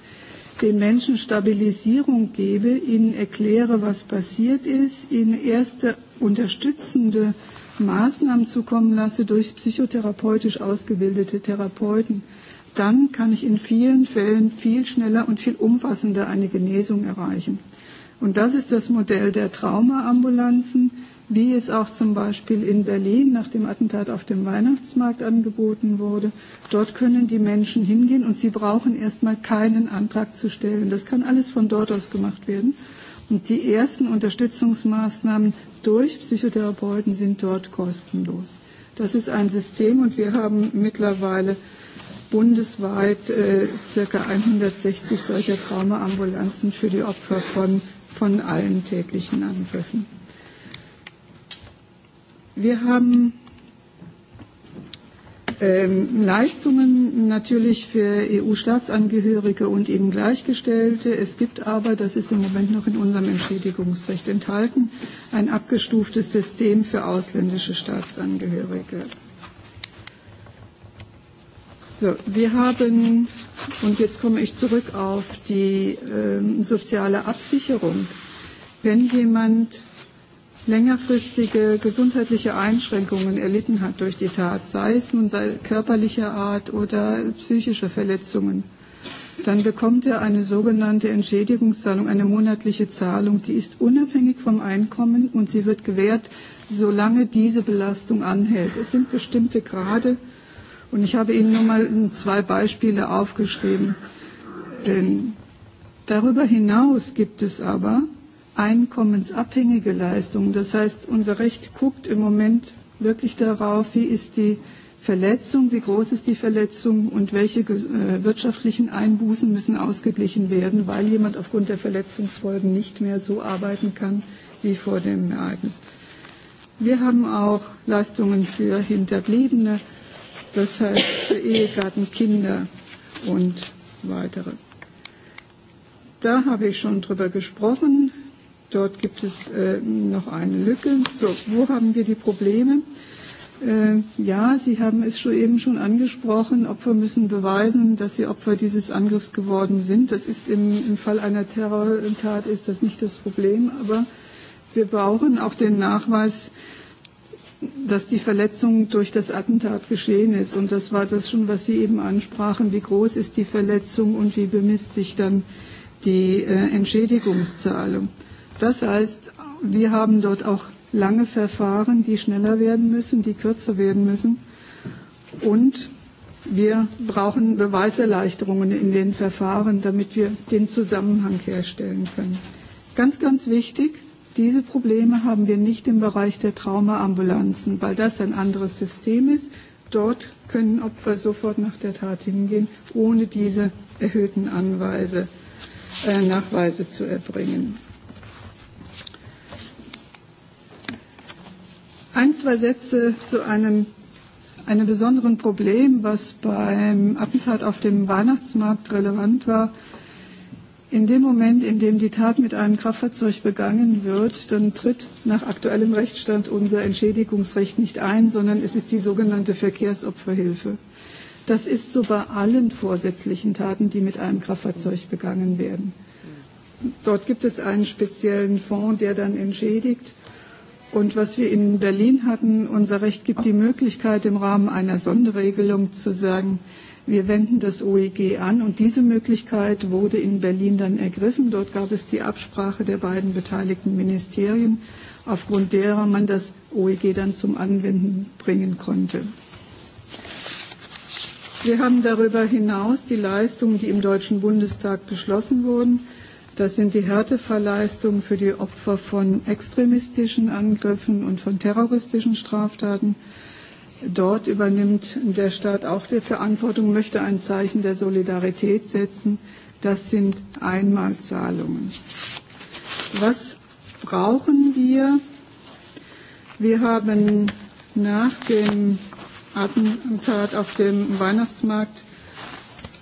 den Menschen Stabilisierung gebe, ihnen erkläre, was passiert ist, ihnen erste unterstützende Maßnahmen zukommen lasse durch psychotherapeutisch ausgebildete Therapeuten, dann kann ich in vielen Fällen viel schneller und viel umfassender eine Genesung erreichen. Und das ist das Modell der Traumaambulanzen, wie es auch zum Beispiel in Berlin nach dem Attentat auf dem Weihnachtsmarkt angeboten wurde. Dort können die Menschen hingehen und sie brauchen erstmal keinen Antrag zu stellen. Das kann alles von dort aus gemacht werden. Und die ersten Unterstützungsmaßnahmen durch Psychotherapeuten sind dort kostenlos. Das ist ein System und wir haben mittlerweile bundesweit äh, ca. 160 solcher Traumaambulanzen für die Opfer von, von allen täglichen Angriffen. Wir haben ähm, Leistungen natürlich für EU-Staatsangehörige und eben Gleichgestellte. Es gibt aber, das ist im Moment noch in unserem Entschädigungsrecht enthalten, ein abgestuftes System für ausländische Staatsangehörige. So, wir haben, und jetzt komme ich zurück auf die ähm, soziale Absicherung. Wenn jemand längerfristige gesundheitliche Einschränkungen erlitten hat durch die Tat, sei es nun sei körperlicher Art oder psychische Verletzungen, dann bekommt er eine sogenannte Entschädigungszahlung, eine monatliche Zahlung. Die ist unabhängig vom Einkommen und sie wird gewährt, solange diese Belastung anhält. Es sind bestimmte Grade und ich habe Ihnen nur mal zwei Beispiele aufgeschrieben. Ähm, darüber hinaus gibt es aber einkommensabhängige Leistungen. Das heißt, unser Recht guckt im Moment wirklich darauf, wie ist die Verletzung, wie groß ist die Verletzung und welche äh, wirtschaftlichen Einbußen müssen ausgeglichen werden, weil jemand aufgrund der Verletzungsfolgen nicht mehr so arbeiten kann wie vor dem Ereignis. Wir haben auch Leistungen für Hinterbliebene, das heißt für Ehegatten, Kinder und weitere. Da habe ich schon drüber gesprochen. Dort gibt es äh, noch eine Lücke. So, wo haben wir die Probleme? Äh, ja, Sie haben es schon eben schon angesprochen. Opfer müssen beweisen, dass sie Opfer dieses Angriffs geworden sind. Das ist im, im Fall einer Terrortat ist das nicht das Problem, aber wir brauchen auch den Nachweis, dass die Verletzung durch das Attentat geschehen ist. Und das war das schon, was Sie eben ansprachen. Wie groß ist die Verletzung und wie bemisst sich dann die äh, Entschädigungszahlung? Äh, Das heißt, wir haben dort auch lange Verfahren, die schneller werden müssen, die kürzer werden müssen. Und wir brauchen Beweiserleichterungen in den Verfahren, damit wir den Zusammenhang herstellen können. Ganz, ganz wichtig, diese Probleme haben wir nicht im Bereich der Traumaambulanzen, weil das ein anderes System ist. Dort können Opfer sofort nach der Tat hingehen, ohne diese erhöhten Anweise, äh, Nachweise zu erbringen. ein, zwei Sätze zu einem, einem besonderen Problem, was beim Attentat auf dem Weihnachtsmarkt relevant war. In dem Moment, in dem die Tat mit einem Kraftfahrzeug begangen wird, dann tritt nach aktuellem Rechtsstand unser Entschädigungsrecht nicht ein, sondern es ist die sogenannte Verkehrsopferhilfe. Das ist so bei allen vorsätzlichen Taten, die mit einem Kraftfahrzeug begangen werden. Dort gibt es einen speziellen Fonds, der dann entschädigt. Und was wir in Berlin hatten, unser Recht gibt die Möglichkeit, im Rahmen einer Sonderregelung zu sagen, wir wenden das OEG an. Und diese Möglichkeit wurde in Berlin dann ergriffen. Dort gab es die Absprache der beiden beteiligten Ministerien, aufgrund derer man das OEG dann zum Anwenden bringen konnte. Wir haben darüber hinaus die Leistungen, die im Deutschen Bundestag beschlossen wurden, Das sind die Härteverleistungen für die Opfer von extremistischen Angriffen und von terroristischen Straftaten. Dort übernimmt der Staat auch die Verantwortung, möchte ein Zeichen der Solidarität setzen. Das sind Einmalzahlungen. Was brauchen wir? Wir haben nach dem Attentat auf dem Weihnachtsmarkt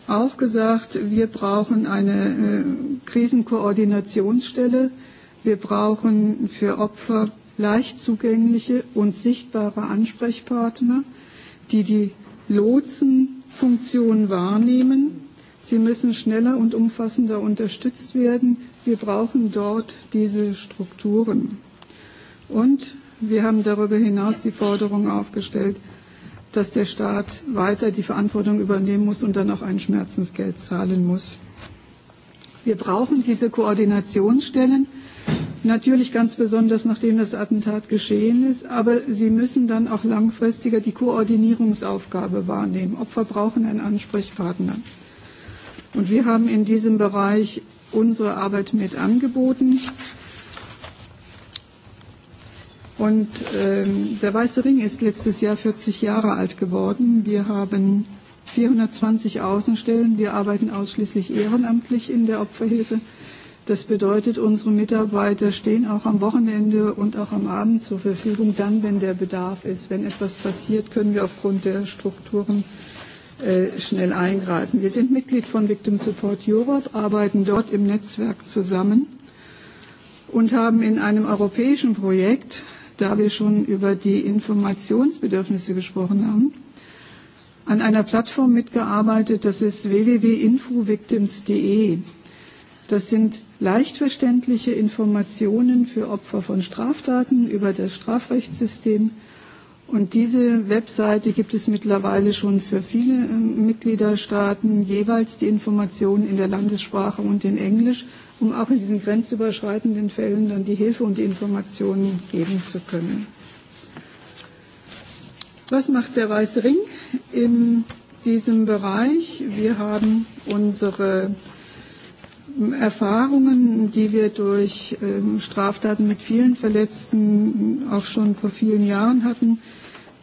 auch gesagt, wir brauchen eine äh, Krisenkoordinationsstelle. Wir brauchen für Opfer leicht zugängliche und sichtbare Ansprechpartner, die die Lotsenfunktion wahrnehmen. Sie müssen schneller und umfassender unterstützt werden. Wir brauchen dort diese Strukturen. Und wir haben darüber hinaus die Forderung aufgestellt, dass der Staat weiter die Verantwortung übernehmen muss und dann auch ein Schmerzensgeld zahlen muss. Wir brauchen diese Koordinationsstellen, natürlich ganz besonders nachdem das Attentat geschehen ist, aber sie müssen dann auch langfristiger die Koordinierungsaufgabe wahrnehmen. Opfer brauchen einen Ansprechpartner. Und wir haben in diesem Bereich unsere Arbeit mit angeboten. Und ähm, der Weiße Ring ist letztes Jahr 40 Jahre alt geworden. Wir haben 420 Außenstellen. Wir arbeiten ausschließlich ehrenamtlich in der Opferhilfe. Das bedeutet, unsere Mitarbeiter stehen auch am Wochenende und auch am Abend zur Verfügung, dann, wenn der Bedarf ist. Wenn etwas passiert, können wir aufgrund der Strukturen äh, schnell eingreifen. Wir sind Mitglied von Victim Support Europe, arbeiten dort im Netzwerk zusammen und haben in einem europäischen Projekt da wir schon über die Informationsbedürfnisse gesprochen haben, an einer Plattform mitgearbeitet, das ist www.infovictims.de. Das sind leicht verständliche Informationen für Opfer von Straftaten über das Strafrechtssystem. Und diese Webseite gibt es mittlerweile schon für viele äh, Mitgliederstaaten, jeweils die Informationen in der Landessprache und in Englisch, um auch in diesen grenzüberschreitenden Fällen dann die Hilfe und die Informationen geben zu können. Was macht der Weiße Ring in diesem Bereich? Wir haben unsere ähm, Erfahrungen, die wir durch ähm, Straftaten mit vielen Verletzten auch schon vor vielen Jahren hatten.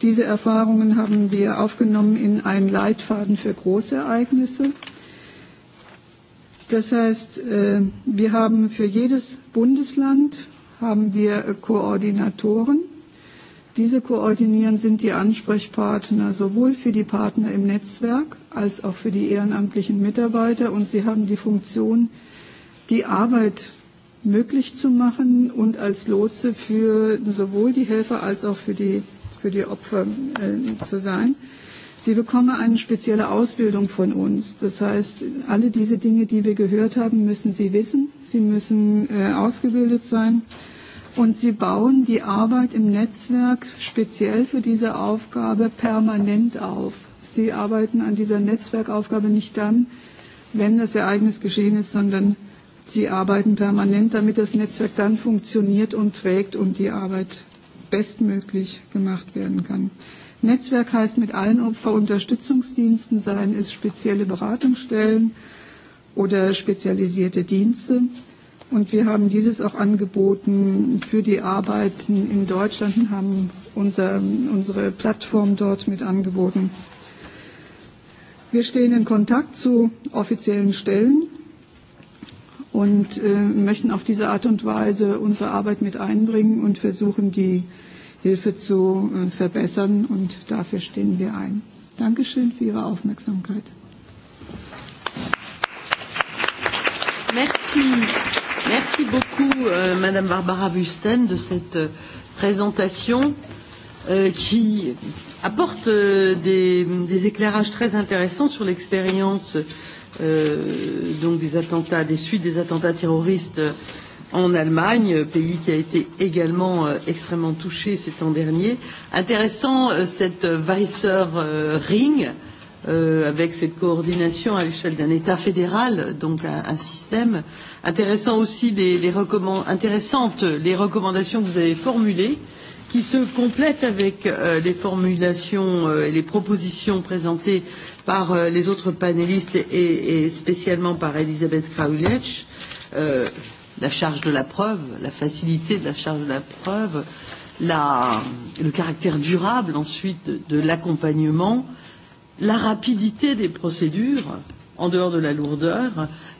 Diese Erfahrungen haben wir aufgenommen in einen Leitfaden für Großereignisse. Das heißt, äh, wir haben für jedes Bundesland haben wir äh, Koordinatoren. Diese koordinieren sind die Ansprechpartner sowohl für die Partner im Netzwerk als auch für die ehrenamtlichen Mitarbeiter und sie haben die Funktion, die Arbeit möglich zu machen und als Lotse für sowohl die Helfer als auch für die, für die Opfer äh, zu sein. Äh, Sie bekomme eine spezielle Ausbildung von uns. Das heißt, alle diese Dinge, die wir gehört haben, müssen Sie wissen. Sie müssen äh, ausgebildet sein. Und Sie bauen die Arbeit im Netzwerk speziell für diese Aufgabe permanent auf. Sie arbeiten an dieser Netzwerkaufgabe nicht dann, wenn das Ereignis geschehen ist, sondern Sie arbeiten permanent, damit das Netzwerk dann funktioniert und trägt und die Arbeit bestmöglich gemacht werden kann. Äh, Netzwerk heißt mit allen Opferunterstützungsdiensten, seien es spezielle Beratungsstellen oder spezialisierte Dienste. Und wir haben dieses auch angeboten für die Arbeiten in Deutschland und haben unser, unsere Plattform dort mit angeboten. Wir stehen in Kontakt zu offiziellen Stellen und äh, möchten auf diese Art und Weise unsere Arbeit mit einbringen und versuchen, die äh, Hilfe zu äh, verbessern. Und dafür stehen wir ein. Dankeschön für Ihre Aufmerksamkeit. Merci. Merci beaucoup, euh, Madame Barbara Busten, de cette euh, présentation euh, qui apporte euh, des, des éclairages très intéressants sur l'expérience euh, donc des attentats, des suites des attentats terroristes euh, en Allemagne, pays qui a été également euh, extrêmement touché ces temps derniers. Intéressant euh, cette Weiser euh, euh, Ring euh, avec cette coordination à l'échelle d'un État fédéral, donc un, un système. Intéressant aussi les, les recommand... intéressantes les recommandations que vous avez formulées qui se complètent avec euh, les formulations euh, et les propositions présentées par euh, les autres panélistes et, et spécialement par Elisabeth Kraulech. Euh, la charge de la preuve, la facilité de la charge de la preuve, la, le caractère durable ensuite de, de l'accompagnement, la rapidité des procédures en dehors de la lourdeur.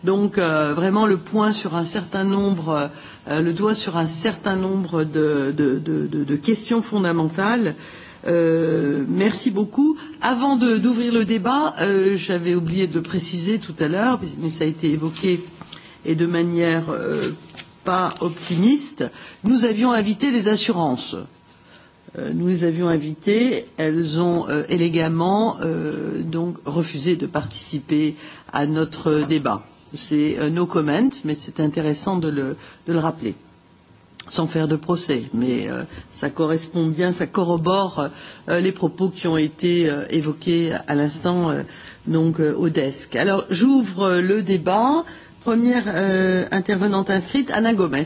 Donc euh, vraiment le point sur un certain nombre, euh, le doigt sur un certain nombre de, de, de, de, de questions fondamentales. Euh, merci beaucoup. Avant d'ouvrir le débat, euh, j'avais oublié de le préciser tout à l'heure, mais ça a été évoqué euh, et de manière euh, pas optimiste, nous avions invité les assurances. Euh, nous les avions invitées, elles ont euh, élégamment euh, donc refusé de participer à notre débat. C'est euh, no comment, mais c'est intéressant de le, de le rappeler sans faire de procès, mais euh, ça correspond bien, ça corrobore euh, les propos qui ont été euh, évoqués à l'instant euh, donc euh, au desk. Alors j'ouvre euh, le débat. Euh, Première euh, intervenante inscrite, Anna Gomez.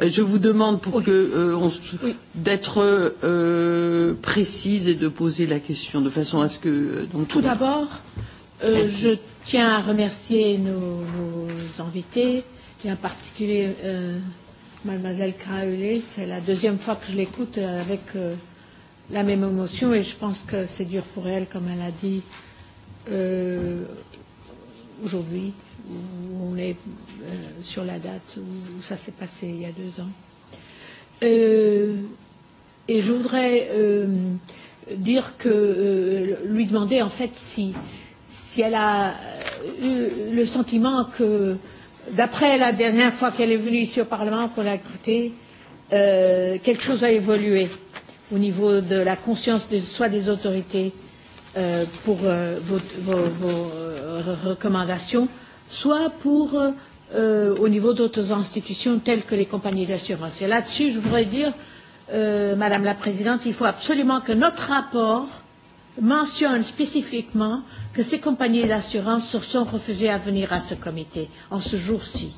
Euh, je vous demande pour oui. que euh, on, oui. d'être euh, précise et de poser la question de façon à ce que euh, donc, tout, tout d'abord euh, Merci. je tiens à remercier nos, nos invités et en particulier euh, mademoiselle Craulé. C'est la deuxième fois que je l'écoute euh, avec euh, la même émotion et je pense que c'est dur pour elle, comme elle a dit euh, aujourd'hui on est euh, sur la date où, où ça s'est passé il y a deux ans. Euh, et je voudrais euh, dire que euh, lui demander en fait si, si elle a eu le sentiment que d'après la dernière fois qu'elle est venue ici au Parlement, qu'on l'a écoutée, euh, quelque chose a évolué au niveau de la conscience de, soit des autorités euh, pour euh, vos, vos, vos euh, recommandations, soit pour euh, euh, au niveau d'autres institutions telles que les compagnies d'assurance. Et là-dessus, je voudrais dire, euh, Madame la Présidente, il faut absolument que notre rapport mentionne spécifiquement que ces compagnies d'assurance se sont refusées à venir à ce comité en ce jour-ci.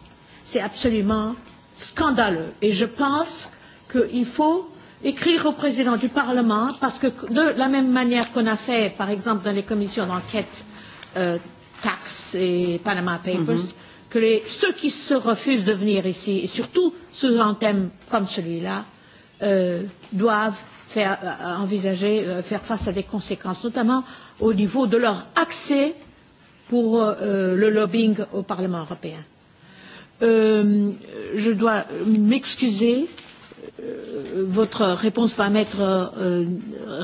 C'est absolument scandaleux. Et je pense qu'il faut écrire au président du Parlement, parce que de la même manière qu'on a fait, par exemple, dans les commissions d'enquête euh, tax et Panama Papers, mm -hmm. que les, ceux qui se refusent de venir ici, et surtout sur un thème comme celui-là, euh, doivent faire, euh, envisager, euh, faire face à des conséquences, notamment au niveau de leur accès pour euh, euh le lobbying au Parlement européen. Euh, je dois m'excuser, euh, votre réponse va m'être euh, euh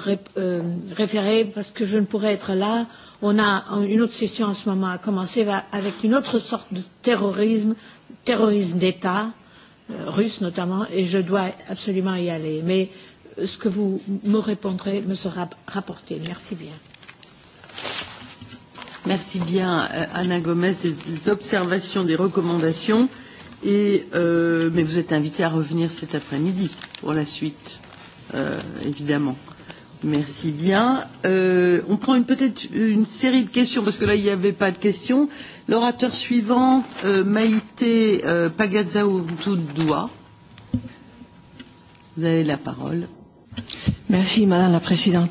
ré, euh, référée parce que je ne pourrai être là euh, on a une obsession en ce moment, à commencer avec une autre sorte de terrorisme, terrorisme d'État, euh, russe notamment, et je dois absolument y aller. Mais euh, ce que vous me répondrez me sera rapporté. Merci bien. Merci bien, euh, Anna Gomez, des observations, des recommandations. Et, euh, mais vous êtes invité à revenir cet après-midi pour la suite, euh, évidemment. Merci bien. Euh, on prend peut-être une série de questions parce que là il n'y avait pas de questions. L'orateur suivant, euh, Maïté euh, Pagazzaoutoudua. Vous avez la parole. Merci, Madame la Présidente.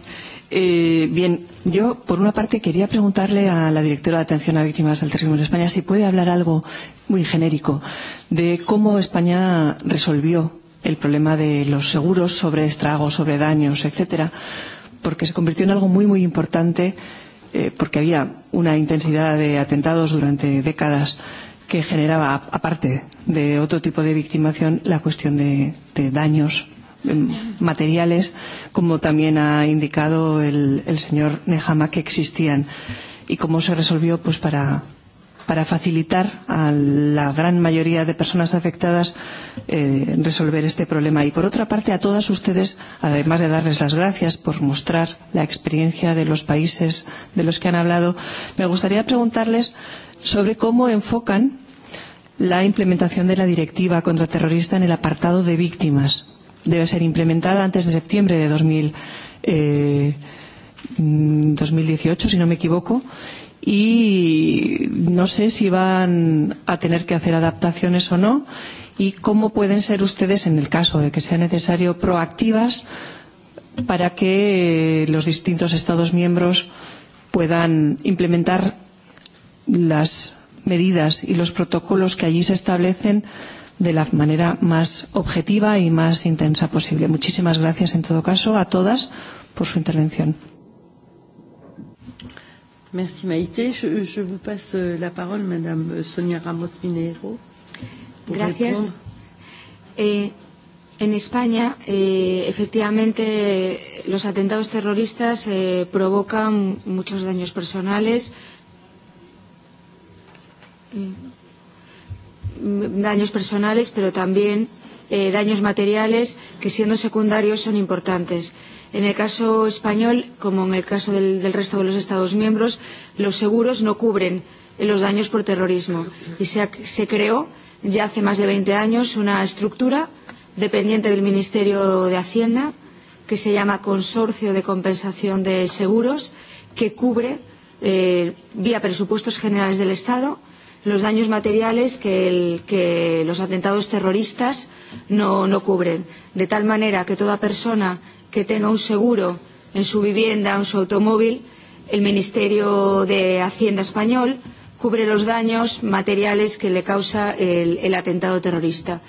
Eh, bien, yo por una parte quería preguntarle a la directora de atención a víctimas del terrorismo en España si puede hablar algo muy genérico de cómo España resolvió el problema de los seguros sobre estragos, sobre daños, etcétera, porque se convirtió en algo muy, muy importante, eh, porque había una intensidad de atentados durante décadas que generaba, aparte de otro tipo de victimación, la cuestión de, de daños materiales, como también ha indicado el, el señor Nehama, que existían y cómo se resolvió pues para para facilitar a la gran mayoría de personas afectadas eh, resolver este problema. Y por otra parte, a todas ustedes, además de darles las gracias por mostrar la experiencia de los países de los que han hablado, me gustaría preguntarles sobre cómo enfocan la implementación de la directiva contraterrorista en el apartado de víctimas. Debe ser implementada antes de septiembre de 2000, eh, 2018, mm, si no me equivoco y no sé si van a tener que hacer adaptaciones o no y cómo pueden ser ustedes, en el caso de que sea necesario, proactivas para que los distintos Estados miembros puedan implementar las medidas y los protocolos que allí se establecen de la manera más objetiva y más intensa posible. Muchísimas gracias, en todo caso, a todas por su intervención. Merci Maite. Je, je vous passe euh, la parole, Madame Sonia Ramos Mineiro. Gracias. Répondre. Eh, en España, eh, efectivamente, los atentados terroristas eh, provocan muchos daños personales, mm, daños personales, pero también eh, daños materiales que, siendo secundarios, son importantes. Eh, En el caso español, como en el caso del, del resto de los Estados miembros, los seguros no cubren eh, los daños por terrorismo y se, se creó ya hace más de 20 años una estructura dependiente del Ministerio de Hacienda que se llama Consorcio de Compensación de Seguros que cubre eh, vía presupuestos generales del Estado los daños materiales que, el, que los atentados terroristas no, no cubren. De tal manera que toda persona que tenga un seguro en su vivienda o en su automóvil, el Ministerio de Hacienda español cubre los daños materiales que le causa el, el atentado terrorista.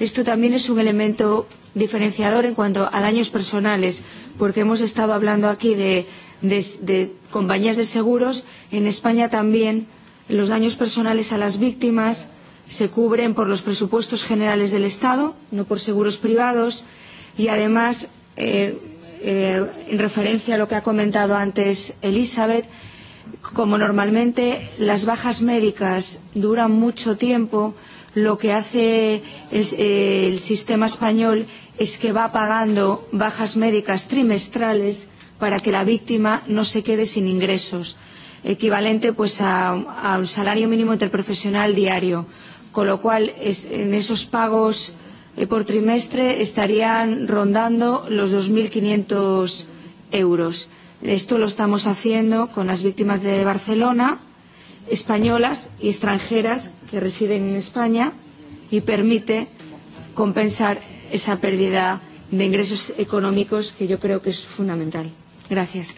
Esto también es un elemento diferenciador en cuanto a daños personales, porque hemos estado hablando aquí de, de, de compañías de seguros. En España también los daños personales a las víctimas se cubren por los presupuestos generales del Estado, no por seguros privados, y además, eh, eh, en referencia a lo que ha comentado antes Elizabeth, como normalmente las bajas médicas duran mucho tiempo, lo que hace el, eh, el sistema español es que va pagando bajas médicas trimestrales para que la víctima no se quede sin ingresos equivalente pues, a, a un salario mínimo interprofesional diario, con lo cual es, en esos pagos eh, por trimestre estarían rondando los 2.500 euros. Esto lo estamos haciendo con las víctimas de Barcelona, españolas y extranjeras que residen en España y permite compensar esa pérdida de ingresos económicos que yo creo que es fundamental. Gracias.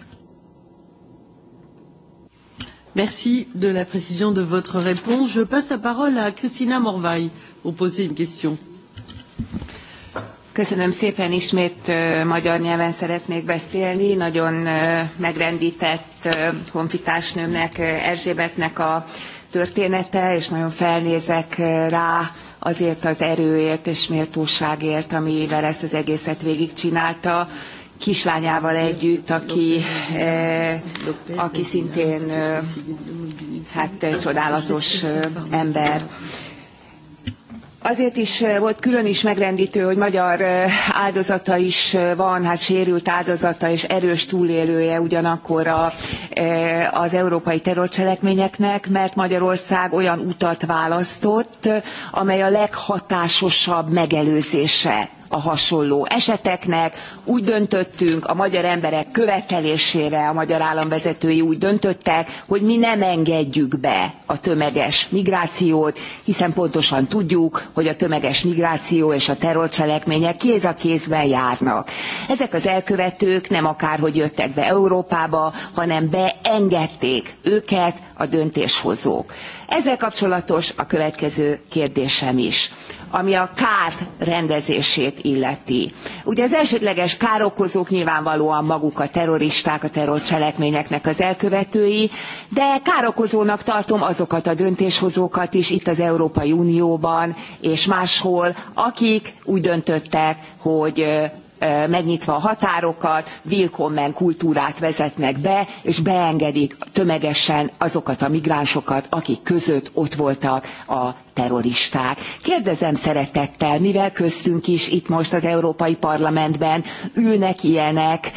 Merci de la précision de votre réponse. Je passe la parole à Christina Morvai pour poser une question. Köszönöm szépen, ismét uh, magyar nyelven szeretnék beszélni. Nagyon uh, megrendített uh, honfitársnőmnek, Erzsébetnek a története, és nagyon felnézek rá azért az erőért és méltóságért, amivel ezt az egészet végigcsinálta. csinálta kislányával együtt, aki, eh, aki szintén eh, hát egy eh, csodálatos ember. Azért is volt külön is megrendítő, hogy magyar áldozata is van, hát sérült áldozata és erős túlélője ugyanakkor a, az európai terrorcselekményeknek, mert Magyarország olyan utat választott, amely a leghatásosabb megelőzése a hasonló eseteknek. Úgy döntöttünk, a magyar emberek követelésére a magyar államvezetői úgy döntöttek, hogy mi nem engedjük be a tömeges migrációt, hiszen pontosan tudjuk, hogy a tömeges migráció és a terrorcselekmények kéz a kézben járnak. Ezek az elkövetők nem akárhogy jöttek be Európába, hanem beengedték őket a döntéshozók. Ezzel kapcsolatos a következő kérdésem is, ami a kár rendezését illeti. Ugye az elsődleges károkozók nyilvánvalóan maguk a terroristák, a terrorcselekményeknek az elkövetői, de károkozónak tartom azokat a döntéshozókat is itt az Európai Unióban és máshol, akik úgy döntöttek, hogy megnyitva a határokat, willkommen kultúrát vezetnek be, és beengedik tömegesen azokat a migránsokat, akik között ott voltak a terroristák. Kérdezem szeretettel, mivel köztünk is itt most az Európai Parlamentben ülnek ilyenek,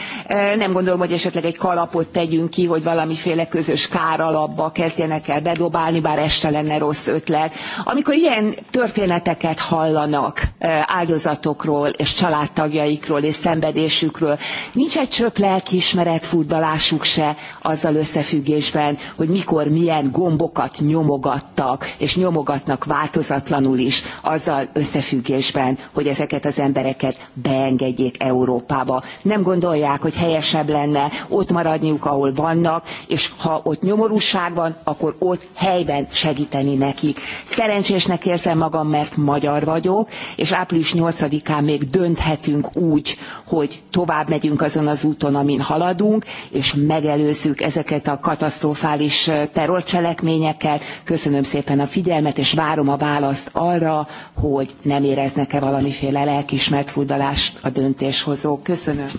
nem gondolom, hogy esetleg egy kalapot tegyünk ki, hogy valamiféle közös káralapba kezdjenek el bedobálni, bár este lenne rossz ötlet. Amikor ilyen történeteket hallanak áldozatokról és családtagjaikról és szenvedésükről, nincs egy csöpp lelkiismeret furdalásuk se azzal összefüggésben, hogy mikor milyen gombokat nyomogattak és nyomogatnak vannak változatlanul is azzal összefüggésben, hogy ezeket az embereket beengedjék Európába. Nem gondolják, hogy helyesebb lenne ott maradniuk, ahol vannak, és ha ott nyomorúság van, akkor ott helyben segíteni nekik. Szerencsésnek érzem magam, mert magyar vagyok, és április 8-án még dönthetünk úgy, hogy tovább megyünk azon az úton, amin haladunk, és megelőzzük ezeket a katasztrofális terrorcselekményeket. Köszönöm szépen a figyelmet, és várom várom a választ arra, hogy nem éreznek-e valamiféle lelkismert furdalást a döntéshozók. Köszönöm.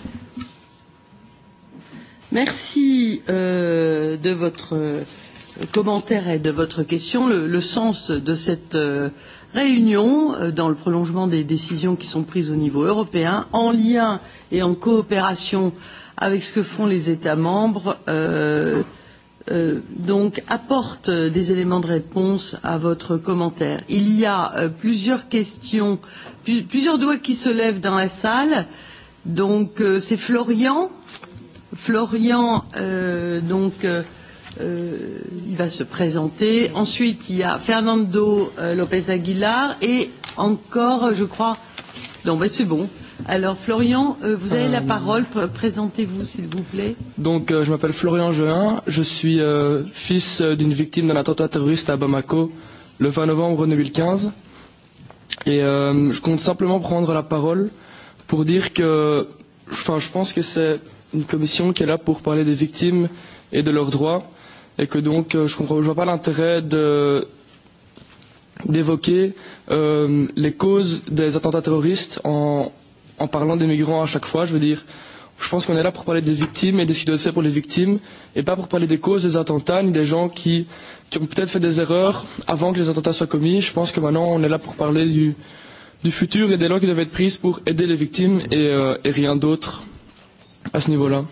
Merci euh, de votre euh, commentaire et de votre question. Le, le sens de cette euh, réunion, euh, dans le prolongement des décisions qui sont prises au niveau européen, en lien et en coopération avec ce que font les États membres, euh, oh euh, donc apporte des éléments de réponse à votre commentaire. Il y a euh, plusieurs questions, plus, plusieurs doigts qui se lèvent dans la salle. Donc euh, c'est Florian. Florian, euh, donc euh, euh, il va se présenter. Ensuite, il y a Fernando euh, Lopez Aguilar et encore, je crois. Non, mais c'est bon. Alors Florian, euh, vous avez euh... la parole, présentez-vous s'il vous plaît. Donc euh, je m'appelle Florian Jehan, je suis euh, fils euh, d'une victime d'un attentat terroriste à Bamako le 20 novembre 2015 et euh, je compte simplement prendre la parole pour dire que enfin, je pense que c'est une commission qui est là pour parler des victimes et de leurs droits et que donc euh, je ne vois pas l'intérêt de d'évoquer euh, les causes des attentats terroristes en, en parlant des migrants à chaque fois, je veux dire, je pense qu'on est là pour parler des victimes et de ce qui doit être fait pour les victimes, et pas pour parler des causes des attentats, ni des gens qui, qui ont peut-être fait des erreurs avant que les attentats soient commis. Je pense que maintenant, on est là pour parler du, du futur et des lois qui doivent être prises pour aider les victimes et, euh, et rien d'autre à ce niveau-là.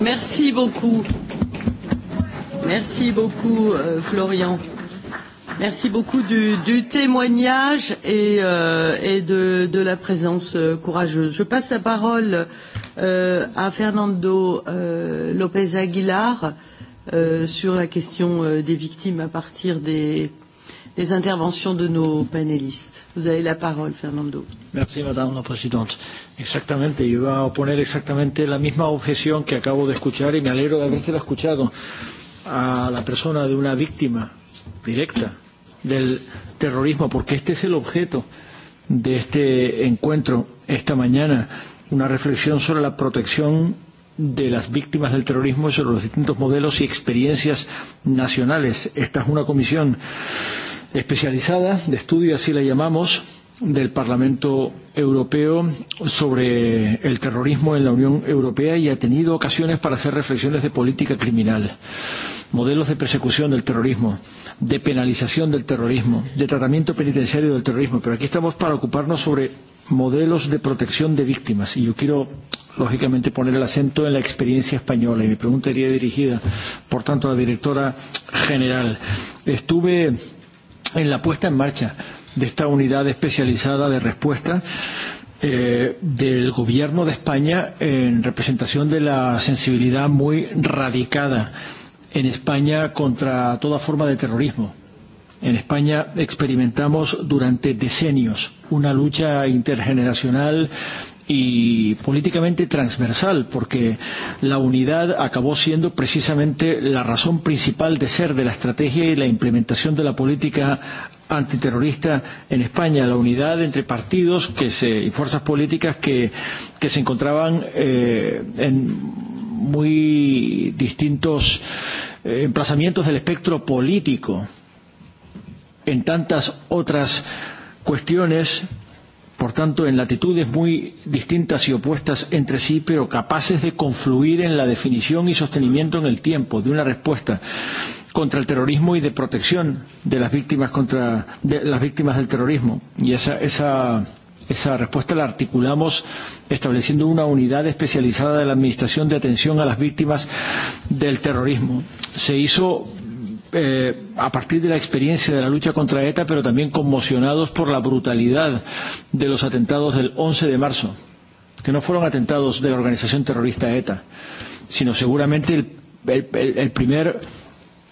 Merci beaucoup. Merci beaucoup, euh, Florian. Merci beaucoup du, du témoignage et, euh, et de, de la présence euh, courageuse. Je passe la parole euh, à Fernando euh, López Aguilar euh, sur la question euh, des victimes à partir des, des interventions de nos panélistes. Vous avez la parole, Fernando. Merci, Madame la Présidente. Exactamente, yo iba a poner exactamente la misma objeción que acabo de escuchar y me alegro de habérsela escuchado a la persona de una víctima directa del terrorismo, porque este es el objeto de este encuentro esta mañana, una reflexión sobre la protección de las víctimas del terrorismo sobre los distintos modelos y experiencias nacionales. Esta es una comisión especializada de estudio, así la llamamos, del Parlamento Europeo sobre el terrorismo en la Unión Europea y ha tenido ocasiones para hacer reflexiones de política criminal, modelos de persecución del terrorismo, de penalización del terrorismo, de tratamiento penitenciario del terrorismo. Pero aquí estamos para ocuparnos sobre modelos de protección de víctimas. Y yo quiero, lógicamente, poner el acento en la experiencia española. Y mi pregunta iría dirigida, por tanto, a la directora general. Estuve en la puesta en marcha de esta unidad especializada de respuesta eh, del Gobierno de España en representación de la sensibilidad muy radicada en España contra toda forma de terrorismo. En España experimentamos durante decenios una lucha intergeneracional y políticamente transversal, porque la unidad acabó siendo precisamente la razón principal de ser de la estrategia y la implementación de la política antiterrorista en España, la unidad entre partidos que se, y fuerzas políticas que, que se encontraban eh, en muy distintos eh, emplazamientos del espectro político en tantas otras cuestiones por tanto, en latitudes muy distintas y opuestas entre sí, pero capaces de confluir en la definición y sostenimiento en el tiempo de una respuesta contra el terrorismo y de protección de las víctimas contra de las víctimas del terrorismo. Y esa, esa Esa respuesta la articulamos estableciendo una unidad especializada de la Administración de Atención a las Víctimas del Terrorismo. Se hizo eh, a partir de la experiencia de la lucha contra ETA, pero también conmocionados por la brutalidad de los atentados del 11 de marzo, que no fueron atentados de la organización terrorista ETA, sino seguramente el, el, el, el primer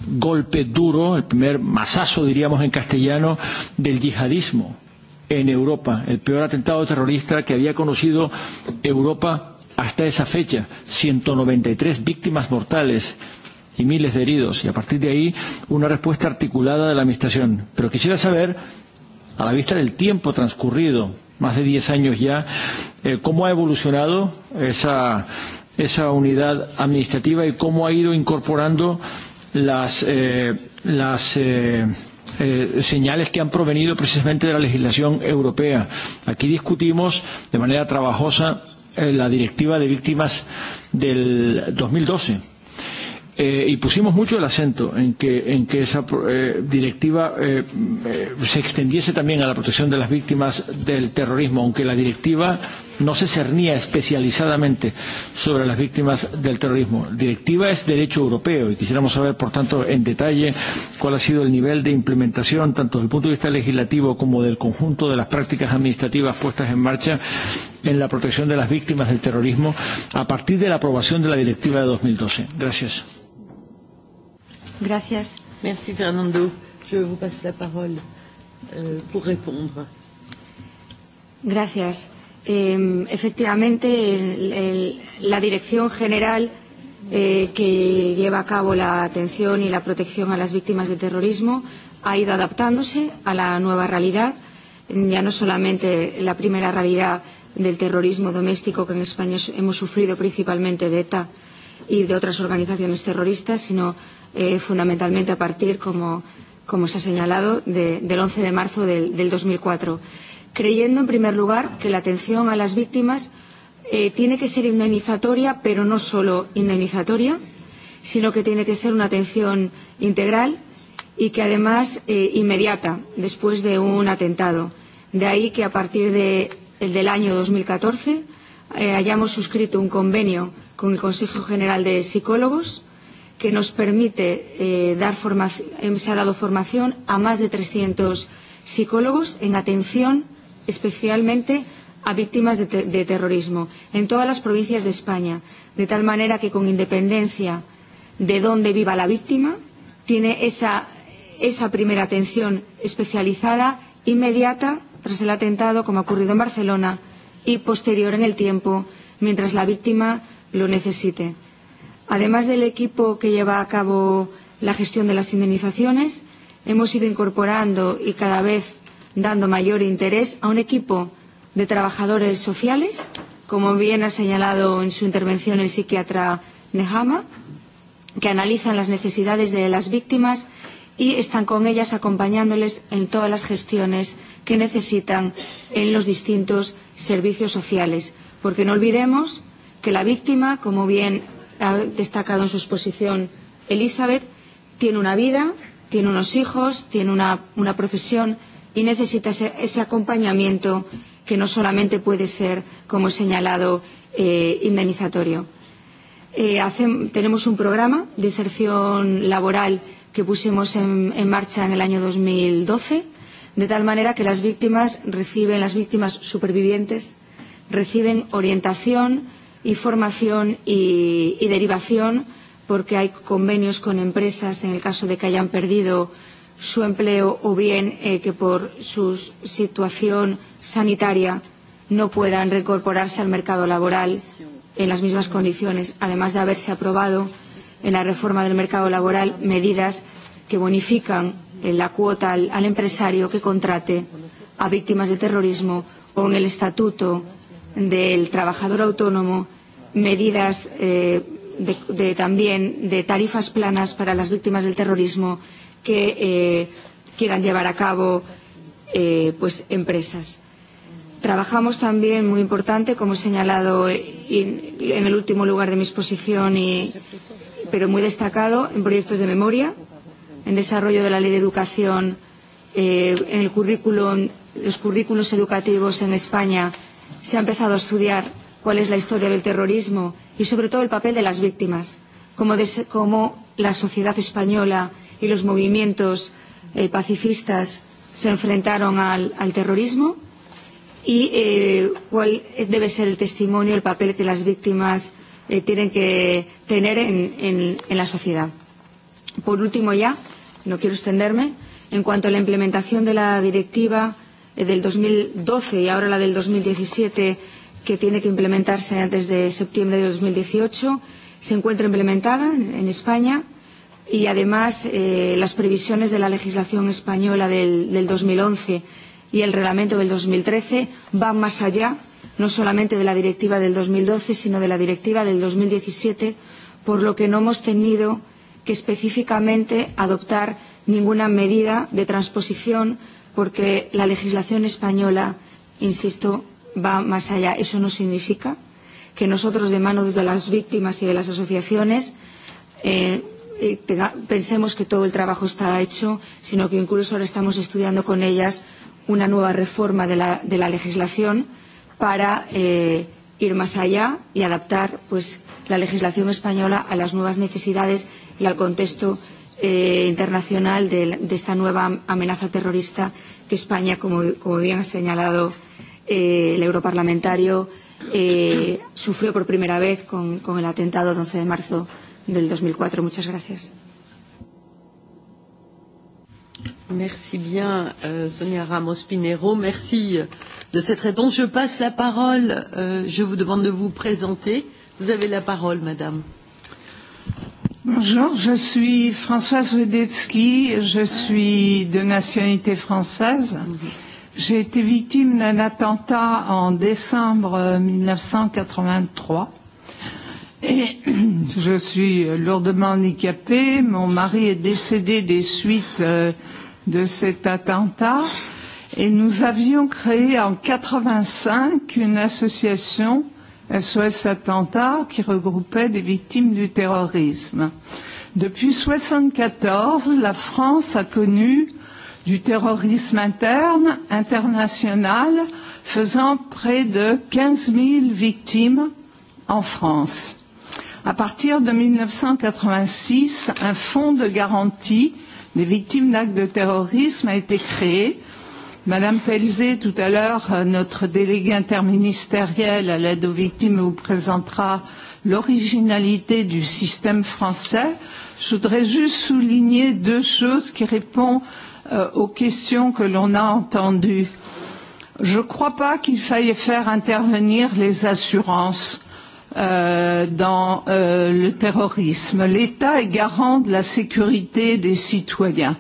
golpe duro, el primer masazo, diríamos en castellano, del yihadismo en Europa, el peor atentado terrorista que había conocido Europa hasta esa fecha, 193 víctimas mortales y miles de heridos. Y a partir de ahí, una respuesta articulada de la Administración. Pero quisiera saber, a la vista del tiempo transcurrido, más de 10 años ya, eh, cómo ha evolucionado esa, esa unidad administrativa y cómo ha ido incorporando las, eh, las eh, eh, señales que han provenido precisamente de la legislación europea. Aquí discutimos de manera trabajosa eh, la directiva de víctimas del 2012 eh, y pusimos mucho el acento en que, en que esa eh, directiva eh, eh, se extendiese también a la protección de las víctimas del terrorismo, aunque la directiva no se cernía especializadamente sobre las víctimas del terrorismo. La directiva es derecho europeo y quisiéramos saber, por tanto, en detalle cuál ha sido el nivel de implementación, tanto desde el punto de vista legislativo como del conjunto de las prácticas administrativas puestas en marcha en la protección de las víctimas del terrorismo a partir de la aprobación de la directiva de 2012. Gracias. Gracias. Merci Fernando. Je vous passe la parole euh, pour répondre. Gracias. Eh, efectivamente, el, el, la Dirección General eh, que lleva a cabo la atención y la protección a las víctimas de terrorismo ha ido adaptándose a la nueva realidad, ya no solamente la primera realidad del terrorismo doméstico que en España hemos sufrido principalmente de ETA, eh, y de otras organizaciones terroristas, sino eh, fundamentalmente a partir, como, como se ha señalado, de, del 11 de marzo del, del 2004, creyendo, en primer lugar, que la atención a las víctimas eh, tiene que ser indemnizatoria, pero no solo indemnizatoria, sino que tiene que ser una atención integral y que, además, eh, inmediata, después de un atentado. De ahí que, a partir de, el del año 2014, eh, hayamos suscrito un convenio con el Consejo General de Psicólogos que nos permite eh, dar formación, eh, se ha dado formación a más de 300 psicólogos en atención especialmente a víctimas de, te de terrorismo en todas las provincias de España, de tal manera que con independencia de dónde viva la víctima, tiene esa, esa primera atención especializada inmediata tras el atentado, como ha ocurrido en Barcelona, y posterior en el tiempo, mientras la víctima lo necesite. Además del equipo que lleva a cabo la gestión de las indemnizaciones, hemos ido incorporando y cada vez dando mayor interés a un equipo de trabajadores sociales, como bien ha señalado en su intervención el psiquiatra Nehama, que analizan las necesidades de las víctimas y están con ellas acompañándoles en todas las gestiones que necesitan en los distintos servicios sociales. Porque no olvidemos que la víctima, como bien ha destacado en su exposición Elizabeth, tiene una vida, tiene unos hijos, tiene una, una profesión y necesita ese, ese acompañamiento que no solamente puede ser, como he señalado, eh, indemnizatorio. Eh, hace, tenemos un programa de inserción laboral que pusimos en, en marcha en el año 2012, de tal manera que las víctimas reciben, las víctimas supervivientes reciben orientación y formación y, y derivación porque hay convenios con empresas en el caso de que hayan perdido su empleo o bien eh, que por su situación sanitaria no puedan reincorporarse al mercado laboral en las mismas condiciones, además de haberse aprobado en la reforma del mercado laboral medidas que bonifican eh, la cuota al, al empresario que contrate a víctimas de terrorismo o en el estatuto del trabajador autónomo medidas eh, de, de, también de tarifas planas para las víctimas del terrorismo que eh, quieran llevar a cabo eh, pues, empresas. Trabajamos también, muy importante, como he señalado in, eh, en el último lugar de mi exposición y, pero muy destacado en proyectos de memoria, en desarrollo de la ley de educación, eh, en el currículum, los currículos educativos en España se ha empezado a estudiar cuál es la historia del terrorismo y sobre todo el papel de las víctimas, cómo, des, cómo la sociedad española y los movimientos eh, pacifistas se enfrentaron al, al terrorismo y eh, cuál debe ser el testimonio, el papel que las víctimas eh, tienen que tener en, en, en la sociedad. Por último, ya, no quiero extenderme, en cuanto a la implementación de la directiva eh, del 2012 y ahora la del 2017, que tiene que implementarse antes de septiembre de 2018, se encuentra implementada en, en España y además eh, las previsiones de la legislación española del, del 2011 y el reglamento del 2013 van más allá no solamente de la directiva del 2012, sino de la directiva del 2017, por lo que no hemos tenido que específicamente adoptar ninguna medida de transposición porque la legislación española, insisto, va más allá. Eso no significa que nosotros, de mano de las víctimas y de las asociaciones, eh, eh tenga, pensemos que todo el trabajo está hecho, sino que incluso ahora estamos estudiando con ellas una nueva reforma de la, de la legislación para eh, ir más allá y adaptar pues, la legislación española a las nuevas necesidades y al contexto eh, internacional de, de esta nueva amenaza terrorista que España, como, como bien ha señalado eh, el europarlamentario, eh, sufrió por primera vez con, con el atentado de 11 de marzo del 2004. Muchas gracias. Merci bien, euh, Sonia Ramos-Pinero. Merci euh, de cette réponse. Je passe la parole. Euh, je vous demande de vous présenter. Vous avez la parole, madame. Bonjour, je suis Françoise Wedetsky. Je suis de nationalité française. Mhm. J'ai été victime d'un attentat en décembre 1983. Euh, Et (clears throat) je suis euh, lourdement handicapée. Mon mari est décédé des suites euh, de cet attentat et nous avions créé en 85 une association SOS Attentat qui regroupait des victimes du terrorisme. Depuis 1974, la France a connu du terrorisme interne, international, faisant près de 15 000 victimes en France. À partir de 1986, un fonds de garantie euh, des victimes d'actes de terrorisme a été créée. Madame Pelzé, tout à l'heure, euh, notre délégué interministériel à l'aide aux victimes vous présentera l'originalité du système français. Je voudrais juste souligner deux choses qui répondent euh, aux questions que l'on a entendues. Je ne crois pas qu'il faille faire intervenir les assurances euh, dans euh, le terrorisme. L'État est garant de la sécurité des citoyens.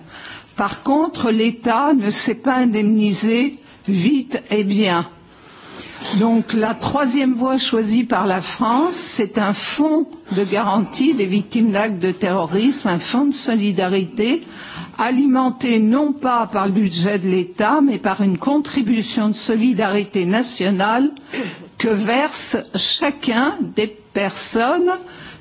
Par contre, l'État ne s'est pas indemnisé vite et bien. Donc la troisième voie choisie par la France, c'est un fonds de garantie des victimes d'actes de terrorisme, un fonds de solidarité alimentée non pas par le budget de l'État, mais par une contribution de solidarité nationale que verse chacun des personnes,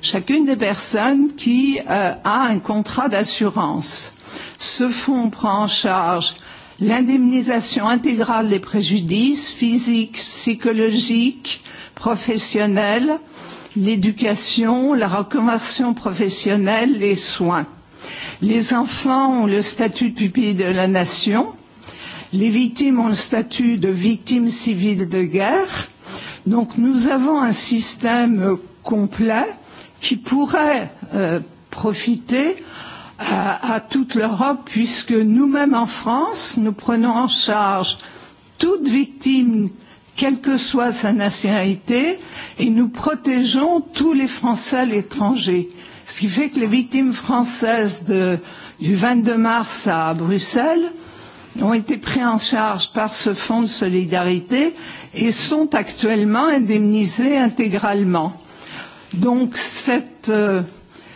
chacune des personnes qui euh, a un contrat d'assurance. Ce fonds prend en charge l'indemnisation intégrale des préjudices physiques, psychologiques, professionnels, l'éducation, la reconversion professionnelle, les soins Les enfants ont le statut de pupille de la nation. Les victimes ont le statut de victimes civiles de guerre. Donc nous avons un système complet qui pourrait euh, profiter à, à toute l'Europe puisque nous-mêmes en France, nous prenons en charge toute victime quelle que soit sa nationalité, et nous protégeons tous les Français à l'étranger. Ce qui fait que les victimes françaises de, du 22 mars à Bruxelles ont été pris en charge par ce fonds de solidarité et sont actuellement indemnisés intégralement. Donc cette, euh,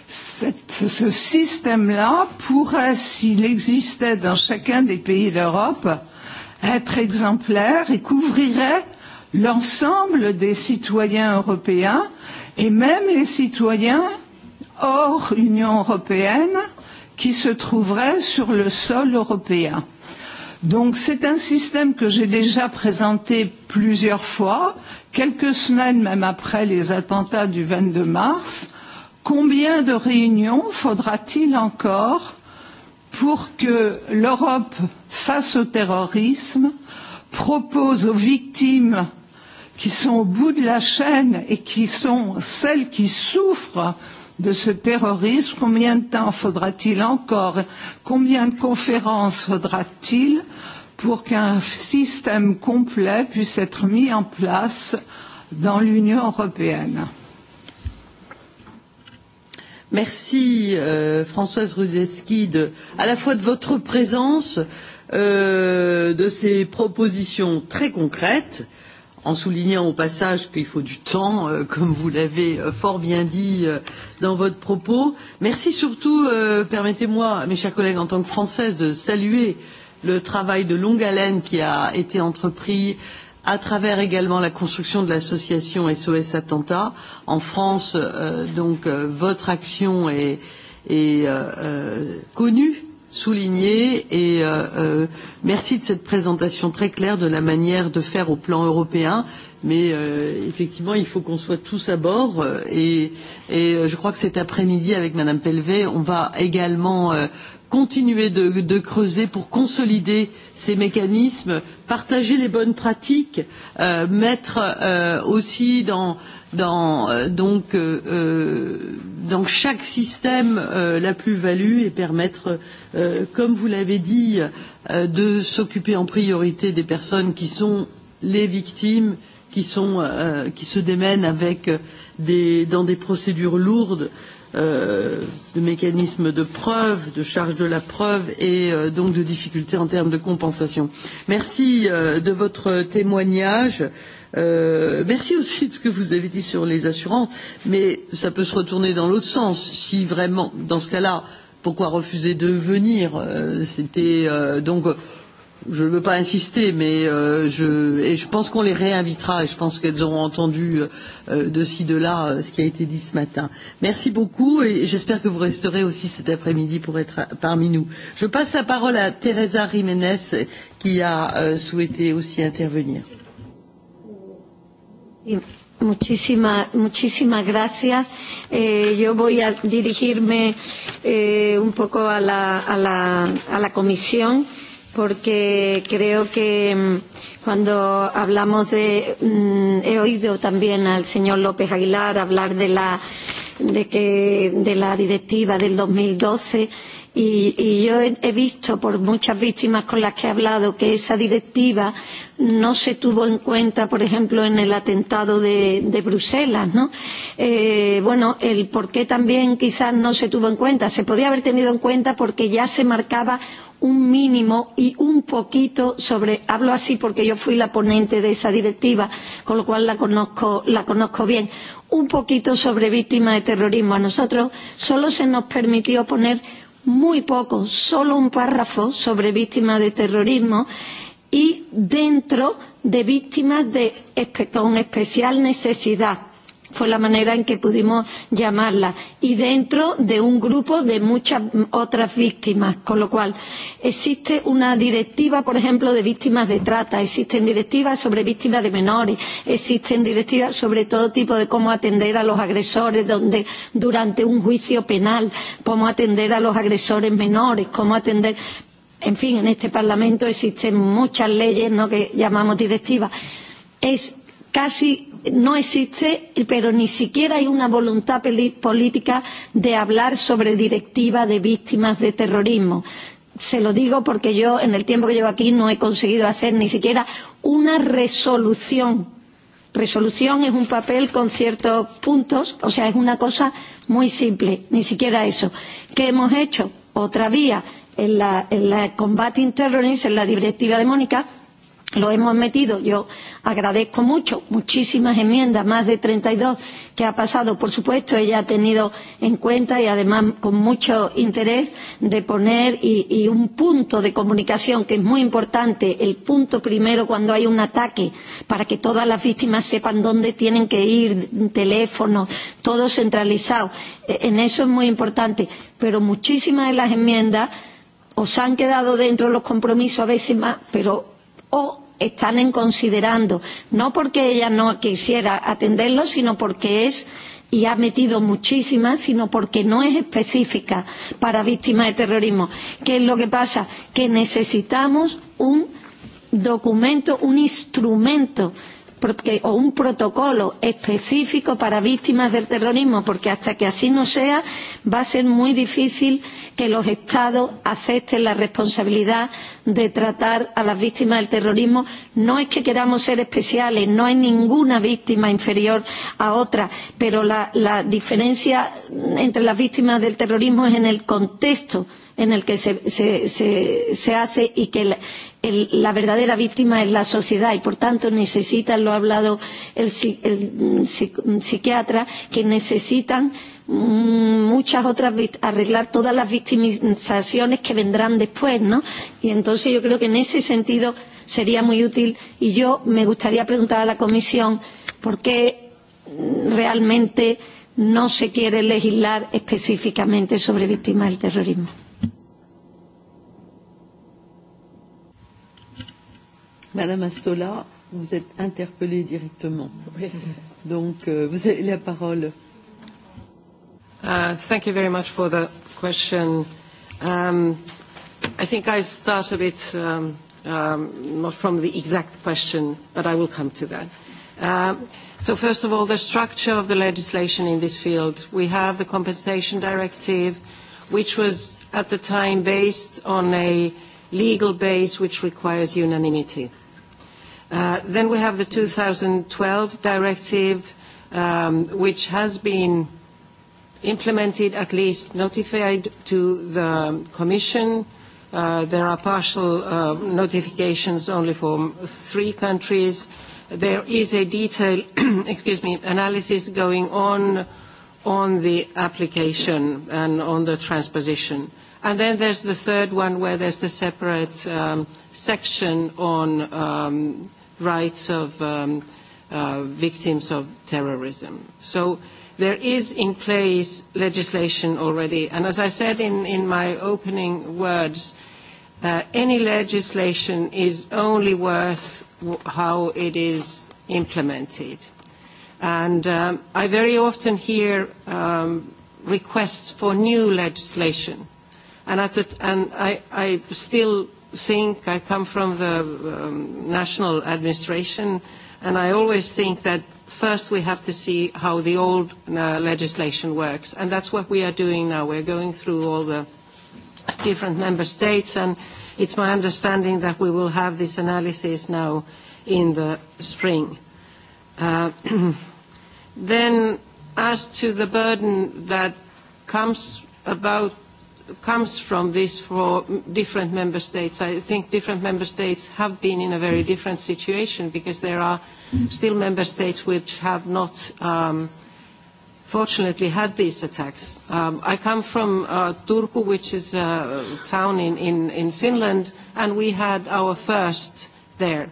cette, ce système-là pourrait, s'il existait dans chacun des pays d'Europe, être exemplaire et couvrirait l'ensemble des citoyens européens et même les citoyens hors Union européenne qui se trouveraient sur le sol européen. Donc c'est un système que j'ai déjà présenté plusieurs fois, quelques semaines même après les attentats du 22 mars. Combien de réunions faudra-t-il encore pour que l'Europe, face au terrorisme, propose aux victimes qui sont au bout de la chaîne et qui sont celles qui souffrent euh, de ce terrorisme Combien de temps faudra-t-il encore Combien de conférences faudra-t-il pour qu'un système complet puisse être mis en place dans l'Union européenne Merci euh, Françoise Rudetsky de, à la fois de votre présence, euh, de ces propositions très concrètes euh, en soulignant au passage qu'il faut du temps, euh, comme vous l'avez euh, fort bien dit euh, dans votre propos. Merci surtout, euh, permettez-moi, mes chers collègues, en tant que Française, de saluer le travail de longue haleine qui a été entrepris à travers également la construction de l'association SOS Attentat. En France, euh, donc, euh, votre action est, est euh, euh, connue souligné et euh, euh, merci de cette présentation très claire de la manière de faire au plan européen. Mais euh, effectivement, il faut qu'on soit tous à bord euh, et, et euh, je crois que cet après-midi avec Madame Pelvet, on va également euh, continuer de, de creuser pour consolider ces mécanismes, partager les bonnes pratiques, euh, mettre euh, aussi dans, dans, euh, donc, euh, euh, dans chaque système euh, la plus-value et permettre, euh, comme vous l'avez dit, euh, de s'occuper en priorité des personnes qui sont les victimes, qui, sont, euh, qui se démènent avec euh, des, dans des procédures lourdes. Euh, euh, de mécanismes de preuve, de charge de la preuve et euh, donc de difficultés en termes de compensation. Merci euh, de votre témoignage. Euh, merci aussi de ce que vous avez dit sur les assurances, mais ça peut se retourner dans l'autre sens. Si vraiment, dans ce cas-là, pourquoi refuser de venir euh, C'était euh, donc. Euh, je ne veux pas insister, mais euh, je, et je pense qu'on les réinvitera et je pense qu'elles auront entendu euh, euh, de ci, de là euh, ce qui a été dit ce matin. Merci beaucoup et j'espère que vous resterez aussi cet après-midi pour être à, euh, parmi nous. Je passe la parole à Teresa Jiménez qui a euh, souhaité aussi intervenir. Oui. Muchísima, muchísimas gracias. Eh, yo voy a dirigirme eh, un poco a la, a la, a la comisión. Eh, porque creo que mm, cuando hablamos de mm, he oído también al señor López Aguilar hablar de la de que de la directiva del 2012 Y, y yo he, he visto por muchas víctimas con las que he hablado que esa directiva no se tuvo en cuenta, por ejemplo, en el atentado de, de Bruselas, ¿no? Eh, bueno, el por qué también quizás no se tuvo en cuenta. Se podía haber tenido en cuenta porque ya se marcaba un mínimo y un poquito sobre hablo así porque yo fui la ponente de esa directiva, con lo cual la conozco, la conozco bien un poquito sobre víctimas de terrorismo. A nosotros solo se nos permitió poner muy poco, solo un párrafo sobre víctimas de terrorismo y dentro de víctimas de, con especial necesidad fue la manera en que pudimos llamarla y dentro de un grupo de muchas otras víctimas con lo cual existe una directiva por ejemplo de víctimas de trata existen directivas sobre víctimas de menores existen directivas sobre todo tipo de cómo atender a los agresores donde durante un juicio penal cómo atender a los agresores menores cómo atender en fin en este parlamento existen muchas leyes ¿no? que llamamos directivas es casi no existe, pero ni siquiera hay una voluntad política de hablar sobre directiva de víctimas de terrorismo. Se lo digo porque yo, en el tiempo que llevo aquí, no he conseguido hacer ni siquiera una resolución. Resolución es un papel con ciertos puntos, o sea, es una cosa muy simple, ni siquiera eso. ¿Qué hemos hecho? Otra vía, en la, en la Combating Terrorism, en la directiva de Mónica, lo hemos metido. Yo agradezco mucho, muchísimas enmiendas, más de 32 que ha pasado, por supuesto, ella ha tenido en cuenta y además con mucho interés de poner y, y un punto de comunicación que es muy importante, el punto primero cuando hay un ataque, para que todas las víctimas sepan dónde tienen que ir, teléfonos, todo centralizado. E, en eso es muy importante, pero muchísimas de las enmiendas os han quedado dentro los compromisos a veces más, pero o están en considerando, no porque ella no quisiera atenderlo, sino porque es y ha metido muchísimas, sino porque no es específica para víctimas de terrorismo. ¿Qué es lo que pasa? Que necesitamos un documento, un instrumento porque, o un protocolo específico para víctimas del terrorismo, porque hasta que así no sea, va a ser muy difícil que los Estados acepten la responsabilidad de tratar a las víctimas del terrorismo. No es que queramos ser especiales, no hay ninguna víctima inferior a otra, pero la, la diferencia entre las víctimas del terrorismo es en el contexto en el que se, se, se, se hace y que la, el, la verdadera víctima es la sociedad y por tanto necesitan, lo ha hablado el, el, el mm, mm, psiquiatra, que necesitan mm, muchas otras arreglar todas las victimizaciones que vendrán después, ¿no? Y entonces yo creo que en ese sentido sería muy útil y yo me gustaría preguntar a la comisión por qué realmente no se quiere legislar específicamente sobre víctimas del terrorismo. Madame Astola, vous êtes interpellée directement. Oui. Donc, euh, vous avez la parole. Uh, thank you very much for the question. Um, I think I start a bit, um, um, not from the exact question, but I will come to that. Uh, so first of all, the structure of the legislation in this field. We have the Compensation Directive, which was at the time based on a legal base which requires unanimity. Uh, then we have the 2012 directive, um, which has been implemented, at least notified to the Commission. Uh, there are partial uh, notifications only for three countries. There is a detailed, (clears throat) excuse me, analysis going on on the application and on the transposition. And then there's the third one, where there's the separate um, section on um, rights of um, uh, victims of terrorism. So there is in place legislation already, and as I said in, in my opening words, uh, any legislation is only worth w- how it is implemented. And um, I very often hear um, requests for new legislation. And, at the, and I, I still think I come from the um, national administration, and I always think that first we have to see how the old uh, legislation works, and that's what we are doing now. We're going through all the different member states, and it's my understanding that we will have this analysis now in the spring. Uh, (clears throat) then as to the burden that comes about comes from this for different member states. I think different member states have been in a very different situation because there are still member states which have not um, fortunately had these attacks. Um, I come from uh, Turku, which is a town in, in, in Finland, and we had our first there.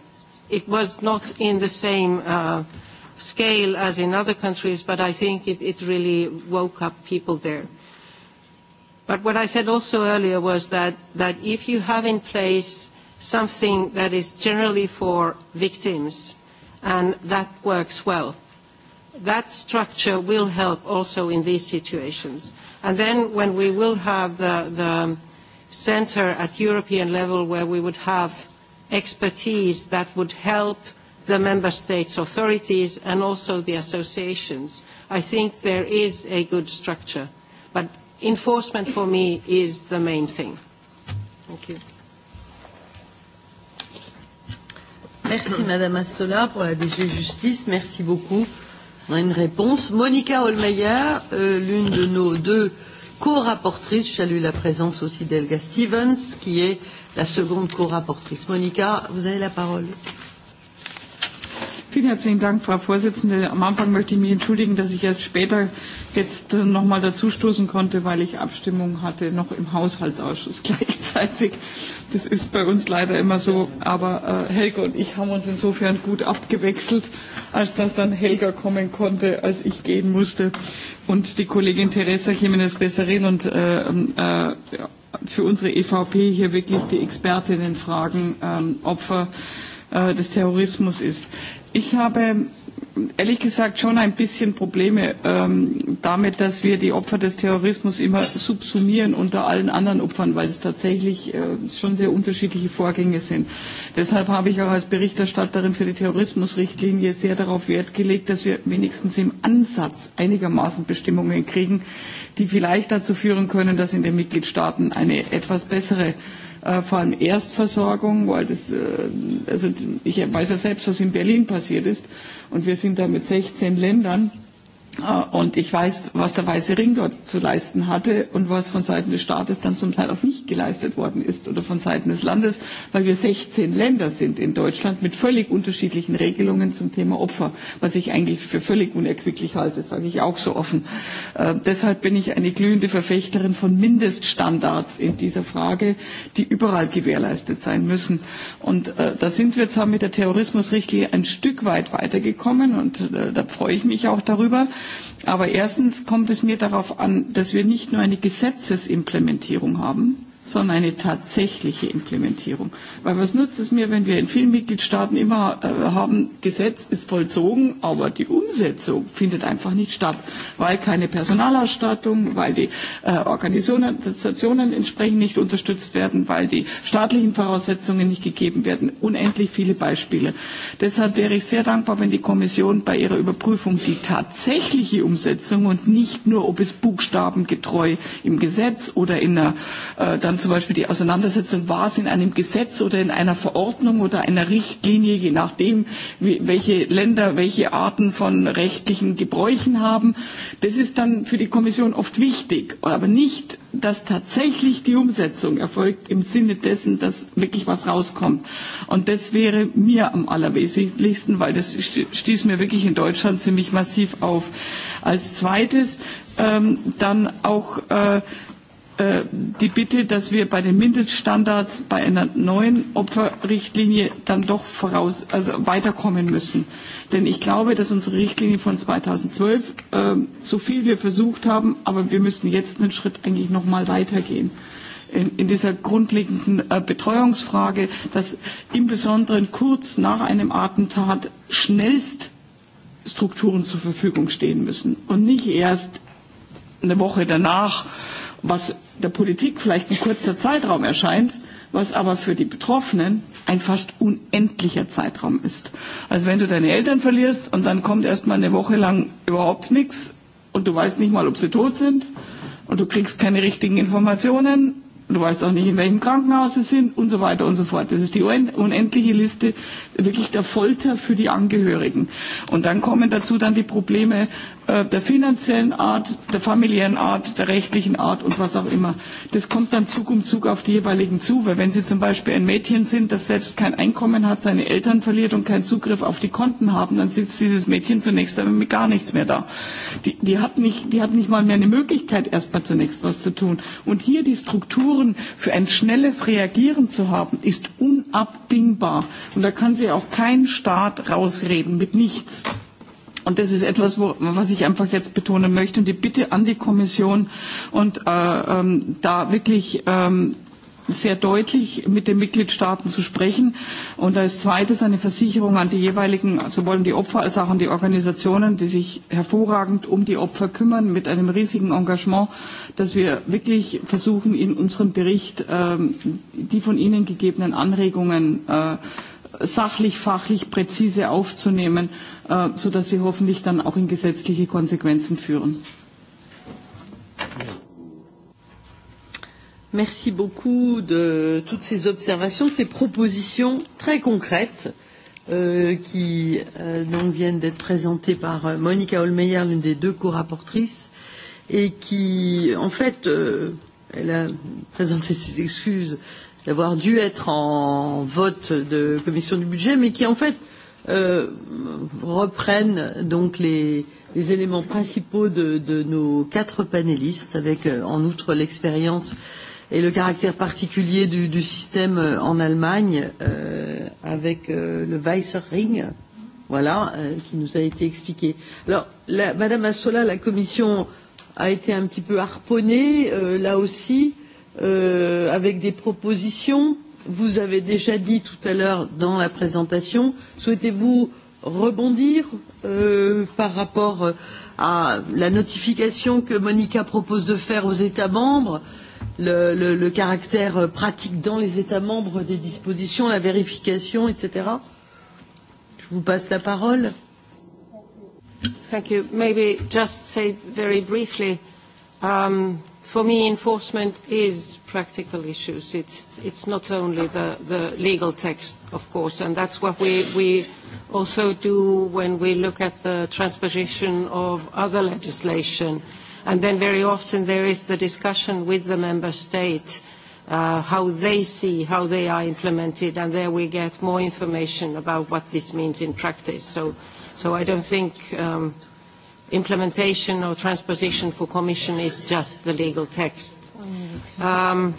It was not in the same uh, scale as in other countries, but I think it, it really woke up people there. But what I said also earlier was that, that if you have in place something that is generally for victims and that works well, that structure will help also in these situations. And then when we will have the, the center at European level where we would have expertise that would help the member states' authorities and also the associations, I think there is a good structure. But enforcement for me is the main thing. Thank you. Merci Madame Assola pour la DG Justice. Merci beaucoup. On a une réponse. Monica Holmeyer, euh, l'une de nos deux co-rapportrices, je salue la présence aussi d'Elga Stevens, qui est la seconde co-rapportrice. Monica, vous avez la parole. Merci. Vielen herzlichen Dank, Frau Vorsitzende. Am Anfang möchte ich mich entschuldigen, dass ich erst später jetzt äh, noch mal dazustoßen konnte, weil ich Abstimmung hatte, noch im Haushaltsausschuss (laughs) gleichzeitig. Das ist bei uns leider immer so. Aber äh, Helga und ich haben uns insofern gut abgewechselt, als dass dann Helga kommen konnte, als ich gehen musste. Und die Kollegin Teresa Jiménez Becerril und äh, äh, für unsere EVP hier wirklich die Expertinnenfragen ähm, Opfer äh, des Terrorismus ist. Ich habe ehrlich gesagt schon ein bisschen Probleme ähm, damit, dass wir die Opfer des Terrorismus immer subsumieren unter allen anderen Opfern, weil es tatsächlich äh, schon sehr unterschiedliche Vorgänge sind. Deshalb habe ich auch als Berichterstatterin für die Terrorismusrichtlinie sehr darauf Wert gelegt, dass wir wenigstens im Ansatz einigermaßen Bestimmungen kriegen, die vielleicht dazu führen können, dass in den Mitgliedstaaten eine etwas bessere äh, vor allem Erstversorgung, weil das, äh, also ich weiß ja selbst, was in Berlin passiert ist, und wir sind da mit 16 Ländern, äh, Äh, und ich weiß, was der Weiße Ring dort zu leisten hatte und was von Seiten des Staates dann zum Teil auch nicht geleistet worden ist oder von Seiten des Landes, weil wir 16 Länder sind in Deutschland mit völlig unterschiedlichen Regelungen zum Thema Opfer, was ich eigentlich für völlig unerquicklich halte, sage ich auch so offen. Äh, deshalb bin ich eine glühende Verfechterin von Mindeststandards in dieser Frage, die überall gewährleistet sein müssen. Und äh, da sind wir zwar mit der Terrorismusrichtlinie ein Stück weit weitergekommen und äh, da freue ich mich auch darüber, Aber erstens kommt es mir darauf an, dass wir nicht nur eine Gesetzesimplementierung haben, sondern eine tatsächliche Implementierung. Weil was nutzt es mir, wenn wir in vielen Mitgliedstaaten immer äh, haben, Gesetz ist vollzogen, aber die Umsetzung findet einfach nicht statt, weil keine Personalausstattung, weil die äh, Organisationen entsprechend nicht unterstützt werden, weil die staatlichen Voraussetzungen nicht gegeben werden. Unendlich viele Beispiele. Deshalb wäre ich sehr dankbar, wenn die Kommission bei ihrer Überprüfung die tatsächliche Umsetzung und nicht nur, ob es buchstabengetreu im Gesetz oder in einer äh, dann zum Beispiel die Auseinandersetzung war es in einem Gesetz oder in einer Verordnung oder einer Richtlinie, je nachdem, wie, welche Länder welche Arten von rechtlichen Gebräuchen haben. Das ist dann für die Kommission oft wichtig, aber nicht, dass tatsächlich die Umsetzung erfolgt im Sinne dessen, dass wirklich was rauskommt. Und das wäre mir am allerwesentlichsten, weil das stieß mir wirklich in Deutschland ziemlich massiv auf. Als zweites ähm, dann auch äh, Äh, die Bitte, dass wir bei den Mindeststandards bei einer neuen Opferrichtlinie dann doch voraus, also weiterkommen müssen. Denn ich glaube, dass unsere Richtlinie von 2012 äh, so viel wir versucht haben, aber wir müssen jetzt einen Schritt eigentlich noch mal weitergehen in, in dieser grundlegenden äh, Betreuungsfrage, dass im Besonderen kurz nach einem Attentat schnellst Strukturen zur Verfügung stehen müssen und nicht erst eine Woche danach äh, was der Politik vielleicht ein kurzer Zeitraum erscheint, was aber für die Betroffenen ein fast unendlicher Zeitraum ist. Also wenn du deine Eltern verlierst und dann kommt erstmal eine Woche lang überhaupt nichts und du weißt nicht mal, ob sie tot sind und du kriegst keine richtigen Informationen, du weißt auch nicht, in welchem Krankenhaus sie sind und so weiter und so fort. Das ist die unendliche Liste wirklich der Folter für die Angehörigen. Und dann kommen dazu dann die Probleme äh, der finanziellen Art, der familiären Art, der rechtlichen Art und was auch immer. Das kommt dann Zug um Zug auf die jeweiligen zu, weil wenn Sie zum Beispiel ein Mädchen sind, das selbst kein Einkommen hat, seine Eltern verliert und keinen Zugriff auf die Konten haben, dann sitzt dieses Mädchen zunächst einmal mit gar nichts mehr da. Die, die, hat nicht, die hat nicht mal mehr eine Möglichkeit, erstmal zunächst was zu tun. Und hier die Strukturen für ein schnelles Reagieren zu haben, ist unabdingbar. Und da kann sie auch kein Staat rausreden mit nichts. Applaus Und das ist etwas, wo, was ich einfach jetzt betonen möchte und die Bitte an die Kommission und äh, ähm, da wirklich ähm, sehr deutlich mit den Mitgliedstaaten zu sprechen und als zweites eine Versicherung an die jeweiligen, sowohl an die Opfer als auch an die Organisationen, die sich hervorragend um die Opfer kümmern, mit einem riesigen Engagement, dass wir wirklich versuchen, in unserem Bericht ähm, die von Ihnen gegebenen Anregungen äh, sachlich, fachlich präzise aufzunehmen, äh, sodass sie hoffentlich dann auch in gesetzliche Konsequenzen führen. Merci beaucoup de toutes ces observations, de ces propositions très concrètes euh, qui euh, donc viennent d'être présentées par euh, Monica Holmeyer, l'une des deux co-rapportrices, et qui, en fait, euh, elle a présenté ses excuses euh, d'avoir dû être en vote de commission du budget, mais qui en fait euh, reprennent donc les, les éléments principaux de, de nos quatre panélistes, avec euh, en outre l'expérience et le caractère particulier du, du système euh, en Allemagne, euh, avec euh, le Weissering, voilà, euh, qui nous a été expliqué. Alors, la, Madame Assola, la Commission a été un petit peu harponnée, euh, là aussi, euh, euh, avec des propositions. Vous avez déjà dit tout à l'heure dans la présentation, souhaitez-vous rebondir euh, par rapport euh, à la notification que Monica propose de faire aux États membres, le, le, le caractère pratique dans les États membres des dispositions, la vérification, etc. Je vous passe la parole. Thank you. Maybe just say very briefly, um, for me, enforcement is practical issues. It's, it's not only the, the legal text, of course, and that's what we, we also do when we look at the transposition of other legislation. And then very often there is the discussion with the member state uh, how they see how they are implemented, and there we get more information about what this means in practice. So, so I don't think um, – implementation or transposition for Commission is just the legal text. Um,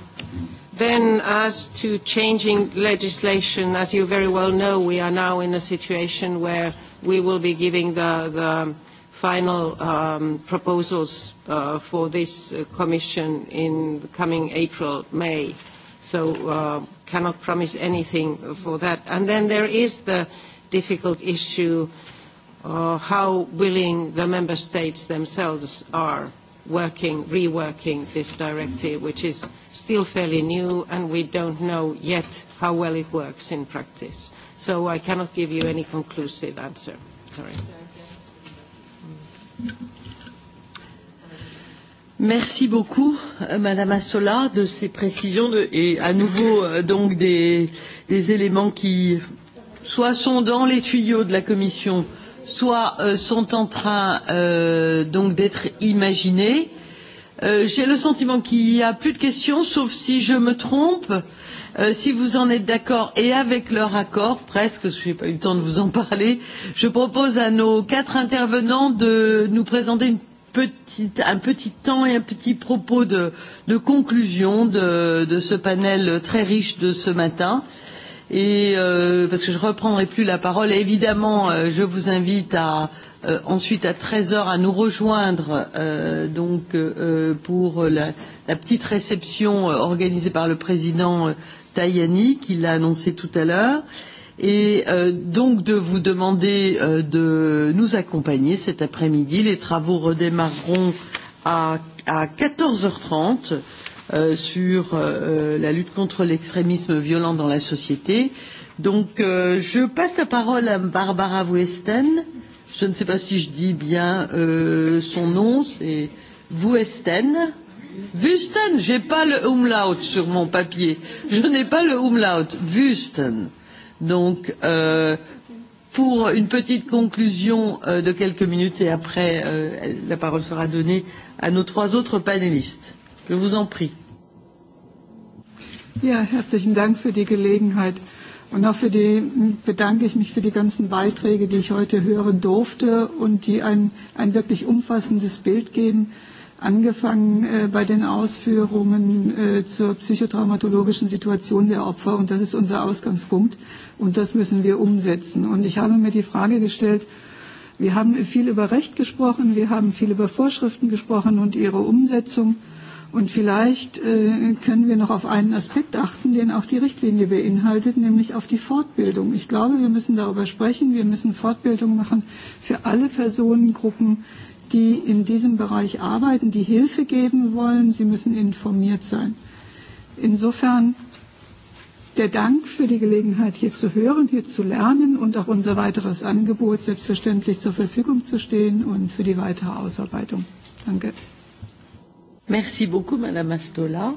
then as to changing legislation, as you very well know, we are now in a situation where we will be giving the, the final um, proposals uh, for this uh, commission in the coming April, May. So uh, cannot promise anything for that. And then there is the difficult issue uh, uh, how willing the member states themselves are working, reworking this directive, which is still fairly new, and we don't know yet how well it works in practice. So I cannot give you any conclusive answer. Sorry. Merci beaucoup, euh, Madame Assola, de ces précisions de, et à nouveau euh, donc des, des éléments qui soit sont dans les tuyaux de la Commission euh, soit euh, sont en train euh, donc d'être imaginées. Euh, J'ai le sentiment qu'il n'y a plus de questions, sauf si je me trompe. Euh, si vous en êtes d'accord et avec leur accord, presque, je n'ai pas eu le temps de vous en parler, je propose à nos quatre intervenants de nous présenter une petite, un petit temps et un petit propos de, de conclusion de, de ce panel très riche de ce matin. Euh, et euh, parce que je ne reprendrai plus la parole. Et évidemment, euh, je vous invite à, euh, ensuite à 13h à nous rejoindre euh, donc, euh, euh, pour la, la petite réception euh, organisée par le président euh, Tajani, qui l'a annoncé tout à l'heure. Et euh, donc de vous demander euh, de nous accompagner cet après-midi. Les travaux redémarreront à, à 14h30 euh, sur euh, euh, la lutte contre l'extrémisme violent dans la société. Donc, euh, je passe la parole à Barbara Wiesten. Je ne sais pas si je dis bien euh, son nom, c'est Wiesten. Wusten, j'ai pas le umlaut sur mon papier. Je n'ai pas le umlaut. Wusten. Donc, euh, pour une petite conclusion euh, de quelques minutes et après, euh, la parole sera donnée à nos trois autres panélistes. Je vous en prie. Ja, herzlichen Dank für die Gelegenheit. Und auch für die bedanke ich mich für die ganzen Beiträge, die ich heute hören durfte und die ein, ein wirklich umfassendes Bild geben, angefangen äh, bei den Ausführungen äh, zur psychotraumatologischen Situation der Opfer. Und das ist unser Ausgangspunkt und das müssen wir umsetzen. Und ich habe mir die Frage gestellt, wir haben viel über Recht gesprochen, wir haben viel über Vorschriften gesprochen und ihre Umsetzung. Äh, Und vielleicht äh, können wir noch auf einen Aspekt achten, den auch die Richtlinie beinhaltet, nämlich auf die Fortbildung. Ich glaube, wir müssen darüber sprechen. Wir müssen Fortbildung machen für alle Personengruppen, die in diesem Bereich arbeiten, die Hilfe geben wollen. Sie müssen informiert sein. Insofern der Dank für die Gelegenheit, hier zu hören, hier zu lernen und auch unser weiteres Angebot selbstverständlich zur Verfügung zu stehen und für die weitere Ausarbeitung. Danke. Merci beaucoup, Madame Astola.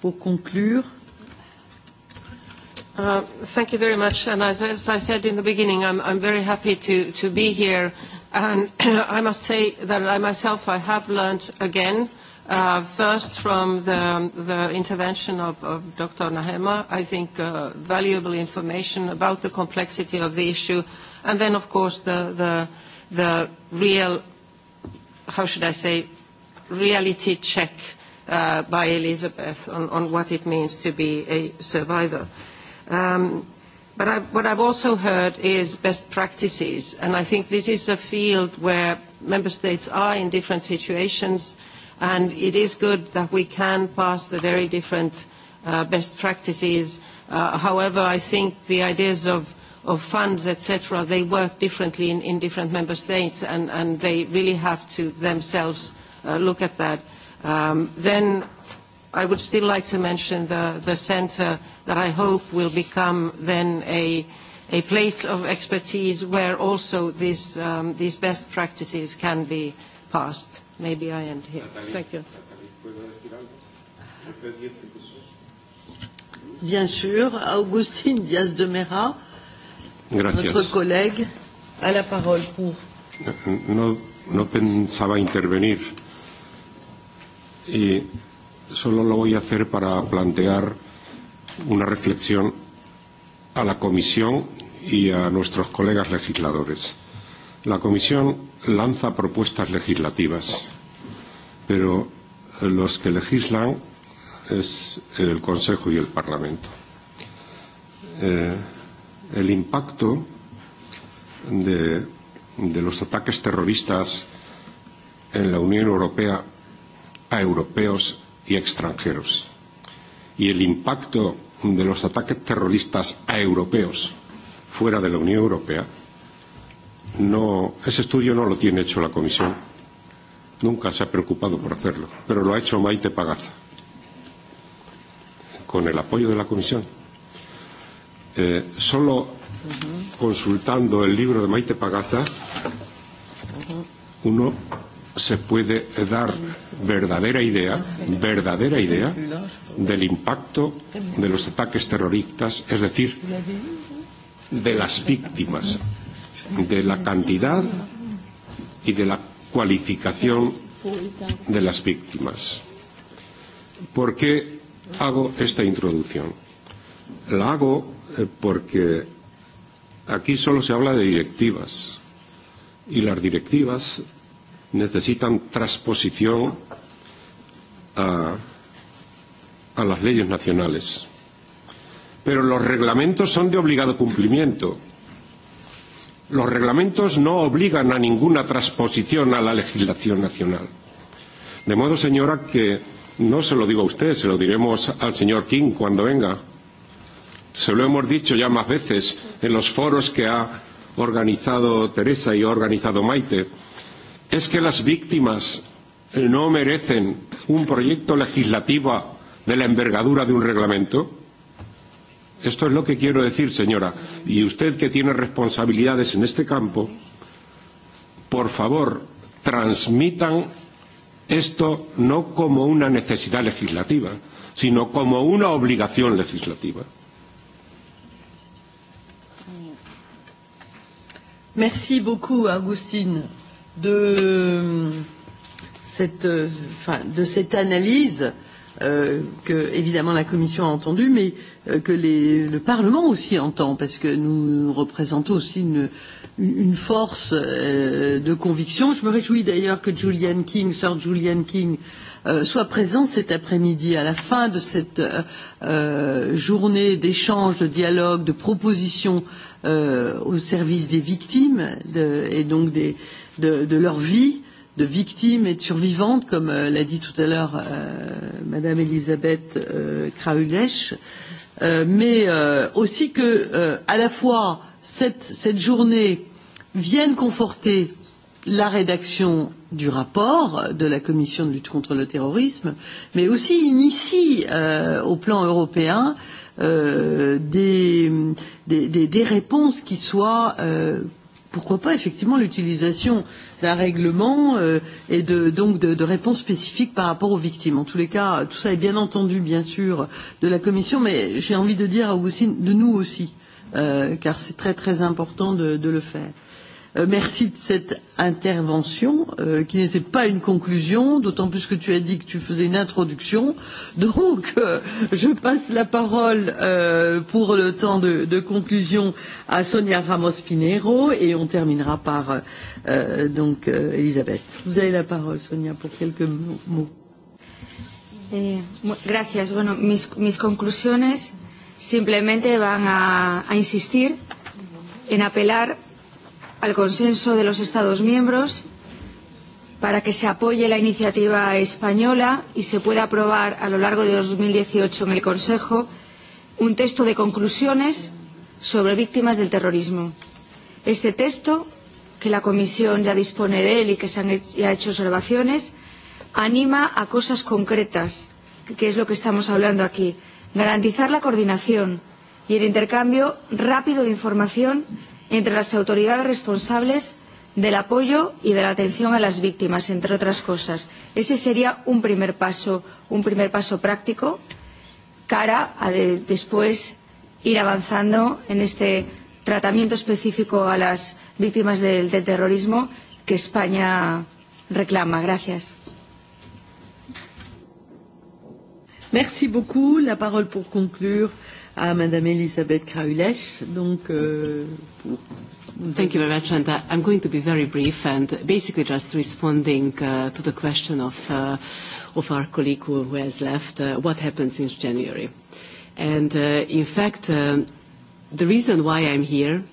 Pour conclure. Uh, thank you very much. And as, as I said in the beginning, I'm, I'm very happy to, to be here. And (clears throat) I must say that I myself, I have learned again, uh, first from the, the intervention of, of Dr. Nahema, I think uh, valuable information about the complexity of the issue. And then, of course, the, the, the real, how should I say, reality check uh, by Elizabeth on, on what it means to be a survivor. Um, but I, what I've also heard is best practices, and I think this is a field where member states are in different situations, and it is good that we can pass the very different uh, best practices. Uh, however, I think the ideas of of funds, etc., they work differently in, in different member states, and, and they really have to themselves uh, look at that. Um, then I would still like to mention the, the center that I hope will become then a, a place of expertise where also this, um, these best practices can be passed. Maybe I end here. Natalie, Thank you. Natalie, Bien sûr, Augustine Diaz de Mera, Gracias. notre collègue, a la parole pour. No, no pensaba intervenir Eh, solo lo voy a hacer para plantear una reflexión a la Comisión y a nuestros colegas legisladores. La Comisión lanza propuestas legislativas, pero los que legislan es el Consejo y el Parlamento. Eh, el impacto de, de los ataques terroristas en la Unión Europea a europeos y extranjeros. Y el impacto de los ataques terroristas a europeos fuera de la Unión Europea, no, ese estudio no lo tiene hecho la Comisión. Nunca se ha preocupado por hacerlo, pero lo ha hecho Maite Pagaza, con el apoyo de la Comisión. Eh, solo uh -huh. consultando el libro de Maite Pagaza, uh -huh. uno se puede dar verdadera idea, verdadera idea del impacto de los ataques terroristas, es decir, de las víctimas, de la cantidad y de la cualificación de las víctimas. ¿Por qué hago esta introducción? La hago eh, porque aquí solo se habla de directivas y las directivas necesitan transposición a, a las leyes nacionales. Pero los reglamentos son de obligado cumplimiento. Los reglamentos no obligan a ninguna transposición a la legislación nacional. De modo, señora, que no se lo digo a usted, se lo diremos al señor King cuando venga. Se lo hemos dicho ya más veces en los foros que ha organizado Teresa y ha organizado Maite es que las víctimas no merecen un proyecto legislativo de la envergadura de un reglamento? Esto es lo que quiero decir, señora. Y usted que tiene responsabilidades en este campo, por favor, transmitan esto no como una necesidad legislativa, sino como una obligación legislativa. Merci beaucoup, Agustín de cette, enfin, de cette analyse euh, que évidemment la Commission a entendue, mais euh, que les, le Parlement aussi entend, parce que nous représentons aussi une, une force euh, de conviction. Je me réjouis d'ailleurs que Julian King, Sir Julian King, euh, euh, soit présent cet après-midi à la fin de cette euh, euh, journée d'échange, de dialogue, de propositions euh, au service des victimes de, et donc des, de, de leur vie de victimes et de survivantes, comme euh, l'a dit tout à l'heure euh, Madame Elisabeth euh, Kraulèche, euh, mais euh, aussi que, euh, à la fois, cette, cette journée vienne conforter euh, la rédaction du rapport de la commission de lutte contre le terrorisme, mais aussi initie euh, au plan européen euh, des, des, des, des réponses qui soient euh, pourquoi pas effectivement l'utilisation d'un règlement euh, et de, donc de, de réponses spécifiques par rapport aux victimes. En tous les cas, tout ça est bien entendu, bien sûr, de la Commission, mais j'ai envie de dire à Augustine, de nous aussi, euh, car c'est très très important de, de le faire. Euh, merci de cette intervention euh, qui n'était pas une conclusion, d'autant plus que tu as dit que tu faisais une introduction. (laughs) Donc, euh, je passe la parole euh, pour le temps de, de conclusion à Sonia Ramos Pinheiro et on terminera par euh, donc euh, Elisabeth. Vous avez la parole, Sonia, pour quelques mots. Eh, gracias. Bueno, mis, mis conclusiones simplemente van a, a insistir en apelar al consenso de los Estados miembros para que se apoye la iniciativa española y se pueda aprobar a lo largo de 2018 en el Consejo un texto de conclusiones sobre víctimas del terrorismo. Este texto, que la Comisión ya dispone de él y que se han hecho, ya hecho observaciones, anima a cosas concretas, que es lo que estamos hablando aquí. Garantizar la coordinación y el intercambio rápido de información entre las autoridades responsables del apoyo y de la atención a las víctimas, entre otras cosas. Ese sería un primer paso, un primer paso práctico cara a de, después ir avanzando en este tratamiento específico a las víctimas del, del terrorismo que España reclama. Gracias. Merci beaucoup. La parole pour conclure à ah, Madame Elisabeth Kraulech. Donc, euh, pour Thank you very much. And uh, I'm going to be very brief and basically just responding uh, to the question of, uh, of our colleague who, who has left, uh, what happens in January. And uh, in fact, um, the reason why I'm here,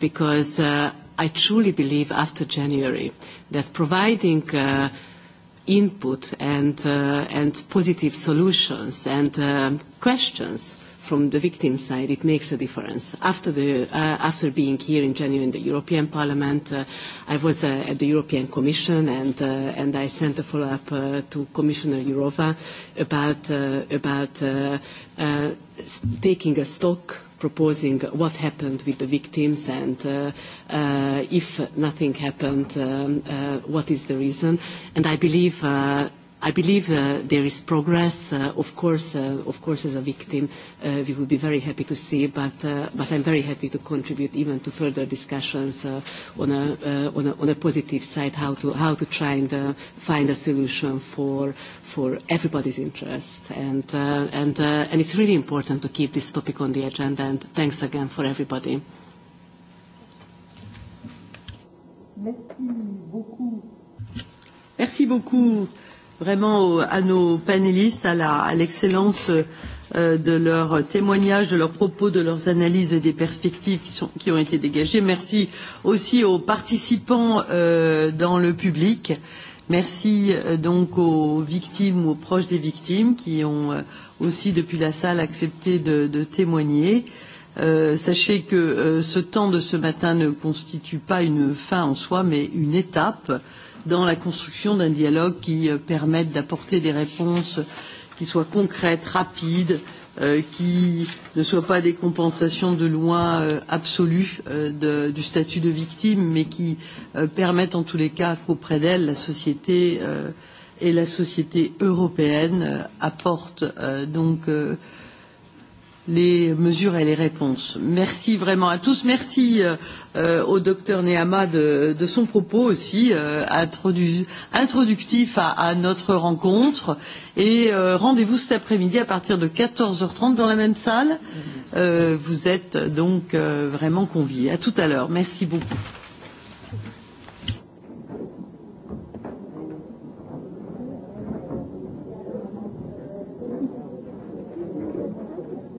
because uh, I truly believe after January that providing uh, input and, uh, and positive solutions and uh, questions – from the victim side, it makes a difference. After, the, uh, after being here in January in the European Parliament, uh, I was uh, at the European Commission and, uh, and I sent a follow-up uh, to Commissioner Jourova about, uh, about uh, uh, taking a stock proposing what happened with the victims and uh, uh, if nothing happened, um, uh, what is the reason. And I believe uh, I believe uh, there is progress. Uh, of course, uh, of course, as a victim, uh, we would be very happy to see, but uh, but I'm very happy to contribute even to further discussions uh, on a uh, on a on a positive side how to how to try and uh, find a solution for for everybody's interest. And uh, and uh, and it's really important to keep this topic on the agenda. And thanks again for everybody. Merci beaucoup. Merci beaucoup vraiment au, à nos panélistes, à l'excellence euh, de leurs témoignages, de leurs propos, de leurs analyses et des perspectives qui, sont, qui ont été dégagées. Merci aussi aux participants euh, dans le public. Merci euh, donc aux victimes ou aux proches des victimes qui ont euh, aussi depuis la salle accepté de, de témoigner. Euh, sachez que euh, ce temps de ce matin ne constitue pas une fin en soi, mais une étape. Euh, dans la construction d'un dialogue qui euh, permette d'apporter des réponses euh, qui soient concrètes, rapides, euh, qui ne soient pas des compensations de loin euh, absolues euh, de, du statut de victime, mais qui euh, permettent en tous les cas qu'auprès d'elle, la société euh, et la société européenne euh, apportent euh, donc euh, les mesures et les réponses. Merci vraiment à tous. Merci euh, euh au docteur Nehama de, de son propos aussi euh, introdu introductif à, à notre rencontre. Et euh, rendez-vous cet après-midi à partir de 14h30 dans la même salle. Euh, vous êtes donc euh, vraiment conviés. À tout à l'heure. Merci beaucoup.